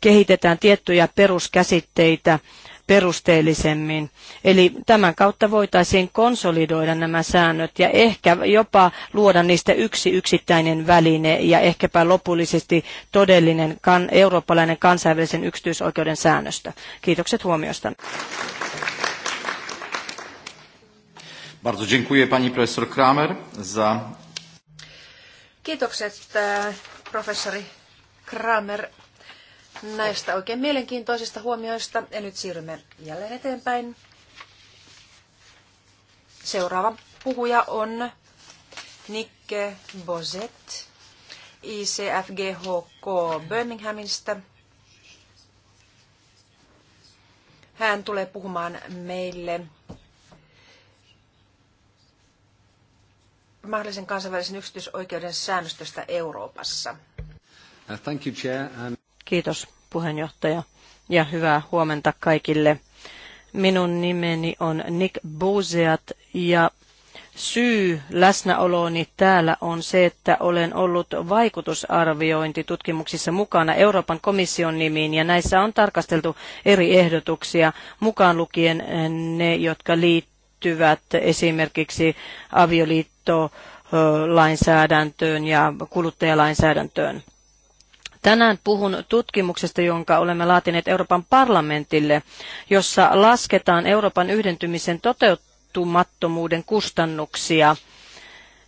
kehitetään tiettyjä peruskäsitteitä perusteellisemmin. Eli tämän kautta voitaisiin konsolidoida nämä säännöt ja ehkä jopa luoda niistä yksi yksittäinen väline ja ehkäpä lopullisesti todellinen kan, eurooppalainen kansainvälisen yksityisoikeuden säännöstä. Kiitokset huomiosta. Bardzo dziękuję pani profesor Kramer za Kiitokset e, professori Kramer näistä oikein mielenkiintoisista huomioista. Ja nyt siirrymme jälleen eteenpäin. Seuraava puhuja on Nikke Bozet ICFGHK Birminghamista. Hän tulee puhumaan meille mahdollisen kansainvälisen yksityisoikeuden säännöstöstä Euroopassa. Uh, thank you, Chair. And... Kiitos puheenjohtaja ja hyvää huomenta kaikille. Minun nimeni on Nick Buseat ja syy läsnäolooni täällä on se, että olen ollut vaikutusarviointitutkimuksissa mukana Euroopan komission nimiin ja näissä on tarkasteltu eri ehdotuksia mukaan lukien ne, jotka liittyvät esimerkiksi avioliitto ja kuluttajalainsäädäntöön. Tänään puhun tutkimuksesta, jonka olemme laatineet Euroopan parlamentille, jossa lasketaan Euroopan yhdentymisen toteutumattomuuden kustannuksia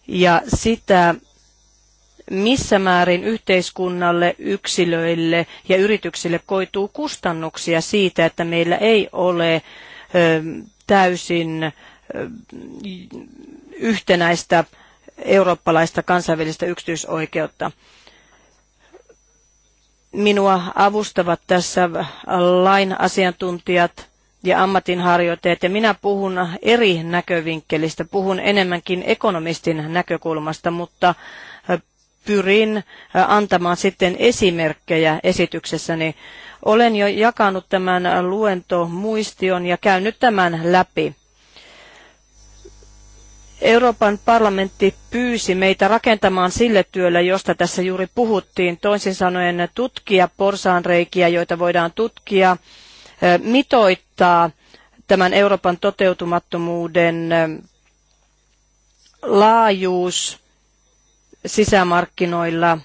ja sitä, missä määrin yhteiskunnalle, yksilöille ja yrityksille koituu kustannuksia siitä, että meillä ei ole täysin yhtenäistä eurooppalaista kansainvälistä yksityisoikeutta minua avustavat tässä lain asiantuntijat ja ammatinharjoittajat, ja minä puhun eri näkövinkkelistä, puhun enemmänkin ekonomistin näkökulmasta, mutta pyrin antamaan sitten esimerkkejä esityksessäni. Olen jo jakanut tämän luentomuistion ja käyn nyt tämän läpi. Euroopan parlamentti pyysi meitä rakentamaan sille työlle, josta tässä juuri puhuttiin, toisin sanoen tutkia porsaanreikiä, joita voidaan tutkia, mitoittaa tämän Euroopan toteutumattomuuden laajuus sisämarkkinoilla.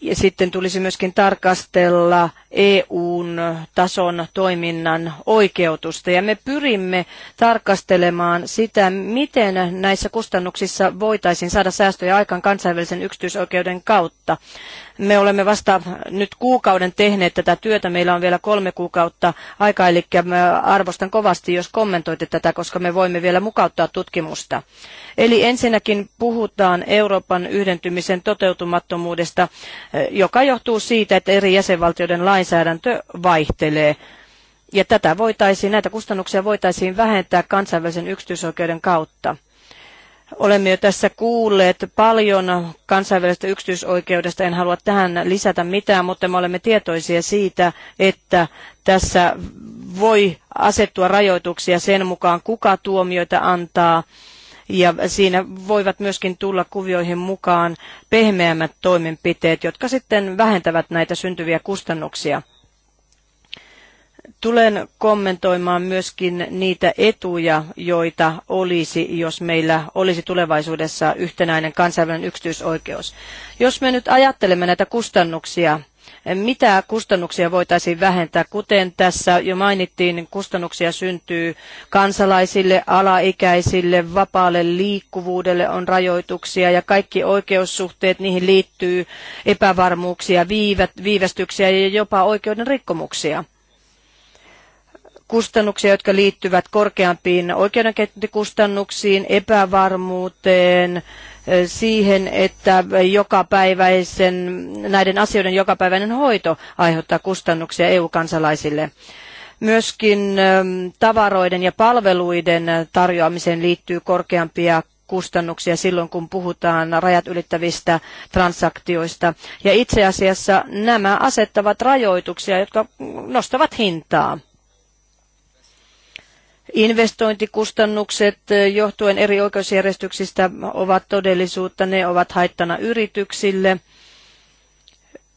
Ja sitten tulisi myöskin tarkastella EUn tason toiminnan oikeutusta. Ja me pyrimme tarkastelemaan sitä, miten näissä kustannuksissa voitaisiin saada säästöjä aikaan kansainvälisen yksityisoikeuden kautta. Me olemme vasta nyt kuukauden tehneet tätä työtä. Meillä on vielä kolme kuukautta aikaa, eli arvostan kovasti, jos kommentoitte tätä, koska me voimme vielä mukauttaa tutkimusta. Eli ensinnäkin puhutaan Euroopan yhdentymisen toteutumattomuudesta, joka johtuu siitä, että eri jäsenvaltioiden lainsäädäntö lainsäädäntö vaihtelee. Ja tätä voitaisiin, näitä kustannuksia voitaisiin vähentää kansainvälisen yksityisoikeuden kautta. Olemme jo tässä kuulleet paljon kansainvälisestä yksityisoikeudesta, en halua tähän lisätä mitään, mutta me olemme tietoisia siitä, että tässä voi asettua rajoituksia sen mukaan, kuka tuomioita antaa ja siinä voivat myöskin tulla kuvioihin mukaan pehmeämmät toimenpiteet, jotka sitten vähentävät näitä syntyviä kustannuksia. Tulen kommentoimaan myöskin niitä etuja, joita olisi, jos meillä olisi tulevaisuudessa yhtenäinen kansainvälinen yksityisoikeus. Jos me nyt ajattelemme näitä kustannuksia, mitä kustannuksia voitaisiin vähentää. Kuten tässä jo mainittiin, kustannuksia syntyy kansalaisille, alaikäisille, vapaalle liikkuvuudelle on rajoituksia ja kaikki oikeussuhteet, niihin liittyy epävarmuuksia, viivästyksiä ja jopa oikeuden rikkomuksia kustannuksia, jotka liittyvät korkeampiin oikeudenkäyntikustannuksiin, epävarmuuteen, siihen, että jokapäiväisen, näiden asioiden jokapäiväinen hoito aiheuttaa kustannuksia EU-kansalaisille. Myöskin tavaroiden ja palveluiden tarjoamiseen liittyy korkeampia kustannuksia silloin, kun puhutaan rajat ylittävistä transaktioista. Ja itse asiassa nämä asettavat rajoituksia, jotka nostavat hintaa. Investointikustannukset eh, johtuen eri oikeusjärjestyksistä ovat todellisuutta, ne ovat haittana yrityksille.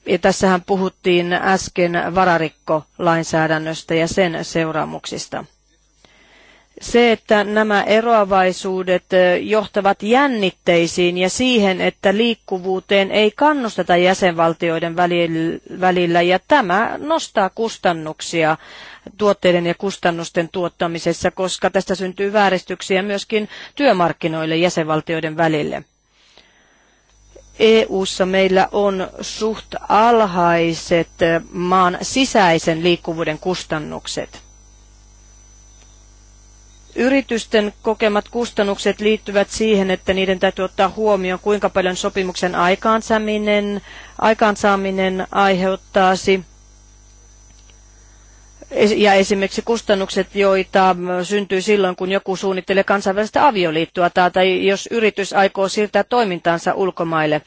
Ja tässähän puhuttiin äsken vararikkolainsäädännöstä ja sen seuraamuksista se, että nämä eroavaisuudet johtavat jännitteisiin ja siihen, että liikkuvuuteen ei kannusteta jäsenvaltioiden välillä ja tämä nostaa kustannuksia tuotteiden ja kustannusten tuottamisessa, koska tästä syntyy vääristyksiä myöskin työmarkkinoille jäsenvaltioiden välille. EU:ssa meillä on suht alhaiset maan sisäisen liikkuvuuden kustannukset Yritysten kokemat kustannukset liittyvät siihen, että niiden täytyy ottaa huomioon, kuinka paljon sopimuksen aikaansaaminen, aikaansaaminen aiheuttaasi ja esimerkiksi kustannukset, joita syntyy silloin, kun joku suunnittelee kansainvälistä avioliittoa tai jos yritys aikoo siirtää toimintaansa ulkomaille.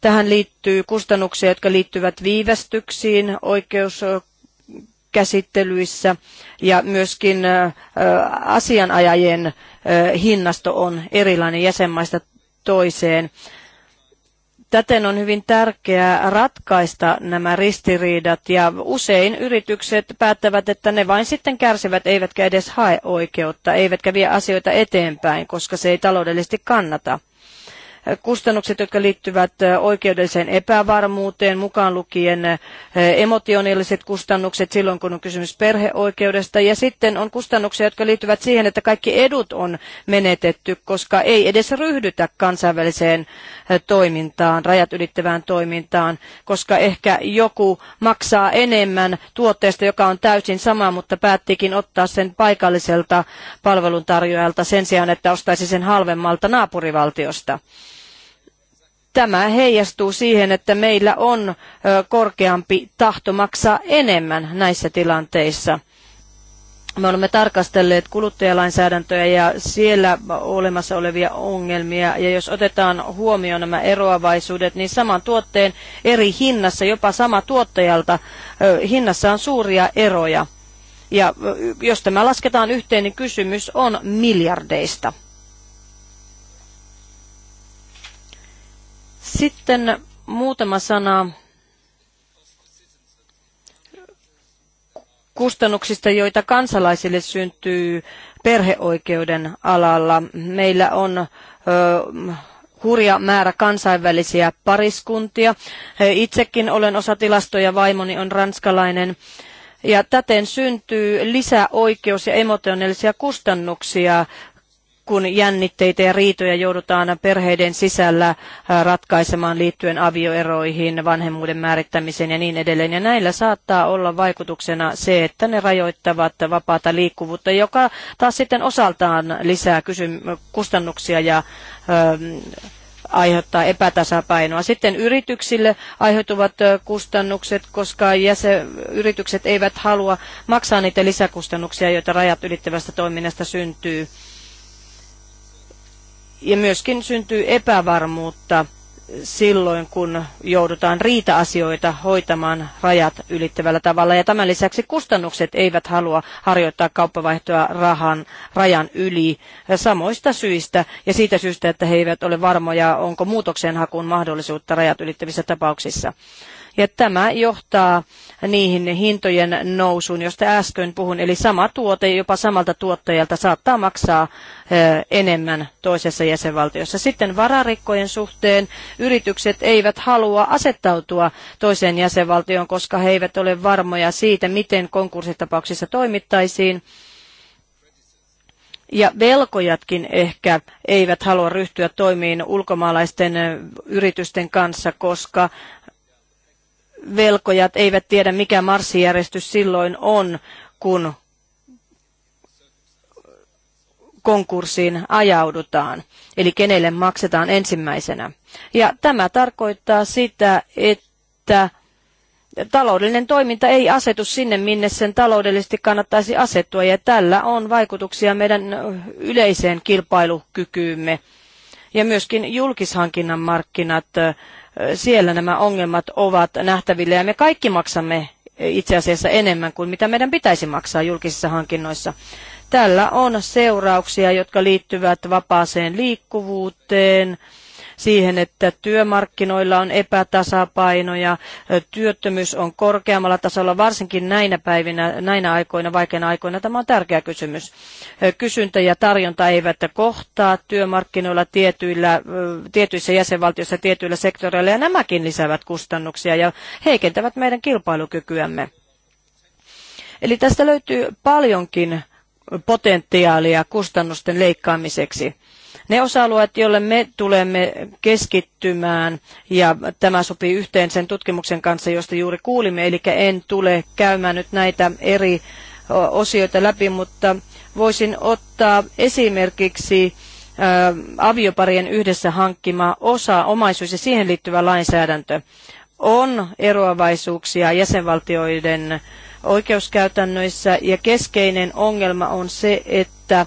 Tähän liittyy kustannuksia, jotka liittyvät viivästyksiin, oikeus käsittelyissä ja myöskin asianajajien hinnasto on erilainen jäsenmaista toiseen. Täten on hyvin tärkeää ratkaista nämä ristiriidat ja usein yritykset päättävät, että ne vain sitten kärsivät, eivätkä edes hae oikeutta, eivätkä vie asioita eteenpäin, koska se ei taloudellisesti kannata kustannukset, jotka liittyvät oikeudelliseen epävarmuuteen, mukaan lukien emotionaaliset kustannukset silloin, kun on kysymys perheoikeudesta. Ja sitten on kustannuksia, jotka liittyvät siihen, että kaikki edut on menetetty, koska ei edes ryhdytä kansainväliseen toimintaan, rajat ylittävään toimintaan, koska ehkä joku maksaa enemmän tuotteesta, joka on täysin sama, mutta päättikin ottaa sen paikalliselta palveluntarjoajalta sen sijaan, että ostaisi sen halvemmalta naapurivaltiosta tämä heijastuu siihen, että meillä on korkeampi tahto maksaa enemmän näissä tilanteissa. Me olemme tarkastelleet kuluttajalainsäädäntöä ja siellä olemassa olevia ongelmia. Ja jos otetaan huomioon nämä eroavaisuudet, niin saman tuotteen eri hinnassa, jopa sama tuottajalta, hinnassa on suuria eroja. Ja jos tämä lasketaan yhteen, niin kysymys on miljardeista. Sitten muutama sana kustannuksista, joita kansalaisille syntyy perheoikeuden alalla. Meillä on ö, hurja määrä kansainvälisiä pariskuntia. Itsekin olen osa tilastoja, vaimoni on ranskalainen. Ja täten syntyy lisäoikeus- ja emotionaalisia kustannuksia kun jännitteitä ja riitoja joudutaan perheiden sisällä äh, ratkaisemaan liittyen avioeroihin, vanhemmuuden määrittämiseen ja niin edelleen. Ja näillä saattaa olla vaikutuksena se, että ne rajoittavat vapaata liikkuvuutta, joka taas sitten osaltaan lisää kustannuksia ja ähm, aiheuttaa epätasapainoa. Sitten yrityksille aiheutuvat äh, kustannukset, koska jäsen, yritykset eivät halua maksaa niitä lisäkustannuksia, joita rajat ylittävästä toiminnasta syntyy. Ja myöskin syntyy epävarmuutta silloin, kun joudutaan riita-asioita hoitamaan rajat ylittävällä tavalla. Ja tämän lisäksi kustannukset eivät halua harjoittaa kauppavaihtoa rahan, rajan yli samoista syistä ja siitä syystä, että he eivät ole varmoja, onko muutoksenhakun mahdollisuutta rajat ylittävissä tapauksissa. Ja tämä johtaa niihin hintojen nousuun, josta äsken puhun. Eli sama tuote, jopa samalta tuottajalta saattaa maksaa enemmän toisessa jäsenvaltiossa. Sitten vararikkojen suhteen yritykset eivät halua asettautua toiseen jäsenvaltioon, koska he eivät ole varmoja siitä, miten konkurssitapauksissa toimittaisiin. Ja velkojatkin ehkä eivät halua ryhtyä toimiin ulkomaalaisten yritysten kanssa, koska velkojat eivät tiedä, mikä marssijärjestys silloin on, kun konkurssiin ajaudutaan, eli kenelle maksetaan ensimmäisenä. Ja tämä tarkoittaa sitä, että taloudellinen toiminta ei asetu sinne, minne sen taloudellisesti kannattaisi asettua, ja tällä on vaikutuksia meidän yleiseen kilpailukykyymme ja myöskin julkishankinnan markkinat, siellä nämä ongelmat ovat nähtävillä ja me kaikki maksamme itse asiassa enemmän kuin mitä meidän pitäisi maksaa julkisissa hankinnoissa. Tällä on seurauksia, jotka liittyvät vapaaseen liikkuvuuteen, siihen, että työmarkkinoilla on epätasapainoja, työttömyys on korkeammalla tasolla, varsinkin näinä päivinä, näinä aikoina, vaikeina aikoina. Tämä on tärkeä kysymys. Kysyntä ja tarjonta eivät kohtaa työmarkkinoilla tietyillä, tietyissä jäsenvaltioissa, tietyillä sektoreilla, ja nämäkin lisäävät kustannuksia ja heikentävät meidän kilpailukykyämme. Eli tästä löytyy paljonkin potentiaalia kustannusten leikkaamiseksi. Ne osa-alueet, joille me tulemme keskittymään, ja tämä sopii yhteen sen tutkimuksen kanssa, josta juuri kuulimme, eli en tule käymään nyt näitä eri osioita läpi, mutta voisin ottaa esimerkiksi avioparien yhdessä hankkima osa, omaisuus ja siihen liittyvä lainsäädäntö. On eroavaisuuksia jäsenvaltioiden oikeuskäytännöissä ja keskeinen ongelma on se, että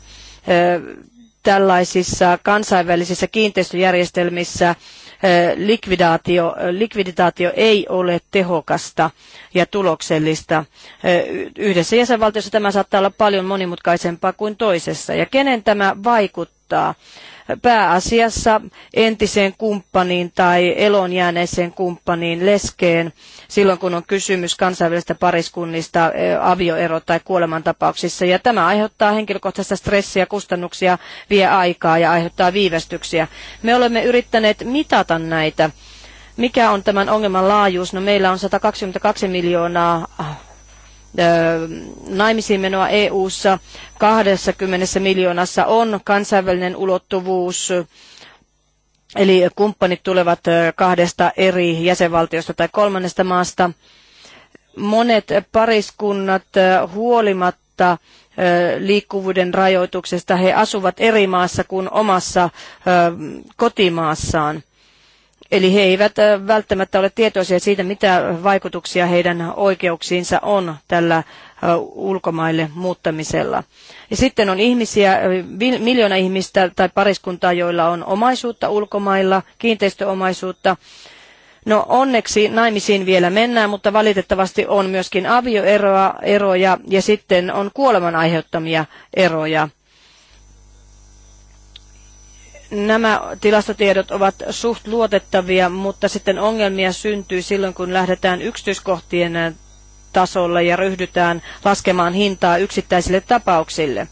tällaisissa kansainvälisissä kiinteistöjärjestelmissä eh, likvidaatio, eh, likviditaatio ei ole tehokasta ja tuloksellista. Eh, yhdessä jäsenvaltiossa tämä saattaa olla paljon monimutkaisempaa kuin toisessa. Ja kenen tämä vaikuttaa? pääasiassa entiseen kumppaniin tai elon jääneeseen kumppaniin leskeen silloin, kun on kysymys kansainvälistä pariskunnista, eh, avioero- tai kuolemantapauksissa. Ja tämä aiheuttaa henkilökohtaista stressiä, kustannuksia, vie aikaa ja aiheuttaa viivästyksiä. Me olemme yrittäneet mitata näitä mikä on tämän ongelman laajuus? No meillä on 122 miljoonaa naimisiinmenoa menoa EU-ssa. 20 miljoonassa on kansainvälinen ulottuvuus, eli kumppanit tulevat kahdesta eri jäsenvaltiosta tai kolmannesta maasta. Monet pariskunnat huolimatta liikkuvuuden rajoituksesta, he asuvat eri maassa kuin omassa kotimaassaan. Eli he eivät välttämättä ole tietoisia siitä, mitä vaikutuksia heidän oikeuksiinsa on tällä ulkomaille muuttamisella. Ja sitten on ihmisiä, miljoona ihmistä tai pariskuntaa, joilla on omaisuutta ulkomailla, kiinteistöomaisuutta. No onneksi naimisiin vielä mennään, mutta valitettavasti on myöskin avioeroja ja sitten on kuoleman aiheuttamia eroja nämä tilastotiedot ovat suht luotettavia, mutta sitten ongelmia syntyy silloin, kun lähdetään yksityiskohtien äh, tasolla ja ryhdytään laskemaan hintaa yksittäisille tapauksille.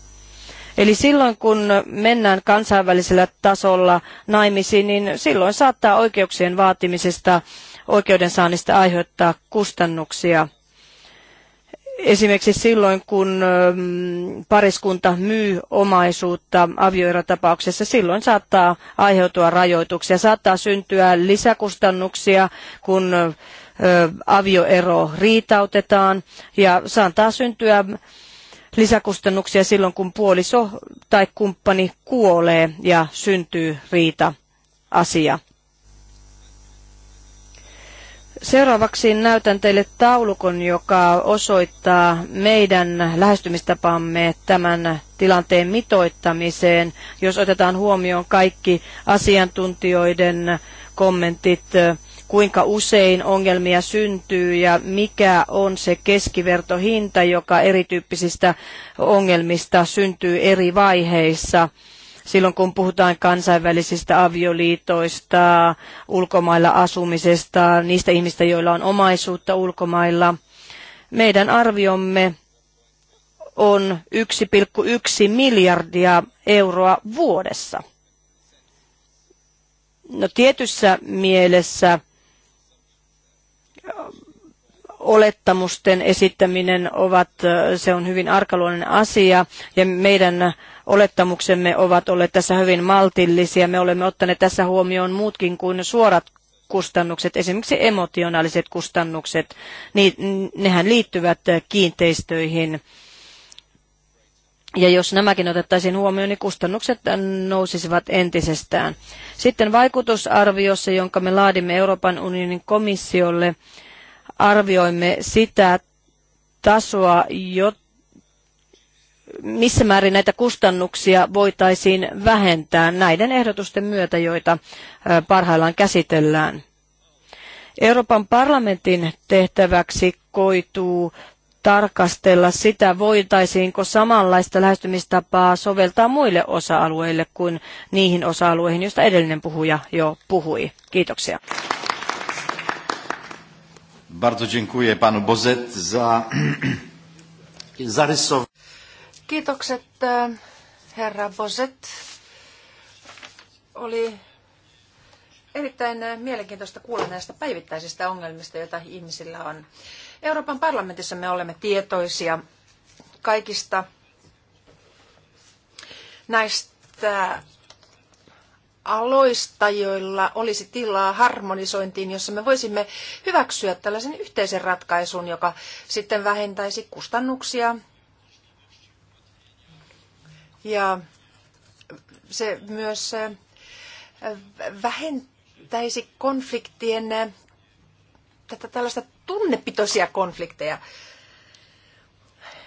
Eli silloin kun mennään kansainvälisellä tasolla naimisiin, niin silloin saattaa oikeuksien vaatimisesta oikeudensaannista aiheuttaa kustannuksia – Esimerkiksi silloin, kun ähm, pariskunta myy omaisuutta avioerotapauksessa, silloin saattaa aiheutua rajoituksia, saattaa syntyä lisäkustannuksia, kun äh, avioero riitautetaan ja saattaa syntyä lisäkustannuksia silloin, kun puoliso tai kumppani kuolee ja syntyy riita asia. Seuraavaksi näytän teille taulukon, joka osoittaa meidän lähestymistapamme tämän tilanteen mitoittamiseen, jos otetaan huomioon kaikki asiantuntijoiden kommentit, kuinka usein ongelmia syntyy ja mikä on se keskivertohinta, joka erityyppisistä ongelmista syntyy eri vaiheissa – silloin kun puhutaan kansainvälisistä avioliitoista, ulkomailla asumisesta, niistä ihmistä, joilla on omaisuutta ulkomailla. Meidän arviomme on 1,1 miljardia euroa vuodessa. No tietyssä mielessä olettamusten esittäminen ovat, se on hyvin arkaluoninen asia ja meidän olettamuksemme ovat olleet tässä hyvin maltillisia. Me olemme ottaneet tässä huomioon muutkin kuin suorat kustannukset, esimerkiksi emotionaaliset kustannukset, niin nehän liittyvät kiinteistöihin. Ja jos nämäkin otettaisiin huomioon, niin kustannukset nousisivat entisestään. Sitten vaikutusarviossa, jonka me laadimme Euroopan unionin komissiolle, arvioimme sitä tasoa, jo, missä määrin näitä kustannuksia voitaisiin vähentää näiden ehdotusten myötä, joita parhaillaan käsitellään. Euroopan parlamentin tehtäväksi koituu tarkastella sitä, voitaisiinko samanlaista lähestymistapaa soveltaa muille osa-alueille kuin niihin osa-alueihin, joista edellinen puhuja jo puhui. Kiitoksia. Bardzo dziękuję panu Bozet za zarysowanie. Kiitokset e, herra Bozet. Oli erittäin e, mielenkiintoista kuulla näistä päivittäisistä ongelmista, joita ihmisillä on. Euroopan parlamentissa me olemme tietoisia kaikista näistä aloista, joilla olisi tilaa harmonisointiin, jossa me voisimme hyväksyä tällaisen yhteisen ratkaisun, joka sitten vähentäisi kustannuksia. Ja se myös vähentäisi konfliktien, tätä tällaista tunnepitoisia konflikteja.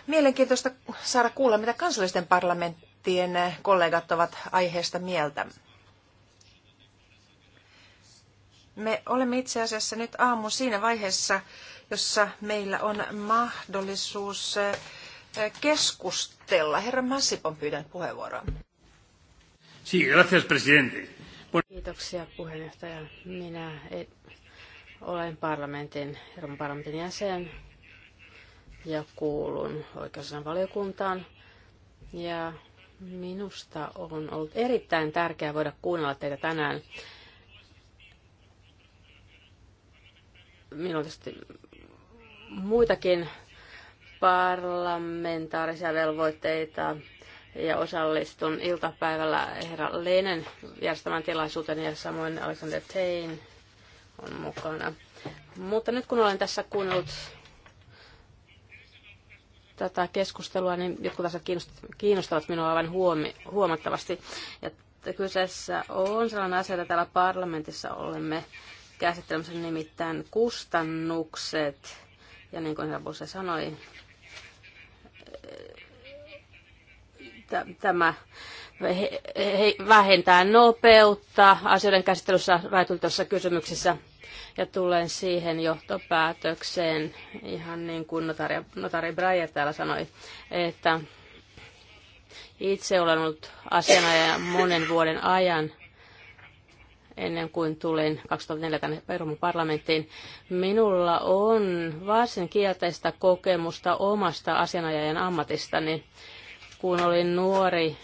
Mielenkiintoista saada kuulla, mitä kansallisten parlamenttien kollegat ovat aiheesta mieltä. Me olemme itse asiassa nyt aamu siinä vaiheessa, jossa meillä on mahdollisuus eh, keskustella. Herra Massip on pyytänyt puheenvuoroa. Sí, gracias, presidente. Kiitoksia puheenjohtaja. Minä olen parlamentin, Euroopan parlamentin jäsen ja kuulun oikeusasian valiokuntaan. Ja minusta on ollut erittäin tärkeää voida kuunnella teitä tänään minulla muitakin parlamentaarisia velvoitteita ja osallistun iltapäivällä herra Leinen järjestämään tilaisuuteen ja samoin Alexander Tein on mukana. Mutta nyt kun olen tässä kuunnellut tätä keskustelua, niin jotkut tässä kiinnostavat minua aivan huomi, huomattavasti. Ja kyseessä on sellainen asia, että täällä parlamentissa olemme Käsittelemisen nimittäin kustannukset. Ja niin kuin herra sanoi, tämä vähentää nopeutta asioiden käsittelyssä rajoitetuissa kysymyksissä ja tulen siihen johtopäätökseen, ihan niin kuin notari, notari Breyer täällä sanoi, että itse olen ollut asianajaja monen vuoden ajan ennen kuin tulin 2004 tänne Euroopan parlamenttiin. Minulla on varsin kielteistä kokemusta omasta asianajajan ammatistani, kun olin nuori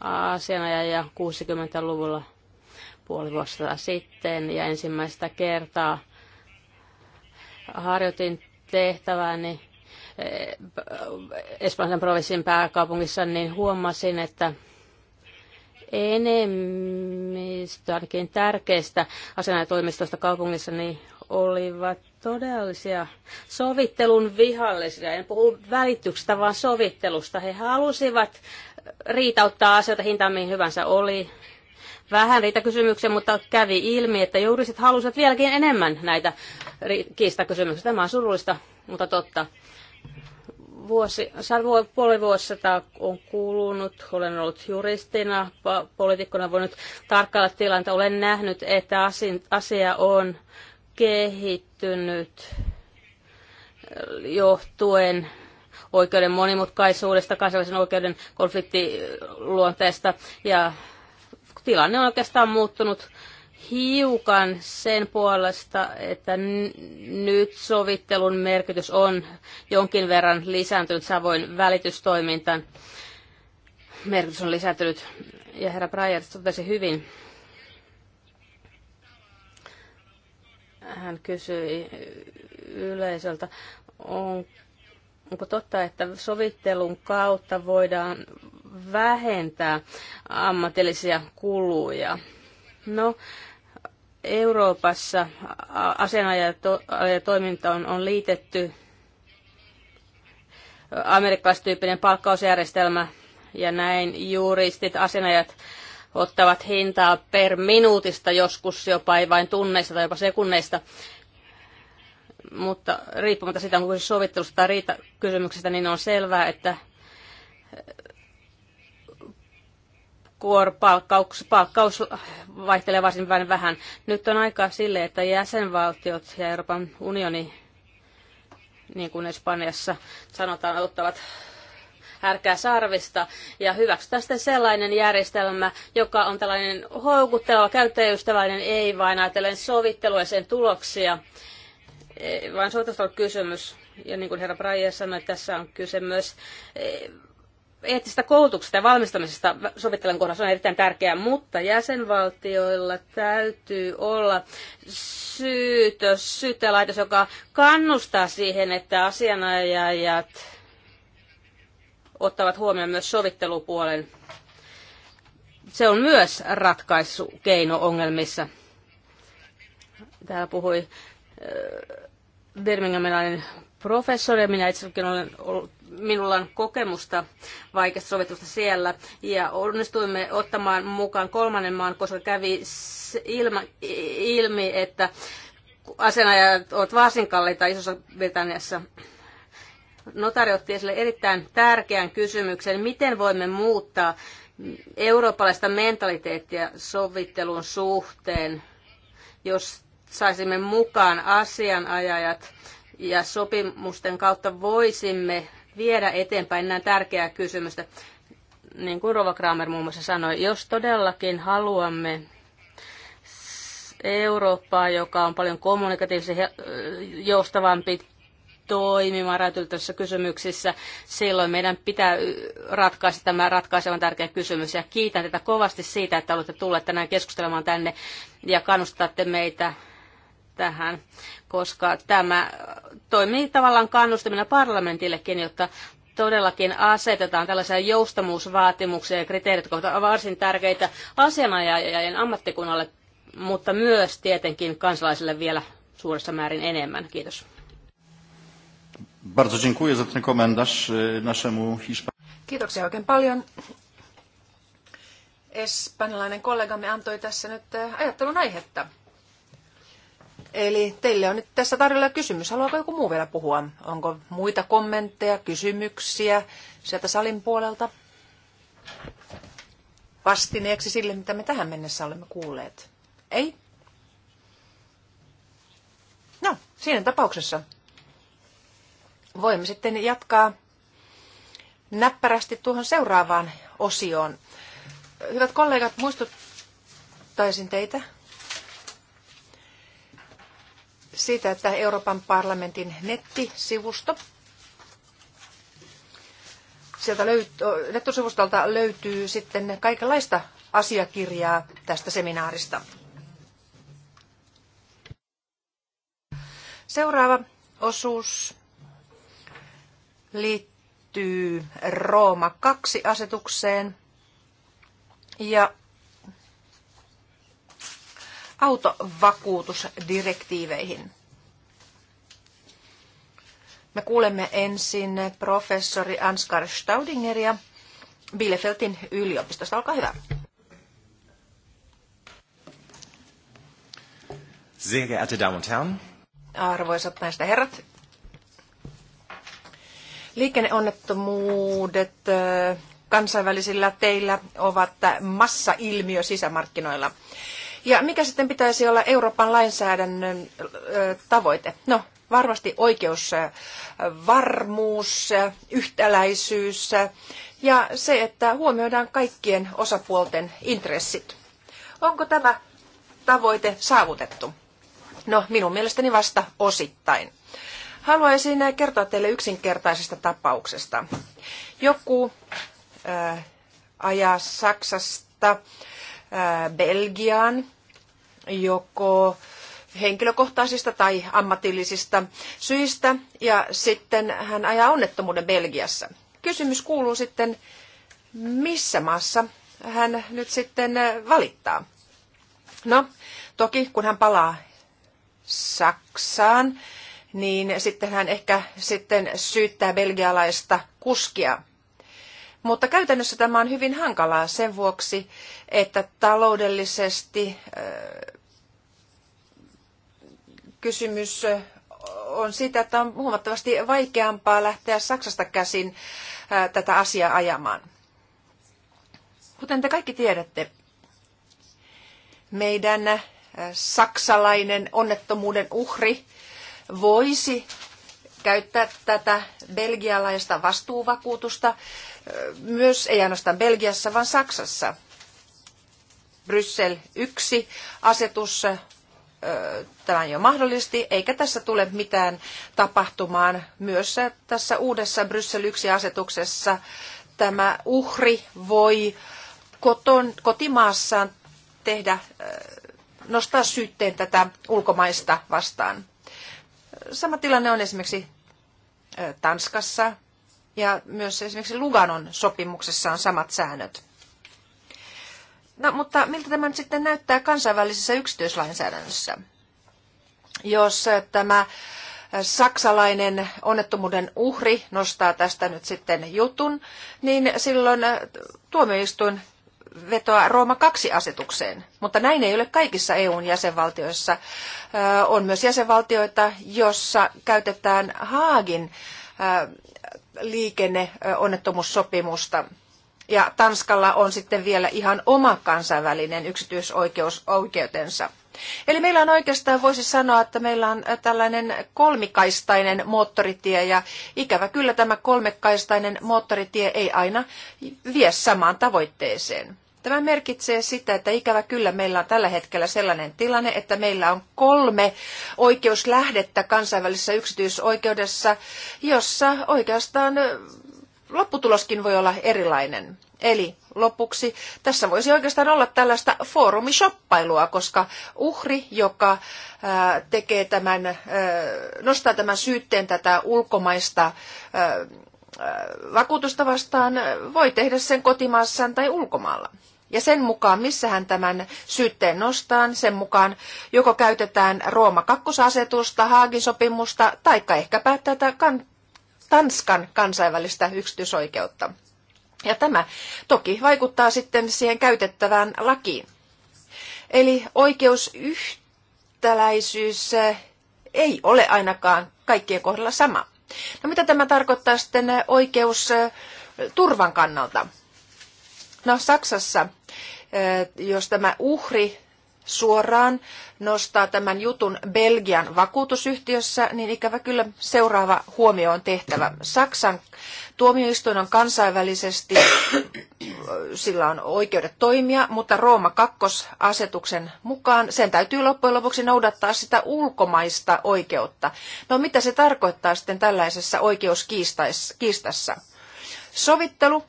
asianajaja 60-luvulla puoli vuotta sitten ja ensimmäistä kertaa harjoitin tehtävääni eh, Espanjan provinssin pääkaupungissa, niin huomasin, että enemmistö ainakin tärkeistä asianajatoimistoista kaupungissa niin olivat todellisia sovittelun vihallisia. En puhu välityksestä, vaan sovittelusta. He halusivat riitauttaa asioita hintaan, mihin hyvänsä oli. Vähän riitä kysymyksiä, mutta kävi ilmi, että juuriset halusivat vieläkin enemmän näitä kiistakysymyksiä. Tämä on surullista, mutta totta. Vuosi, puoli vuosisataa on kulunut, olen ollut juristina, poliitikkona voinut tarkkailla tilannetta. Olen nähnyt, että asia on kehittynyt eh, johtuen oikeuden monimutkaisuudesta, kansainvälisen oikeuden konfliktiluonteesta ja tilanne on oikeastaan muuttunut hiukan sen puolesta, että nyt sovittelun merkitys on jonkin verran lisääntynyt, savoin välitystoimintan merkitys on lisääntynyt, ja herra Breyer totesi hyvin. Hän kysyi yleisöltä, on, onko totta, että sovittelun kautta voidaan vähentää ammatillisia kuluja No, Euroopassa asianajatoiminta on, on liitetty amerikkalaistyyppinen palkkausjärjestelmä ja näin juristit, asianajat ottavat hintaa per minuutista, joskus jopa ei vain tunneista tai jopa sekunneista. Mutta riippumatta siitä, onko siis sovittelusta tai riitakysymyksestä, niin on selvää, että kuor, palkkaus vaihtelee varsin vähän. Nyt on aikaa sille, että jäsenvaltiot ja Euroopan unioni, niin kuin Espanjassa sanotaan, ottavat härkää sarvista ja hyväksytään sitten sellainen järjestelmä, joka on tällainen houkutteleva, käyttäjäystävällinen, ei vain ajatellen sovittelua ja sen tuloksia, vaan se on kysymys. Ja niin kuin herra Braille sanoi, tässä on kyse myös eettisestä koulutuksesta ja valmistamisesta sovittelun kohdassa on erittäin tärkeää, mutta jäsenvaltioilla täytyy olla syytös, syyttäjälaitos, joka kannustaa siihen, että asianajajat ottavat huomioon myös sovittelupuolen. Se on myös ratkaisukeino ongelmissa. Täällä puhui äh, Birminghamilainen professori, ja minä itsekin olen ollut minulla on kokemusta vaikeasta sovitusta siellä ja onnistuimme ottamaan mukaan kolmannen maan, koska kävi ilma, ilmi, että asianajajat ovat varsin kalliita Isossa Britanniassa. Notari otti esille erittäin tärkeän kysymyksen, miten voimme muuttaa eurooppalaista mentaliteettia sovittelun suhteen, jos saisimme mukaan asianajajat ja sopimusten kautta voisimme viedä eteenpäin nämä tärkeää kysymystä. Niin kuin Rova Kramer muun muassa sanoi, jos todellakin haluamme Eurooppaa, joka on paljon kommunikatiivisesti joustavampi toimimaan räätyltössä kysymyksissä, silloin meidän pitää ratkaista tämä ratkaisevan tärkeä kysymys. Ja kiitän teitä kovasti siitä, että olette tulleet tänään keskustelemaan tänne ja kannustatte meitä tähän, koska tämä toimii tavallaan kannustamina parlamentillekin, jotta todellakin asetetaan tällaisia joustamuusvaatimuksia ja kriteerit, jotka ovat varsin tärkeitä asianajajien ammattikunnalle, mutta myös tietenkin kansalaisille vielä suuressa määrin enemmän. Kiitos. Bardzo dziękuję za ten komentarz e, naszemu Kiitoksia oikein paljon. Espanjalainen kollegamme antoi tässä nyt e, ajattelun aihetta. Eli teille on nyt tässä tarjolla kysymys. Haluaako joku muu vielä puhua? Onko muita kommentteja, kysymyksiä sieltä salin puolelta? Vastineeksi sille, mitä me tähän mennessä olemme kuulleet. Ei? No, siinä tapauksessa voimme sitten jatkaa näppärästi tuohon seuraavaan osioon. Hyvät kollegat, muistuttaisin teitä siitä, että Euroopan parlamentin nettisivusto sieltä löytyy, nettosivustolta löytyy sitten kaikenlaista asiakirjaa tästä seminaarista. Seuraava osuus liittyy Rooma 2-asetukseen ja autovakuutusdirektiiveihin. Me kuulemme ensin professori Ansgar Staudingeria Bielefeldin yliopistosta. Olkaa hyvä. Sehr geehrte Damen und Herren. Arvoisat naiset ja herrat. Liikenneonnettomuudet kansainvälisillä teillä ovat massailmiö sisämarkkinoilla. Ja mikä sitten pitäisi olla Euroopan lainsäädännön tavoite? No, varmasti oikeusvarmuus, yhtäläisyys ja se, että huomioidaan kaikkien osapuolten intressit. Onko tämä tavoite saavutettu? No, minun mielestäni vasta osittain. Haluaisin kertoa teille yksinkertaisesta tapauksesta. Joku äh, ajaa Saksasta äh, Belgiaan joko henkilökohtaisista tai ammatillisista syistä ja sitten hän ajaa onnettomuuden Belgiassa. Kysymys kuuluu sitten, missä maassa hän nyt sitten äh, valittaa. No, toki kun hän palaa Saksaan, niin sitten hän ehkä sitten syyttää belgialaista kuskia. Mutta käytännössä tämä on hyvin hankalaa sen vuoksi, että taloudellisesti äh, kysymys on siitä, että on huomattavasti vaikeampaa lähteä Saksasta käsin tätä asiaa ajamaan. Kuten te kaikki tiedätte, meidän saksalainen onnettomuuden uhri voisi käyttää tätä belgialaista vastuuvakuutusta myös ei ainoastaan Belgiassa, vaan Saksassa. Bryssel 1 asetus tämän jo mahdollisti, eikä tässä tule mitään tapahtumaan. Myös tässä uudessa Bryssel 1-asetuksessa tämä uhri voi koton, kotimaassaan tehdä, nostaa syytteen tätä ulkomaista vastaan. Sama tilanne on esimerkiksi Tanskassa ja myös esimerkiksi Luganon sopimuksessa on samat säännöt. No, mutta miltä tämä nyt sitten näyttää kansainvälisessä yksityislainsäädännössä? Jos äh, tämä äh, saksalainen onnettomuuden uhri nostaa tästä nyt sitten jutun, niin silloin äh, tuomioistuin vetoa Rooma 2-asetukseen, mutta näin ei ole kaikissa EUn jäsenvaltioissa. On myös jäsenvaltioita, jossa käytetään Haagin liikenneonnettomuussopimusta ja Tanskalla on sitten vielä ihan oma kansainvälinen yksityisoikeutensa. Eli meillä on oikeastaan, voisi sanoa, että meillä on äh, tällainen kolmikaistainen moottoritie ja ikävä kyllä tämä kolmikaistainen moottoritie ei aina vie samaan tavoitteeseen. Tämä merkitsee sitä, että ikävä kyllä meillä on tällä hetkellä sellainen tilanne, että meillä on kolme oikeuslähdettä kansainvälisessä yksityisoikeudessa, jossa oikeastaan äh, lopputuloskin voi olla erilainen. Eli lopuksi tässä voisi oikeastaan olla tällaista foorumishoppailua, koska uhri, joka äh, tekee tämän, äh, nostaa tämän syytteen tätä ulkomaista äh, vakuutusta vastaan, voi tehdä sen kotimaassaan tai ulkomailla. Ja sen mukaan, missä hän tämän syytteen nostaa, sen mukaan joko käytetään Rooma kakkosasetusta, Haagin sopimusta, taikka ehkäpä tätä Tanskan kansainvälistä yksityisoikeutta. Ja tämä toki vaikuttaa sitten siihen käytettävään lakiin. Eli oikeusyhtäläisyys eh, ei ole ainakaan kaikkien kohdalla sama. No mitä tämä tarkoittaa sitten eh, oikeus eh, turvan kannalta? No Saksassa, jos tämä uhri suoraan nostaa tämän jutun Belgian vakuutusyhtiössä, niin ikävä kyllä seuraava huomio on tehtävä. Saksan tuomioistuin on kansainvälisesti, sillä on oikeudet toimia, mutta Rooma 2-asetuksen mukaan sen täytyy loppujen lopuksi noudattaa sitä ulkomaista oikeutta. No mitä se tarkoittaa sitten tällaisessa oikeuskiistassa? Sovittelu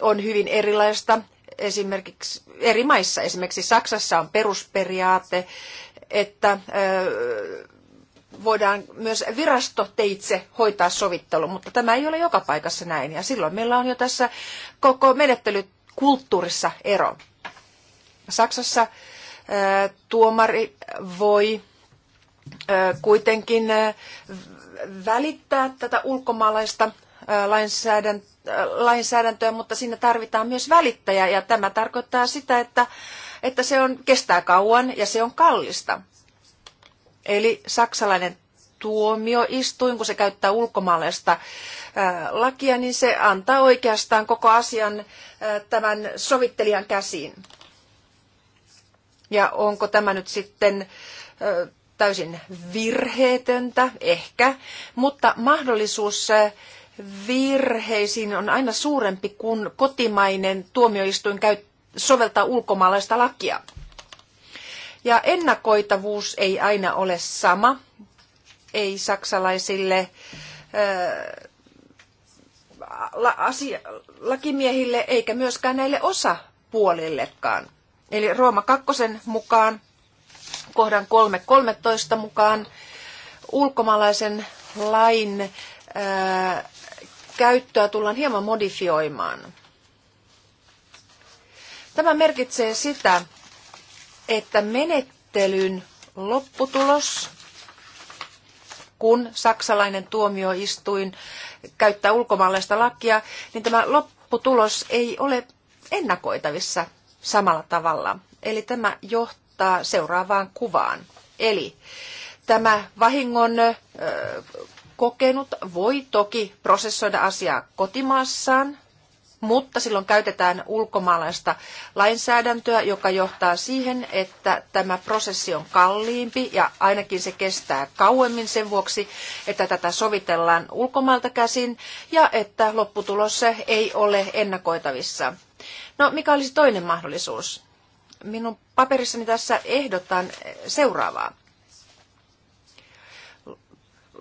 on hyvin erilaista esimerkiksi eri maissa, esimerkiksi Saksassa on perusperiaate, että voidaan myös virastoteitse hoitaa sovittelu, mutta tämä ei ole joka paikassa näin. Ja silloin meillä on jo tässä koko menettelykulttuurissa ero. Saksassa tuomari voi kuitenkin välittää tätä ulkomaalaista lainsäädäntöä lainsäädäntöä, mutta siinä tarvitaan myös välittäjä ja tämä tarkoittaa sitä, että, että se on, kestää kauan ja se on kallista. Eli saksalainen tuomioistuin, kun se käyttää ulkomaalaista lakia, niin se antaa oikeastaan koko asian tämän sovittelijan käsiin. Ja onko tämä nyt sitten täysin virheetöntä? Ehkä, mutta mahdollisuus virheisiin on aina suurempi, kun kotimainen tuomioistuin käy, soveltaa ulkomaalaista lakia. Ja ennakoitavuus ei aina ole sama, ei saksalaisille äh, la, asia, lakimiehille eikä myöskään näille osapuolillekaan. Eli Rooma kakkosen mukaan, kohdan 3.13 mukaan, ulkomaalaisen lain äh, käyttöä tullaan hieman modifioimaan. Tämä merkitsee sitä, että menettelyn lopputulos, kun saksalainen tuomioistuin käyttää ulkomaalaista lakia, niin tämä lopputulos ei ole ennakoitavissa samalla tavalla. Eli tämä johtaa seuraavaan kuvaan. Eli tämä vahingon kokenut voi toki prosessoida asiaa kotimaassaan, mutta silloin käytetään ulkomaalaista lainsäädäntöä, joka johtaa siihen, että tämä prosessi on kalliimpi ja ainakin se kestää kauemmin sen vuoksi, että tätä sovitellaan ulkomailta käsin ja että lopputulos ei ole ennakoitavissa. No, mikä olisi toinen mahdollisuus? Minun paperissani tässä ehdotan seuraavaa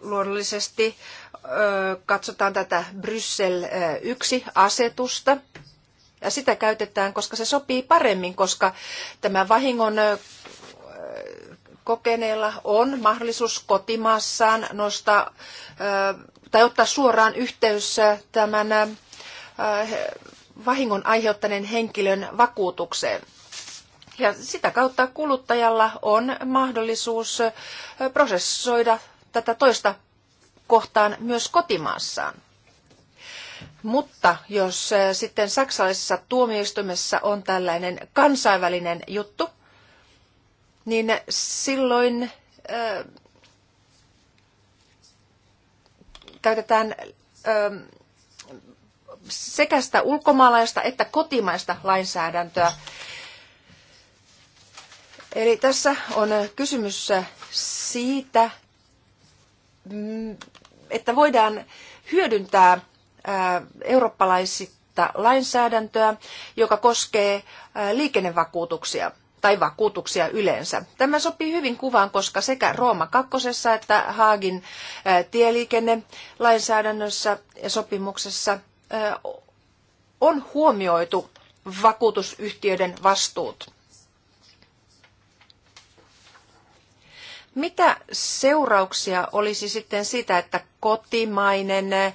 luonnollisesti katsotaan tätä Bryssel 1-asetusta. Ja sitä käytetään, koska se sopii paremmin, koska tämä vahingon kokeneella on mahdollisuus kotimaassaan nostaa tai ottaa suoraan yhteys tämän vahingon aiheuttaneen henkilön vakuutukseen. Ja sitä kautta kuluttajalla on mahdollisuus prosessoida tätä toista kohtaan myös kotimaassaan. Mutta jos sitten saksalaisessa tuomioistuimessa on tällainen kansainvälinen juttu, niin silloin käytetään ö, sekä sitä ulkomaalaista että kotimaista lainsäädäntöä. Eli tässä on kysymys siitä, Mm, että voidaan hyödyntää eurooppalaisista lainsäädäntöä, joka koskee liikennevakuutuksia tai vakuutuksia yleensä. Tämä sopii hyvin kuvaan, koska sekä Rooma kakkosessa että Haagin tieliikennelainsäädännössä ja sopimuksessa on huomioitu vakuutusyhtiöiden vastuut. Mitä seurauksia olisi sitten sitä, että kotimainen öö,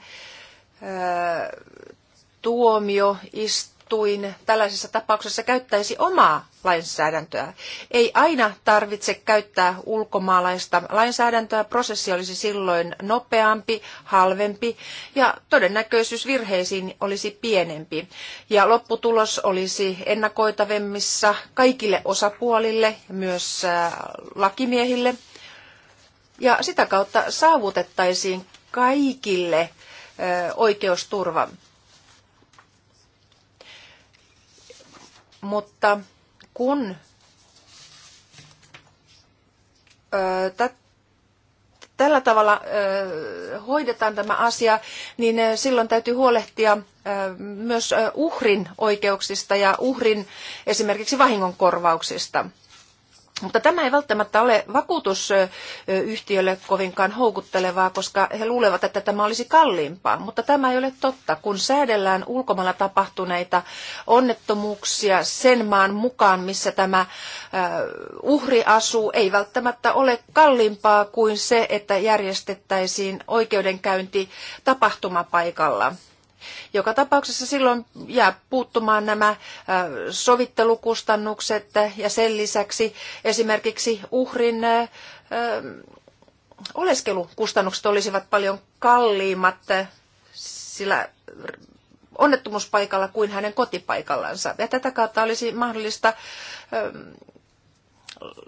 tuomioistuin tuomioistuin tällaisessa tapauksessa käyttäisi omaa lainsäädäntöä. Ei aina tarvitse käyttää ulkomaalaista lainsäädäntöä. Prosessi olisi silloin nopeampi, halvempi ja todennäköisyys virheisiin olisi pienempi. Ja lopputulos olisi ennakoitavemmissa kaikille osapuolille, myös lakimiehille. Ja sitä kautta saavutettaisiin kaikille oikeusturva. Mutta kun ö, tällä tavalla hoidetaan tämä asia, niin silloin täytyy huolehtia myös uhrin oikeuksista ja uhrin esimerkiksi vahingonkorvauksista. Mutta tämä ei välttämättä ole vakuutusyhtiölle kovinkaan houkuttelevaa, koska he luulevat, että tämä olisi kalliimpaa. Mutta tämä ei ole totta. Kun säädellään ulkomailla tapahtuneita onnettomuuksia sen maan mukaan, missä tämä uhri asuu, ei välttämättä ole kalliimpaa kuin se, että järjestettäisiin oikeudenkäynti tapahtumapaikalla joka tapauksessa silloin jää puuttumaan nämä äh, sovittelukustannukset ja sen lisäksi esimerkiksi uhrin äh, äh, oleskelukustannukset olisivat paljon kalliimmat sillä onnettomuuspaikalla kuin hänen kotipaikallansa. Ja tätä kautta olisi mahdollista ähm,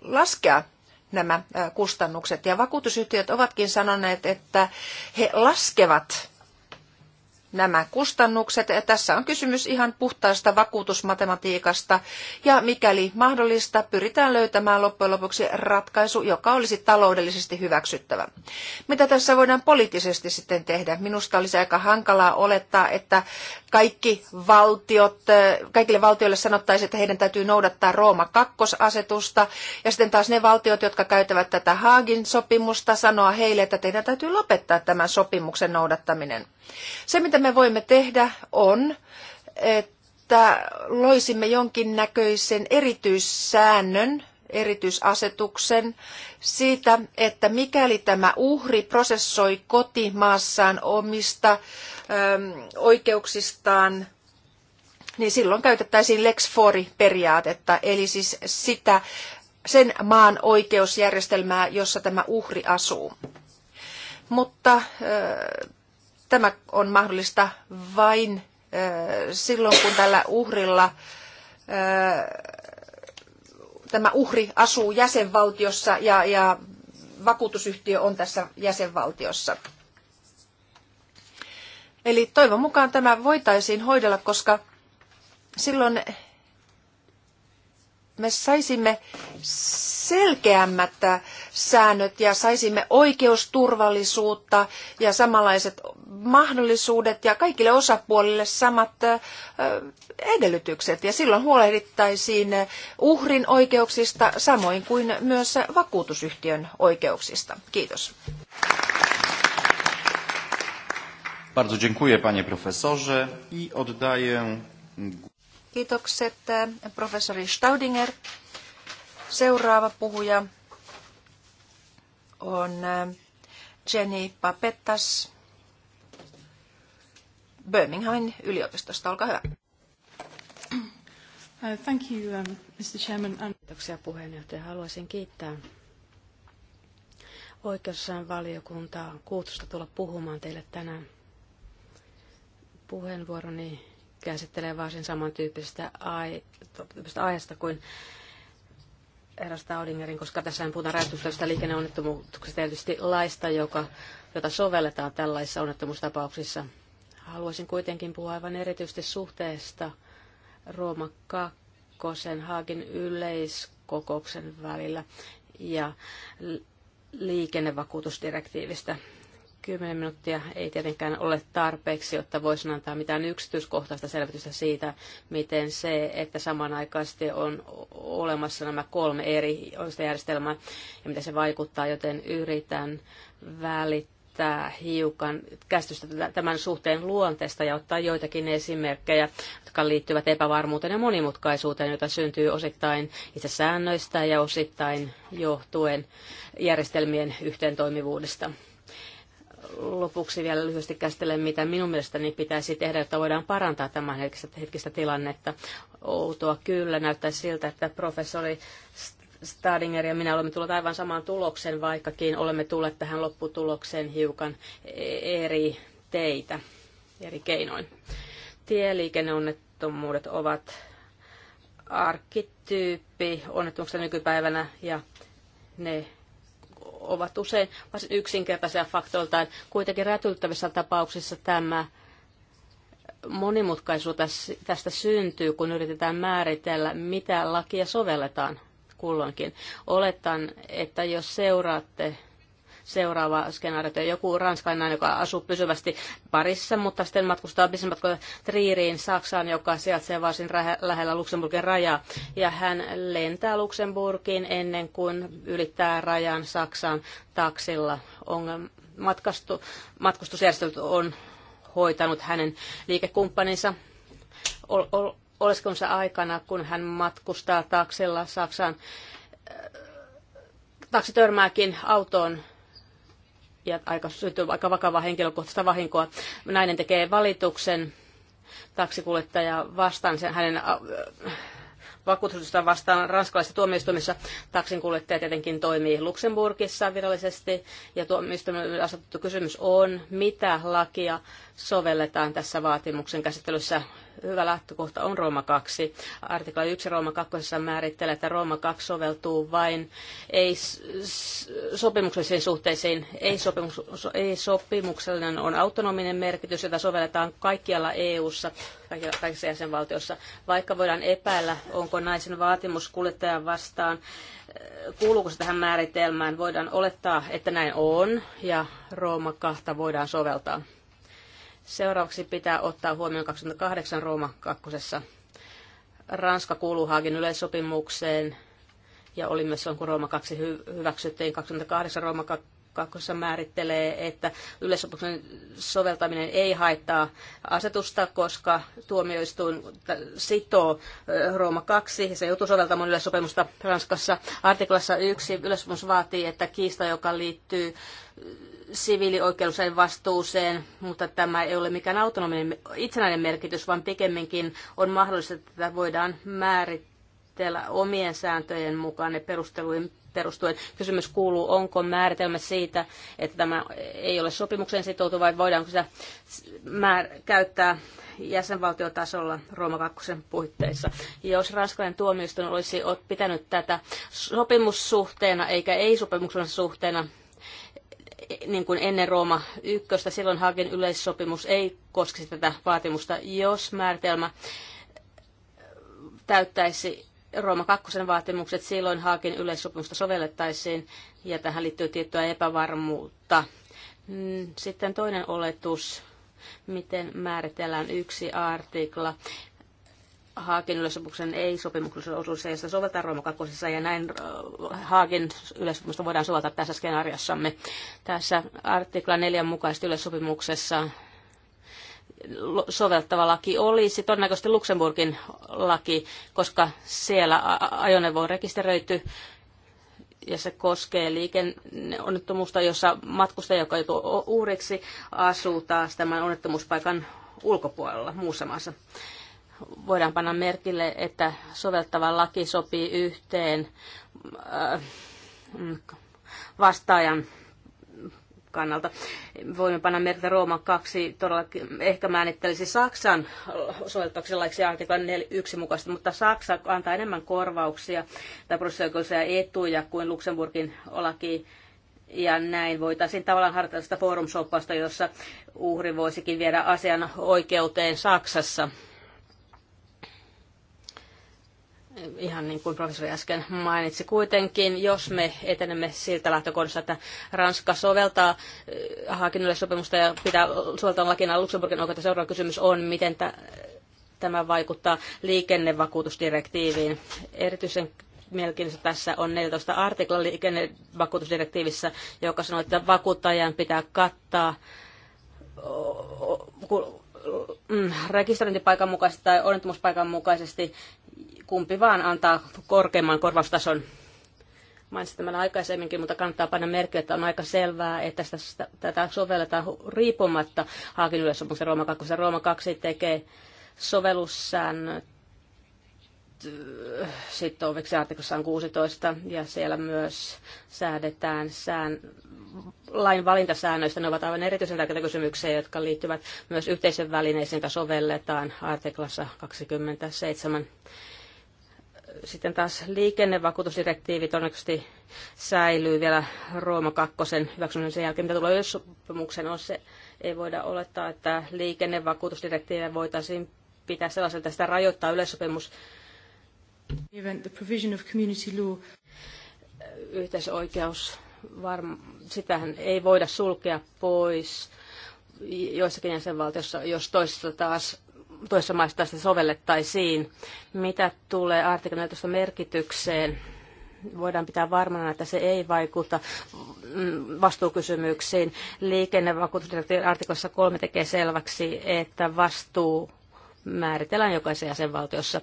laskea nämä kustannukset. Ja vakuutusyhtiöt ovatkin sanoneet, että he laskevat nämä kustannukset. Ja tässä on kysymys ihan puhtaasta vakuutusmatematiikasta ja mikäli mahdollista, pyritään löytämään loppujen lopuksi ratkaisu, joka olisi taloudellisesti hyväksyttävä. Mitä tässä voidaan poliittisesti sitten tehdä? Minusta olisi aika hankalaa olettaa, että kaikki valtiot, kaikille valtioille sanottaisiin, että heidän täytyy noudattaa Rooma kakkosasetusta ja sitten taas ne valtiot, jotka käyttävät tätä Haagin sopimusta, sanoa heille, että teidän täytyy lopettaa tämän sopimuksen noudattaminen. Se, mitä mitä me voimme tehdä on, että loisimme jonkinnäköisen erityissäännön, erityisasetuksen siitä, että mikäli tämä uhri prosessoi kotimaassaan omista ähm, oikeuksistaan niin silloin käytettäisiin Lex Fori-periaatetta, eli siis sitä, sen maan oikeusjärjestelmää, jossa tämä uhri asuu. Mutta äh, Tämä on mahdollista vain silloin, kun tällä uhrilla tämä uhri asuu jäsenvaltiossa ja, ja vakuutusyhtiö on tässä jäsenvaltiossa. Eli toivon mukaan tämä voitaisiin hoidella, koska silloin me saisimme selkeämmät säännöt ja saisimme oikeusturvallisuutta ja samanlaiset mahdollisuudet ja kaikille osapuolille samat edellytykset. Ja silloin huolehdittaisiin uhrin oikeuksista samoin kuin myös vakuutusyhtiön oikeuksista. Kiitos. Bardzo dziękuję panie profesorze i oddaję Kiitokset professori Staudinger. Seuraava puhuja on Jenny Papettas Birminghamin yliopistosta. Olkaa hyvä. Uh, thank you, Mr. Um, Chairman. Kiitoksia puheenjohtaja. Haluaisin kiittää oikeussain valiokuntaa kuutusta tulla puhumaan teille tänään. Puheenvuoroni käsittelee varsin samantyyppisestä ai, aiheesta kuin erästä Audingerin, koska tässä puhutaan rajoitustavista liikenneonnettomuuksista tietysti laista, joka, jota sovelletaan tällaisissa onnettomuustapauksissa. Haluaisin kuitenkin puhua aivan erityisesti suhteesta Rooma 2, Haagin yleiskokouksen välillä ja liikennevakuutusdirektiivistä Kymmenen minuuttia ei tietenkään ole tarpeeksi, jotta voisin antaa mitään yksityiskohtaista selvitystä siitä, miten se, että samanaikaisesti on olemassa nämä kolme eri järjestelmää ja miten se vaikuttaa, joten yritän välittää hiukan käsitystä tämän suhteen luonteesta ja ottaa joitakin esimerkkejä, jotka liittyvät epävarmuuteen ja monimutkaisuuteen, jota syntyy osittain itse säännöistä ja osittain johtuen järjestelmien yhteentoimivuudesta lopuksi vielä lyhyesti käsittelen, mitä minun mielestäni pitäisi tehdä, jotta voidaan parantaa tämän hetkistä tilannetta. Outoa kyllä näyttää siltä, että professori Stadinger ja minä olemme tulleet aivan samaan tulokseen, vaikkakin olemme tulleet tähän lopputulokseen hiukan eri teitä, eri keinoin. Tieliikenneonnettomuudet ovat arkkityyppi onnettomuuksista nykypäivänä ja ne ovat usein varsin yksinkertaisia faktoiltaan. Kuitenkin rätyttävissä tapauksissa tämä monimutkaisuus tästä syntyy, kun yritetään määritellä, mitä lakia sovelletaan kulloinkin. Oletan, että jos seuraatte seuraava skenaario. Joku ranskalainen, joka asuu pysyvästi Parissa, mutta sitten matkustaa pisimatkoja Triiriin Saksaan, joka sijaitsee varsin lähellä Luxemburgin rajaa. Ja hän lentää Luxemburgiin ennen kuin ylittää rajan Saksaan taksilla. on Matkastu, matkustusjärjestelyt on hoitanut hänen liikekumppaninsa ol, ol, oleskelunsa aikana, kun hän matkustaa taksilla Saksaan. Äh, Taksi törmääkin autoon, ja aika, syntyy aika vakavaa henkilökohtaista vahinkoa. Nainen tekee valituksen taksikuljettaja vastaan sen hänen äh, vakuutusta vastaan ranskalaisessa tuomioistuimessa. Taksinkuljettaja tietenkin toimii Luxemburgissa virallisesti ja tuomioistuimen asetettu kysymys on, mitä lakia sovelletaan tässä vaatimuksen käsittelyssä. Hyvä lähtökohta on Rooma 2. Artikla 1 Rooma 2 määrittelee, että Rooma 2 soveltuu vain ei sopimuksellisiin suhteisiin. Ei, ei sopimuksellinen on autonominen merkitys, jota sovelletaan kaikkialla EU-ssa, kaikissa jäsenvaltioissa. Vaikka voidaan epäillä, onko naisen vaatimus kuljettajan vastaan, eh, kuuluuko se tähän määritelmään, voidaan olettaa, että näin on ja Rooma 2 voidaan soveltaa. Seuraavaksi pitää ottaa huomioon 28 Rooma 2. Ranska kuuluu Haagin yleissopimukseen ja oli myös silloin, kun Rooma 2 hyväksyttiin. 28 Rooma 2 kakkossa määrittelee, että yleissopimuksen soveltaminen ei haittaa asetusta, koska tuomioistuin sitoo Rooma 2 ja se joutuu soveltamaan yleissopimusta Ranskassa. Artiklassa 1 yleissopimus vaatii, että kiista, joka liittyy siviilioikeuden vastuuseen, mutta tämä ei ole mikään autonominen itsenäinen merkitys, vaan pikemminkin on mahdollista, että tätä voidaan määrittää omien sääntöjen mukaan ne perustelujen perustuen. Kysymys kuuluu, onko määritelmä siitä, että tämä ei ole sopimukseen sitoutu vai voidaanko sitä määr- käyttää jäsenvaltiotasolla Rooma 2 puitteissa. Jos Ranskalainen tuomioistuin olisi pitänyt tätä sopimussuhteena eikä ei-sopimuksen suhteena, niin kuin ennen Rooma 1, silloin Hagen yleissopimus ei koskisi tätä vaatimusta, jos määritelmä täyttäisi Rooma kakkosen vaatimukset, silloin Haakin yleissopimusta sovellettaisiin ja tähän liittyy tiettyä epävarmuutta. Mm, sitten toinen oletus, miten määritellään yksi artikla. Haakin yleissopimuksen ei-sopimuksen osuus ei sitä soveltaa Rooma kakkosessa ja näin äh, Haakin yleissopimusta voidaan soveltaa tässä skenaariossamme. Tässä artikla 4 mukaisesti yleissopimuksessa soveltava laki olisi todennäköisesti Luxemburgin laki, koska siellä ajoneuvo on rekisteröity ja se koskee liikenneonnettomuutta, jossa matkustaja, joka joutuu uhriksi, asuu taas tämän onnettomuuspaikan ulkopuolella muussa maassa. Voidaan panna merkille, että soveltava laki sopii yhteen äh, mm, vastaajan kannalta. Voimme panna merkitä Rooman kaksi todella, ehkä määrittelisi Saksan soveltavaksi laiksi artiklan 1 mukaisesti, mutta Saksa antaa enemmän korvauksia tai prosessioikeudellisia etuja kuin Luxemburgin olaki ja näin voitaisiin tavallaan harjoitella sitä forum jossa uhri voisikin viedä asian oikeuteen Saksassa ihan niin kuin professori äsken mainitsi. Kuitenkin, jos me etenemme siltä lähtökohdasta, että Ranska soveltaa eh, Haakinille sopimusta ja pitää soveltaa lakina Luxemburgin oikeutta, seuraava kysymys on, miten tämä vaikuttaa liikennevakuutusdirektiiviin. Erityisen mielenkiintoista tässä on 14 artikla liikennevakuutusdirektiivissä, joka sanoo, että vakuuttajan pitää kattaa mm, rekisteröintipaikan mukaisesti tai onnettomuuspaikan mukaisesti kumpi vaan antaa korkeimman korvaustason. Mainitsin tämän aikaisemminkin, mutta kannattaa panna merkkiä, että on aika selvää, että tästä, tätä sovelletaan riippumatta Haakin yleissopimuksen Rooma 2. Rooma 2 tekee sovellussäännöt sitten oveksi artikossaan 16 ja siellä myös säädetään sään, lain valintasäännöistä. Ne ovat aivan erityisen tärkeitä kysymyksiä, jotka liittyvät myös yhteisen välineisiin, joita sovelletaan artiklassa 27. Sitten taas liikennevakuutusdirektiivi todennäköisesti säilyy vielä Rooma 2 hyväksymisen sen jälkeen, mitä tulee yleissopimuksen on no se, ei voida olettaa, että liikennevakuutusdirektiiviä voitaisiin pitää sellaisena, että sitä rajoittaa yleissopimus Yhteisoikeus, varm- sitähän ei voida sulkea pois joissakin jäsenvaltioissa, jos toisessa taas toissa maissa sitä sovellettaisiin. Mitä tulee artiklan 14 merkitykseen, voidaan pitää varmana, että se ei vaikuta mm, vastuukysymyksiin. Liikennevakuutusdirektiivin artiklassa 3 tekee selväksi, että vastuu määritellään jokaisessa jäsenvaltiossa.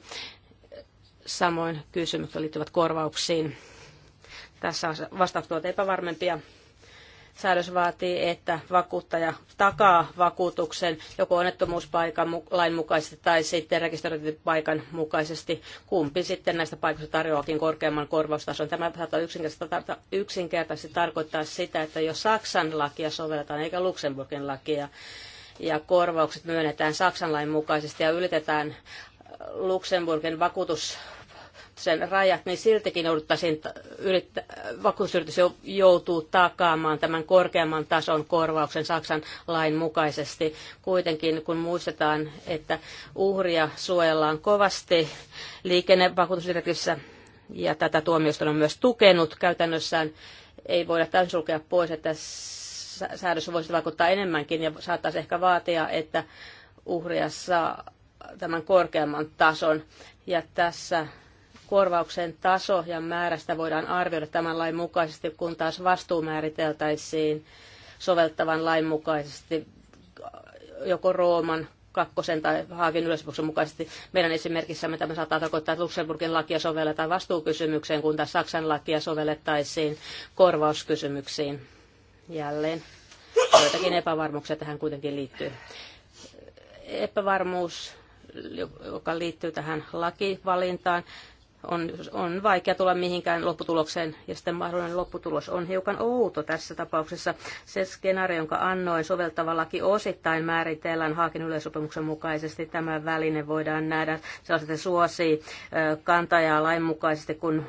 Samoin kysymykset liittyvät korvauksiin. Tässä vastaukset ovat epävarmempia. Säädös vaatii, että vakuuttaja takaa vakuutuksen joko onnettomuuspaikan lain mukaisesti tai sitten rekisteröintipaikan mukaisesti. Kumpi sitten näistä paikoista tarjoakin korkeamman korvaustason. Tämä saattaa yksinkertaisesti tarkoittaa sitä, että jos Saksan lakia sovelletaan eikä Luxemburgin lakia, ja korvaukset myönnetään Saksan lain mukaisesti ja ylitetään Luxemburgin vakuutus sen rajat, niin siltikin jouduttaisiin, yrittä, vakuutusyritys joutuu takaamaan tämän korkeamman tason korvauksen Saksan lain mukaisesti. Kuitenkin kun muistetaan, että uhria suojellaan kovasti liikennevakuutusdirektiivissä ja tätä tuomioistuin on myös tukenut käytännössään, ei voida täysin sulkea pois, että säädös voisi vaikuttaa enemmänkin ja saattaisi ehkä vaatia, että uhria saa tämän korkeamman tason. Ja tässä korvauksen taso ja määrästä voidaan arvioida tämän lain mukaisesti, kun taas vastuu määriteltäisiin soveltavan lain mukaisesti joko Rooman kakkosen tai Haagin yleisopimuksen mukaisesti. Meidän esimerkissämme tämä saattaa tarkoittaa, että Luxemburgin lakia sovelletaan vastuukysymykseen, kun taas Saksan lakia sovellettaisiin korvauskysymyksiin. Jälleen joitakin epävarmuuksia tähän kuitenkin liittyy. Epävarmuus, joka liittyy tähän lakivalintaan, on, on vaikea tulla mihinkään lopputulokseen, ja sitten mahdollinen lopputulos on hiukan outo tässä tapauksessa. Se skenaario, jonka annoin soveltava laki osittain määritellään Haakin yleisopimuksen mukaisesti, tämä väline voidaan nähdä sellaiset suosii kantajaa lainmukaisesti, kun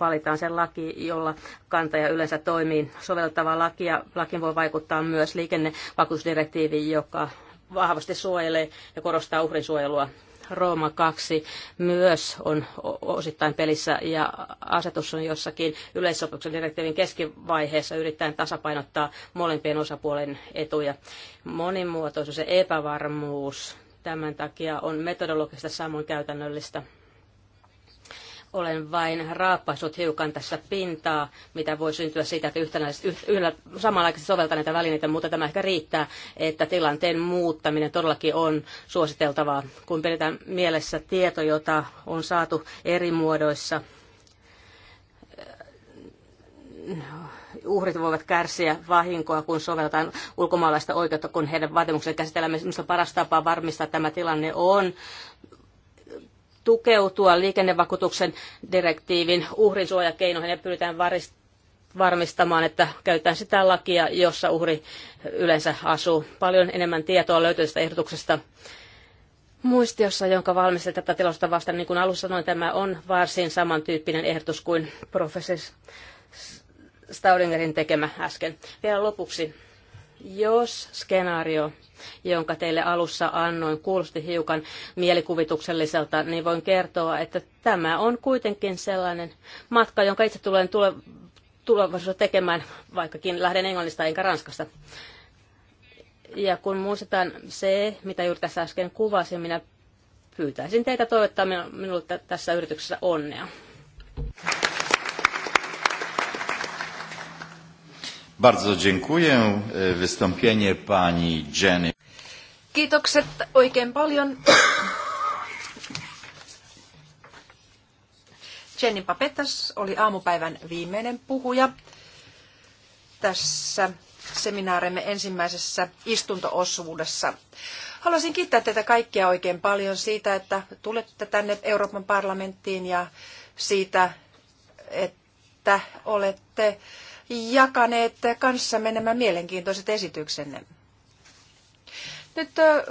valitaan sen laki, jolla kantaja yleensä toimii soveltava laki, ja lakin voi vaikuttaa myös liikennevakuutusdirektiivi, joka vahvasti suojelee ja korostaa uhrin suojelua Rooma 2 myös on osittain pelissä ja asetus on jossakin yleissopimuksen direktiivin keskivaiheessa yrittäen tasapainottaa molempien osapuolen etuja. Monimuotoisuus ja epävarmuus tämän takia on metodologista samoin käytännöllistä olen vain raapaissut hiukan tässä pintaa, mitä voi syntyä siitä, että yhdellä samanaikaisesti soveltaa näitä välineitä, mutta tämä ehkä riittää, että tilanteen muuttaminen todellakin on suositeltavaa, kun pidetään mielessä tieto, jota on saatu eri muodoissa uhrit voivat kärsiä vahinkoa, kun sovelletaan ulkomaalaista oikeutta, kun heidän vaatimuksensa käsitellään. Minusta paras tapa varmistaa että tämä tilanne on tukeutua liikennevakuutuksen direktiivin uhrinsuojakeinoihin ja pyritään varmistamaan, että käytetään sitä lakia, jossa uhri yleensä asuu. Paljon enemmän tietoa löytyy tästä ehdotuksesta muistiossa, jonka valmistelin tätä tilosta vastaan. Niin kuin alussa sanoin, tämä on varsin samantyyppinen ehdotus kuin professori Staudingerin tekemä äsken. Vielä lopuksi, jos skenaario jonka teille alussa annoin, kuulosti hiukan mielikuvitukselliselta, niin voin kertoa, että tämä on kuitenkin sellainen matka, jonka itse tulen tule, tulevaisuudessa tekemään, vaikkakin lähden Englannista enkä Ranskasta. Ja kun muistetaan se, mitä juuri tässä äsken kuvasin, minä pyytäisin teitä toivottaa minulle tässä yrityksessä onnea. Bardzo dziękuję. Wystąpienie pani Jenny. Kiitokset oikein paljon. Jenny Papetas oli aamupäivän viimeinen puhuja tässä seminaaremme ensimmäisessä istuntoosuudessa. Haluaisin kiittää teitä kaikkia oikein paljon siitä, että tulette tänne Euroopan parlamenttiin ja siitä, että olette jakaneet kanssamme nämä mielenkiintoiset esityksenne. Nyt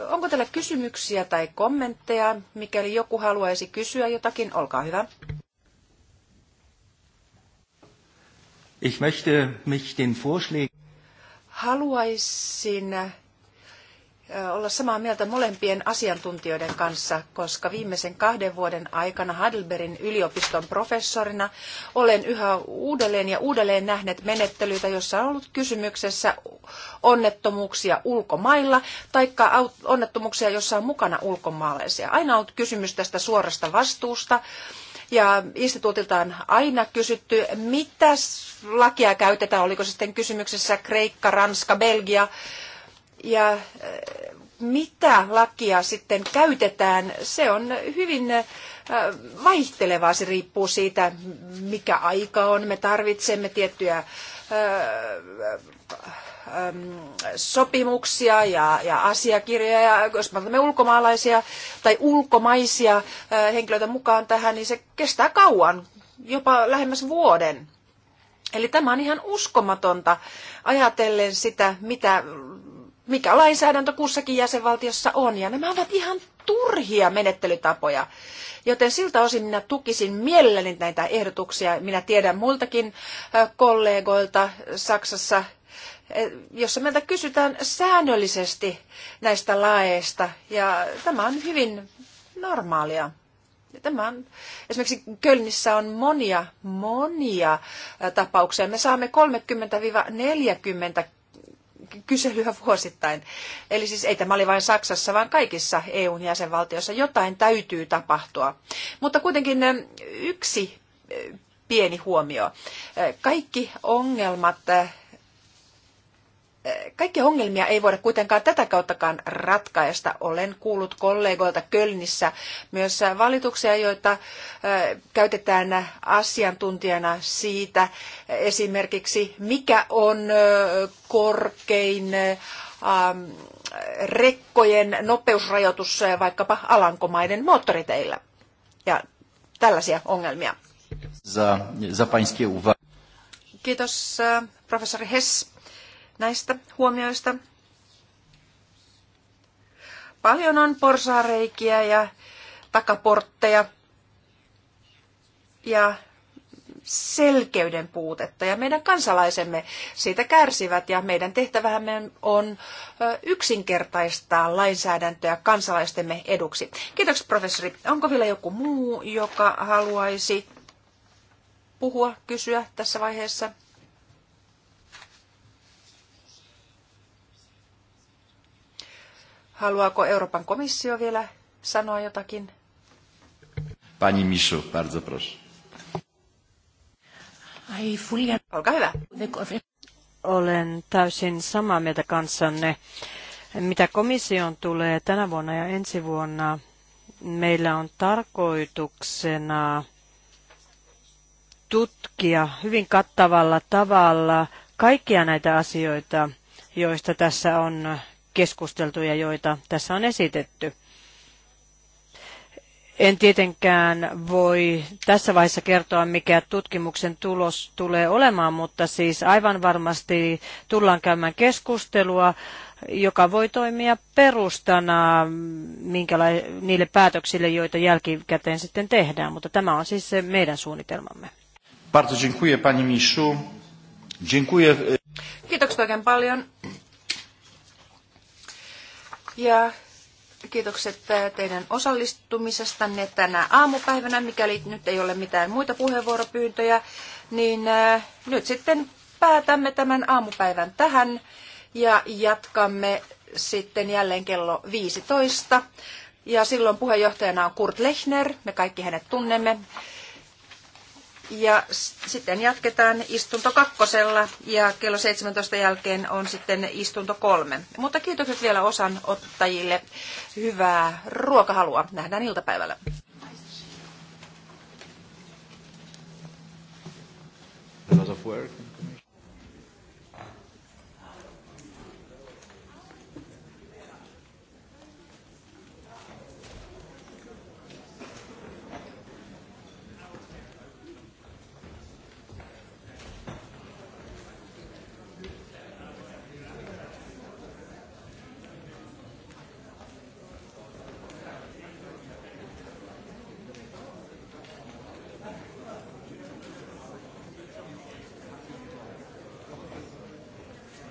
onko teillä kysymyksiä tai kommentteja? Mikäli joku haluaisi kysyä jotakin, olkaa hyvä. Ich möchte mich den Vorschlägen Haluaisin olla samaa mieltä molempien asiantuntijoiden kanssa, koska viimeisen kahden vuoden aikana Heidelbergin yliopiston professorina olen yhä uudelleen ja uudelleen nähnyt menettelyitä, jossa on ollut kysymyksessä onnettomuuksia ulkomailla tai onnettomuuksia, jossa on mukana ulkomaalaisia. Aina on ollut kysymys tästä suorasta vastuusta. Ja instituutilta on aina kysytty, mitä lakia käytetään, oliko sitten kysymyksessä Kreikka, Ranska, Belgia, ja eh, mitä lakia sitten käytetään, se on hyvin eh, vaihtelevaa. Se riippuu siitä, mikä aika on. Me tarvitsemme tiettyjä eh, mm, sopimuksia ja, ja asiakirjoja. Ja jos me otamme ulkomaalaisia tai ulkomaisia henkilöitä mukaan tähän, niin se kestää kauan, jopa lähemmäs vuoden. Eli tämä on ihan uskomatonta ajatellen sitä, mitä mikä lainsäädäntö kussakin jäsenvaltiossa on. Ja nämä ovat ihan turhia menettelytapoja. Joten siltä osin minä tukisin mielelläni näitä ehdotuksia. Minä tiedän muiltakin kollegoilta Saksassa, e, jossa meiltä kysytään säännöllisesti näistä laeista. Ja tämä on hyvin normaalia. Tämä on, esimerkiksi Kölnissä on monia, monia tapauksia. Me saamme 30-40 kyselyä vuosittain. Eli siis ei tämä oli vain Saksassa, vaan kaikissa EUn jäsenvaltioissa jotain täytyy tapahtua. Mutta kuitenkin yksi pieni huomio. Kaikki ongelmat kaikki ongelmia ei voida kuitenkaan tätä kauttakaan ratkaista. Olen kuullut kollegoilta Kölnissä myös valituksia, joita käytetään asiantuntijana siitä esimerkiksi, mikä on korkein rekkojen nopeusrajoitus vaikkapa Alankomaiden moottoriteillä. Ja tällaisia ongelmia. Kiitos professori Hess näistä huomioista. Paljon on porsaareikiä ja takaportteja ja selkeyden puutetta ja meidän kansalaisemme siitä kärsivät ja meidän tehtävämme on yksinkertaistaa lainsäädäntöä kansalaistemme eduksi. Kiitoksia professori. Onko vielä joku muu, joka haluaisi puhua, kysyä tässä vaiheessa? Haluaako Euroopan komissio vielä sanoa jotakin? Pani Mishu, bardzo proszę. Olkaa hyvä. Olen täysin samaa mieltä kanssanne. Mitä komission tulee tänä vuonna ja ensi vuonna, meillä on tarkoituksena tutkia hyvin kattavalla tavalla kaikkia näitä asioita, joista tässä on keskusteltu ja joita tässä on esitetty. En tietenkään voi tässä vaiheessa kertoa, mikä tutkimuksen tulos tulee olemaan, mutta siis aivan varmasti tullaan käymään keskustelua, joka voi toimia perustana niille päätöksille, joita jälkikäteen sitten tehdään. Mutta tämä on siis se meidän suunnitelmamme. Kiitoksia oikein paljon ja kiitokset teidän osallistumisestanne tänä aamupäivänä. Mikäli nyt ei ole mitään muita puheenvuoropyyntöjä, niin äh, nyt sitten päätämme tämän aamupäivän tähän ja jatkamme sitten jälleen kello 15. Ja silloin puheenjohtajana on Kurt Lechner, me kaikki hänet tunnemme. Ja sitten jatketaan istunto kakkosella ja kello 17 jälkeen on sitten istunto kolme. Mutta kiitokset vielä osanottajille. Hyvää ruokahalua. Nähdään iltapäivällä. Because of work.